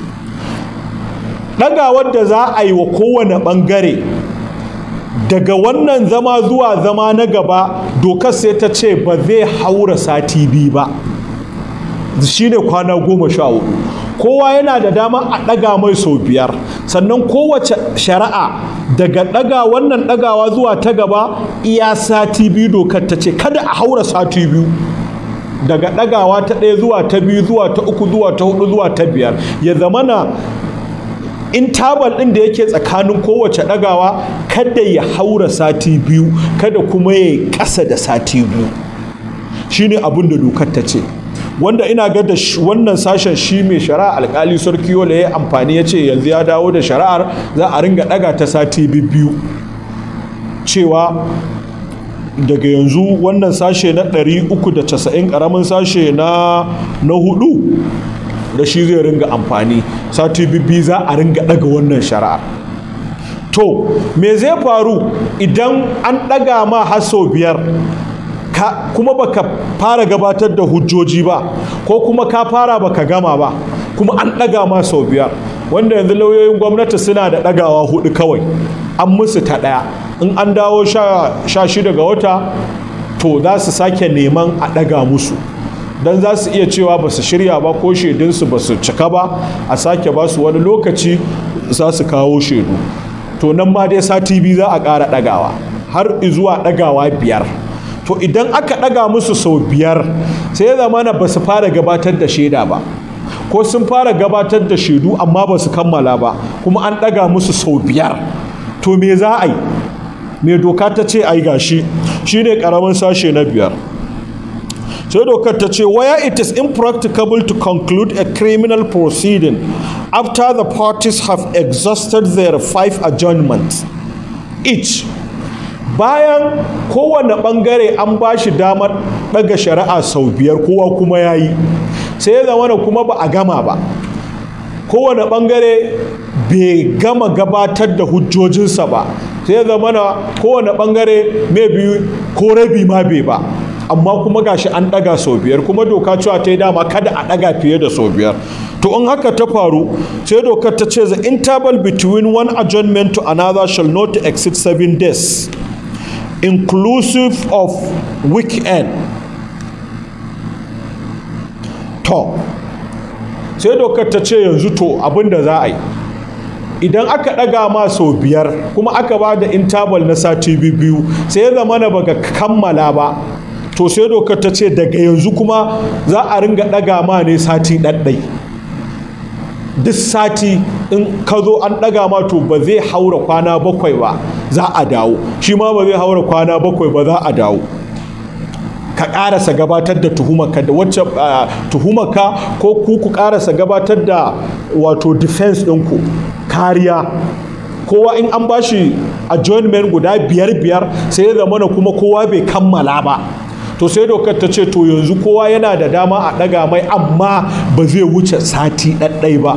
ɗagawar da za a yi wa kowane ɓangare daga wannan zama zuwa zama na gaba dokar sai ta ce ba zai haura sati biyu ba Shi ne kwana goma sha hudu kowa yana da dama a ɗaga mai sau biyar sannan kowace shari'a daga ɗaga wannan ɗagawa zuwa ta gaba iya sati biyu dokar ta ce kada a haura sati biyu daga ɗagawa ta ɗaya zuwa ta biyu zuwa ta uku zuwa ta hudu zuwa ta biyar ya zamana in tabal ɗin da yake tsakanin kowace ɗagawa kada ya haura sati biyu kada kuma ya ƙasa da sati biyu shi ne abin da dokar ta ce wanda ina ga da wannan sashen shi mai shari'a alkali sarki yola ya amfani ya ce yanzu ya dawo da shari'ar za a ringa ɗaga ta sati biyu cewa daga yanzu wannan sashe na 390 ƙaramin sashe na na hudu da shi zai ringa amfani sati bibbi za a ringa daga wannan shari'a to me zai faru idan an daga ma haso biyar ka, kuma baka fara gabatar da hujjoji ba ko kuma ka fara baka gama ba kuma an daga ma sau biyar wanda yanzu lauyoyin gwamnati suna da dagawa hudu kawai an musu ta daya in an dawo sha shida ga wata to za su sake neman a daga musu don za su iya cewa ba su shirya ba ko shaidunsu ba su cika ba a sake ba su wani lokaci za su kawo shaidu to nan ma dai sati biyu za a ƙara ɗagawa har zuwa ɗagawa biyar to idan aka ɗaga musu sau biyar sai ya zamana ba su fara gabatar da shaida ba ko sun fara gabatar da shaidu amma ba su kammala ba kuma an ɗaga musu sau biyar to me za a yi mai doka ta ce a yi gashi shine ƙaramin sashe na biyar sai dokar ta ce where it is impracticable to conclude a criminal proceeding after the parties have exhausted their five adjournments each bayan kowane bangare an ba shi damar daga shari'a sau biyar kowa kuma ya yi sai ya zama kuma ba a gama ba kowane bangare bai gama gabatar da hujjojinsa ba sai ya zama kowane bangare mai biyu ko rabi ma bai ba amma kuma gashi an daga sau biyar kuma doka cewa ta yi dama kada a daga fiye da sau biyar to in haka ta faru sai dokar ta ce the interval between one adjournment to another shall not exceed seven days inclusive of weekend to sai dokar ta ce yanzu to abin da za a yi idan aka daga ma sau biyar kuma aka ba da interval na sati biyu sai ya zama na baka kammala ba to sai dokar ta ce daga yanzu kuma za a ringa ɗaga ma ne sati ɗaɗɗai duk sati in ka zo an ɗaga ma to ba zai haura kwana bakwai ba za a dawo shi ma ba zai haura kwana bakwai ba za a dawo ka ƙarasa gabatar da tuhumarka da wacce tuhumarka ko ku ku ƙarasa gabatar da wato defense ɗinku kariya kowa in an bashi adjournment guda biyar biyar sai ya zamana kuma kowa bai kammala ba to sai dokar ta ce to yanzu kowa yana da dama a ɗaga mai amma ba zai wuce sati ɗaɗɗai ba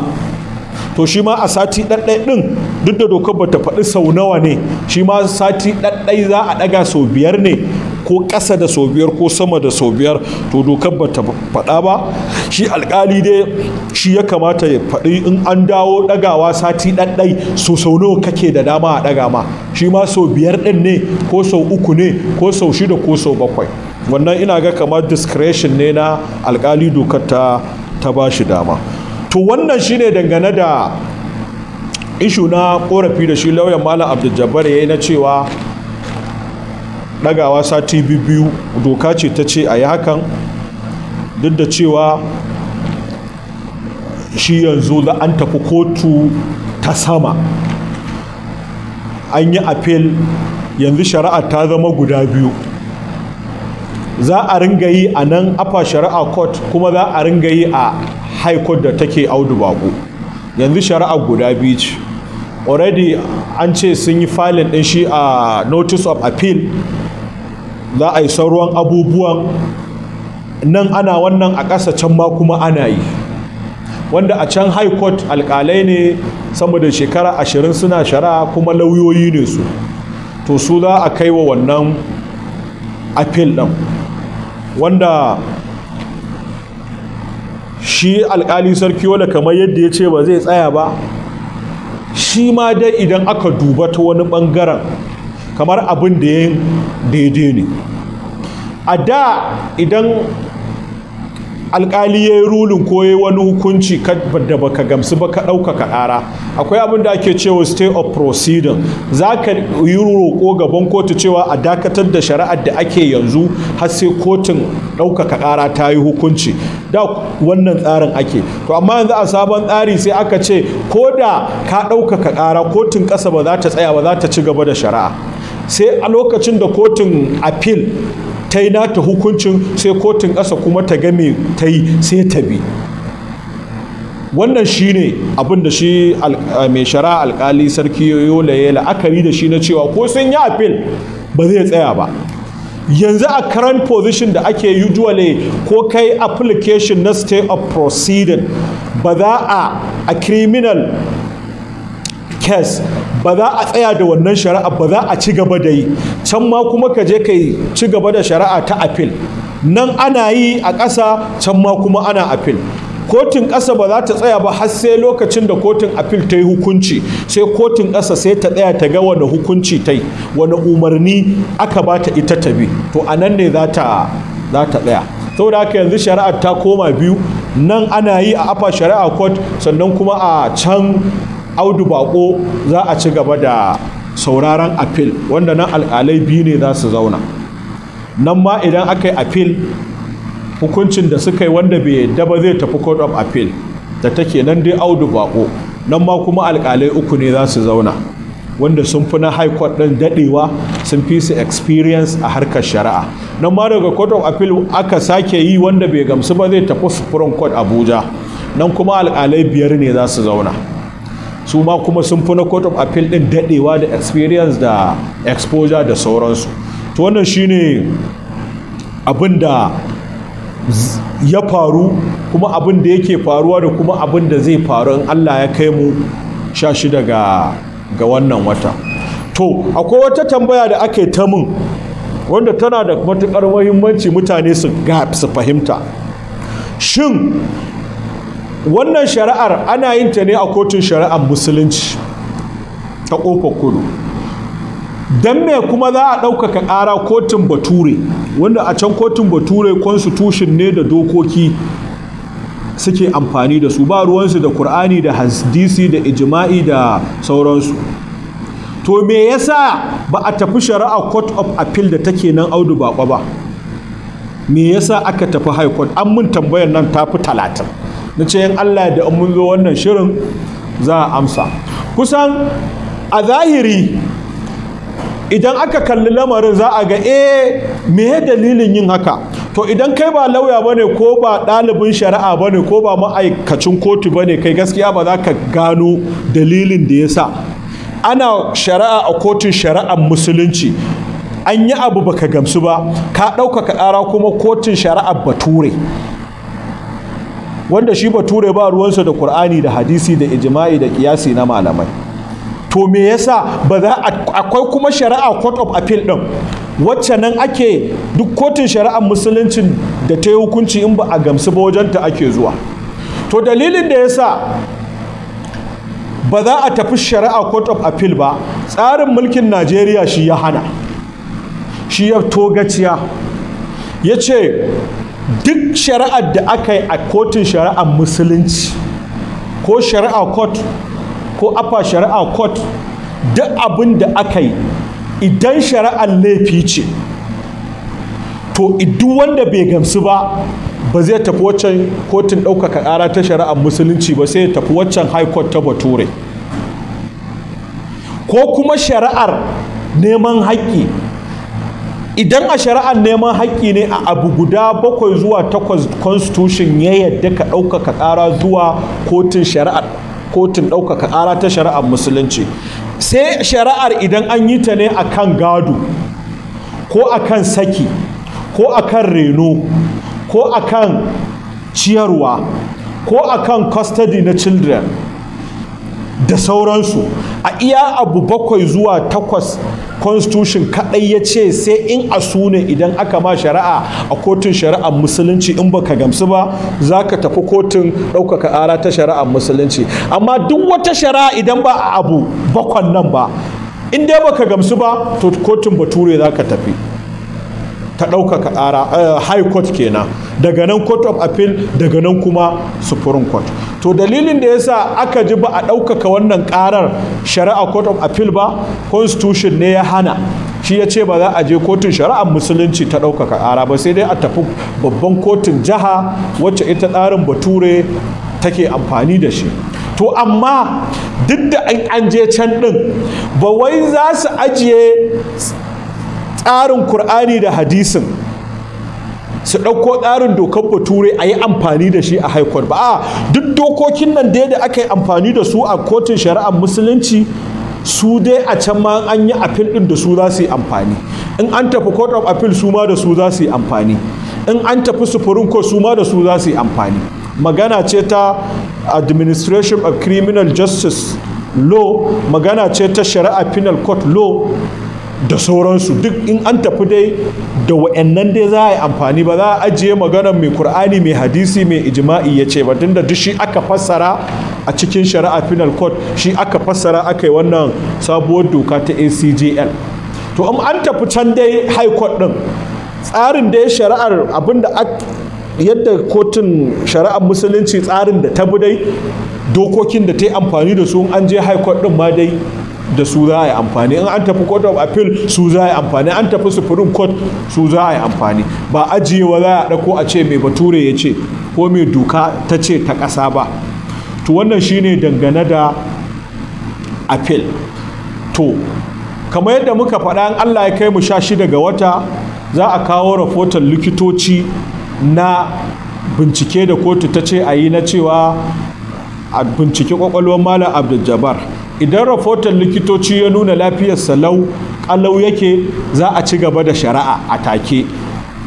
to shi ma a sati ɗaɗɗai ɗin duk da dokar ba ta faɗi sau nawa ne shi ma sati ɗaɗɗai za a ɗaga sau biyar ne ko ƙasa da sau biyar ko sama da sau biyar to dokar ba ta faɗa ba shi alƙali dai shi ya kamata ya faɗi in an dawo ɗagawa sati ɗaɗɗai so sau nawa kake da dama a ɗaga ma shi ma sau biyar ɗin ne ko sau uku ne ko sau shida ko sau bakwai wannan ina ga kamar discretion ne na alkali dokar ta ta ba shi dama to wannan shine dangane da ishu na korafi da shi lauyan malam abdul ya yi na cewa dagawa sati biyu doka ce ta ce a yi hakan duk da cewa shi yanzu da an tafi kotu ta sama an yi apel yanzu shari'a ta zama guda biyu za a ringa yi a nan afa shari'a court kuma za a ringa yi a high court da take audu bako yanzu shari'a guda biyu ce already an ce sun yi filin din shi a notice of appeal za a yi sauran abubuwan nan ana wannan a ƙasa can ma kuma ana yi wanda a can high court alƙalai ne sama da shekara ashirin suna shari'a kuma lauyoyi ne su to su za a kai wa wannan appeal ɗin wanda shi alkali sarki wala kamar yadda ya ce ba zai tsaya ba shi ma dai idan aka duba ta wani bangaren kamar abin da ya daidai ne a da idan alkali ya yi rulin ko ya wani hukunci da baka gamsu ba ka ɗaukaka ƙara akwai abin da ake cewa stay of proceeding za ka yi roƙo gaban kotu cewa a dakatar da shari'ar da ake yanzu har sai kotun ɗaukaka ƙara ta yi hukunci da wannan tsarin ake to amma yanzu a sabon tsari sai aka ce ko da ka ɗaukaka ƙara kotun ƙasa ba za ta tsaya ba za ta ci gaba da shari'a sai a lokacin da kotun appeal ta yi nata hukuncin sai kotun ƙasa kuma ta ga ta yi sai ta bi wannan shi ne abin da shi mai shara alkali sarki yola ya la'akari da shi na cewa ko sun yi afil ba zai tsaya ba yanzu a current position da ake usually ko kai application na state of proceeding ba za a a criminal kes ba za a tsaya da wannan shari'a ba za a ci gaba da yi can ma kuma ka je ka ci gaba da shari'a ta apil nan ana yi a ƙasa can ma kuma ana apil kotun ƙasa ba za ta tsaya ba har sai lokacin da kotun apil ta yi hukunci sai kotun ƙasa sai ta tsaya ta ga wani hukunci ta yi wani umarni aka ba ta ita ta bi to a nan ne za ta tsaya saboda haka yanzu shari'ar ta koma biyu nan ana yi a afa shari'a court sannan kuma a can audu bako za a ci gaba da sauraron apil wanda nan alkalai biyu ne za su zauna nan ma idan aka yi apil hukuncin da suka yi wanda bai daba zai tafi court of appeal da take nan dai audu bako nan ma kuma alkalai uku ne za su zauna wanda sun fi na high court ɗin daɗewa sun fi su experience a harkar shari'a nan ma daga court of appeal aka sake yi wanda bai gamsu ba zai tafi supreme court abuja nan kuma alkalai biyar ne za su zauna su ma kuma sun fi na court of appeal din dadewa da experience da exposure da sauransu to wannan shine abin da ya faru kuma abin da yake faruwa da kuma abin da zai faru in Allah ya kai mu sha shi ga ga wannan wata to akwai wata tambaya da ake ta mun wanda tana da matukar muhimmanci mutane su ga su fahimta shin wannan shari'ar ana yin ta ne a kotun shari'ar musulunci ta kofar kudu don me kuma za a ɗaukaka ƙara kotun bature wanda a can kotun bature constitution ne da dokoki suke amfani da su ba ruwansu da kur'ani da hadisi da ijima'i da sauransu to me yasa ba a tafi shari'a court of appeal da take nan audu baƙwa ba me yasa aka tafi high court an mun tambayar nan tafi talatin na ce yin Allah da mun zo wannan shirin za a amsa kusan a zahiri idan aka kalli lamarin za a ga eh me dalilin yin haka to idan kai ba lauya bane ko ba ɗalibin shari'a bane ko ba ma'aikacin kotu bane kai gaskiya ba za ka gano dalilin da ya sa ana shari'a a kotun shari'ar musulunci an yi abu baka gamsu ba ka ɗaukaka ƙara kuma kotun shari'ar bature wanda shi ba bature ba ruwansa da ƙur'ani da hadisi da ijima'i da kiyasi na malamai to me yasa ba za akwai kuma shari'a court of appeal ɗin wacce nan ake duk kotun shari'ar musuluncin da ta yi hukunci in ba a gamsu ba wajenta ake zuwa to dalilin da yasa ba za a tafi shari'a court of appeal ba tsarin mulkin najeriya shi ya hana shi ya togaciya ya ce duk shari'ar da aka yi a kotun shari'ar musulunci ko shari'a court ko afa shari'a court duk abin da aka yi idan shari'ar laifi ce to duk wanda bai gamsu ba ba zai tafi waccan kotun ɗaukaka ƙara ta shari'ar musulunci ba sai ya tafi waccan high court ta bature ko kuma shari'ar neman haƙƙi idan a shari'ar neman haƙƙi ne a abu guda bakwai zuwa takwas constitution ya yadda ka ɗaukaka ƙara zuwa kotun shari'ar kotun ɗaukaka ƙara ta shari'ar musulunci sai shari'ar idan an yi ta ne a kan gado ko a kan saki ko a kan reno ko a kan ciyarwa ko a kan custody na children da sauransu a iya abu bakwai zuwa takwas constitution kadai ya ce sai in a sune idan aka ma shari'a a kotun shari'ar musulunci in baka gamsu ba za ka tafi kotun ɗaukaka ara ta shari'ar musulunci amma duk wata shari'a idan ba a abu bakwan nan ba in dai baka gamsu ba to kotun bature za ka tafi ta ɗaukaka ƙara eh, high court kenan daga nan court of appeal daga nan kuma supreme court to dalilin da yasa aka ji ba a ɗaukaka wannan ƙarar shari'a court of appeal ba constitution ne ya hana shi ya ce ba za a je kotun shari'ar musulunci ta ɗaukaka ƙara ba sai dai a tafi babban kotun jiha wacce ita tsarin bature take amfani da shi to amma duk da an je can ɗin ba wai za su ajiye tsarin kur'ani da hadisin su ɗauko tsarin dokar bature a yi amfani da shi a haikon ba a duk dokokin nan dai da aka yi amfani da su a kotun shari'ar musulunci su dai a can ma an yi apil ɗin da su za su yi amfani in an tafi court of appeal su ma da su za su yi amfani in an tafi supreme court su ma da su za su yi amfani magana ce ta administration of criminal justice law magana ce ta shari'a penal court law da sauransu duk in an tafi dai da wa'annan dai za a yi amfani ba za a ajiye maganar mai kur'ani mai hadisi mai ijima'i ya ce ba tunda da shi aka fassara a cikin shari'a penal court shi aka fassara aka yi wannan sabuwar doka ta acjl to in an tafi can dai high court din tsarin dai shari'ar abinda yadda kotun shari'ar musulunci tsarin da ta bi dai dokokin da ta yi amfani da su an je high court din ma dai da su za a yi amfani in an tafi court of appeal su za a yi amfani an tafi supreme court su za a yi amfani ba ajiyewa za a ɗauko a ce mai bature ya ce ko mai doka ta ce ta kasa ba to wannan shine dangane da appeal to kamar yadda muka faɗa in allah ya kai mu sha shida ga wata za a kawo rahoton likitoci na bincike da kotu ta ce a yi na cewa a bincike kwakwalwar malam abdul jabbar idan rahoton likitoci ya nuna lafiyar salau kalau yake za a ci gaba da shari'a a take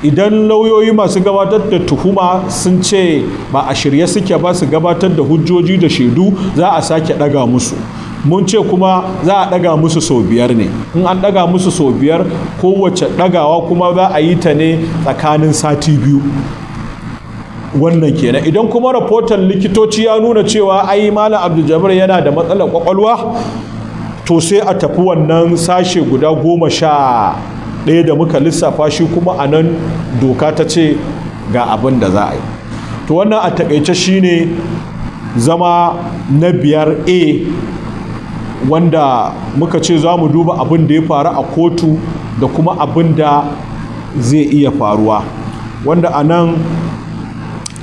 idan lauyoyi masu gabatar da tuhuma sun ce ba a shirye suke ba su gabatar da hujjoji da shaidu za a sake daga musu mun ce kuma za a daga musu sau biyar ne in an daga musu sau biyar kowace dagawa kuma za a yi ta ne tsakanin sati biyu wannan kenan idan kuma rahoton likitoci ya nuna cewa ai malam abdul yana da matsalar kwakwalwa to sai a tafi wannan sashe guda goma sha ɗaya da muka lissafa shi kuma a nan doka ta ce ga abin da za a yi to wannan a takaice shine zama na biyar a wanda muka ce za mu duba abin da ya faru a kotu da kuma abin da zai iya faruwa wanda a nan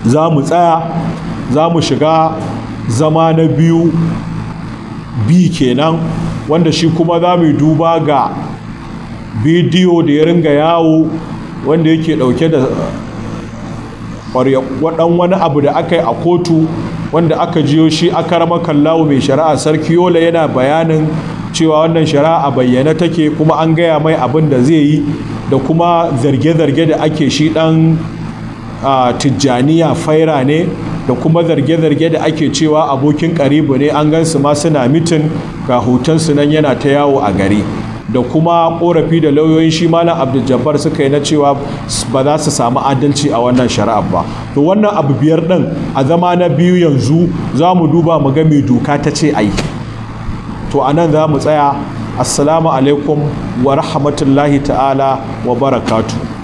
za mu tsaya za mu shiga zama na biyu bi kenan wanda shi kuma za mu duba ga bidiyo da ya ringa yawo wanda yake dauke da waɗan wani abu da aka yi a kotu wanda aka jiyo shi aka rama kallawo mai shari'a sarki yola yana bayanin cewa wannan shari'a a bayyana take kuma an gaya mai abin da zai yi da kuma zarge-zarge da ake shi ɗan tijjaniya faira ne da kuma zarge-zarge da ake cewa abokin karibu ne an gansu ma suna mitin ga hotonsu nan yana ta yawo a gari da kuma korafi da lauyoyin shi malam abdul suka yi na cewa ba za su samu adalci a wannan shari'ar ba to wannan abu biyar din a zama na biyu yanzu za mu duba mu ga mai doka ta ce ai to a nan za mu tsaya assalamu alaikum wa rahmatullahi ta'ala wa barakatu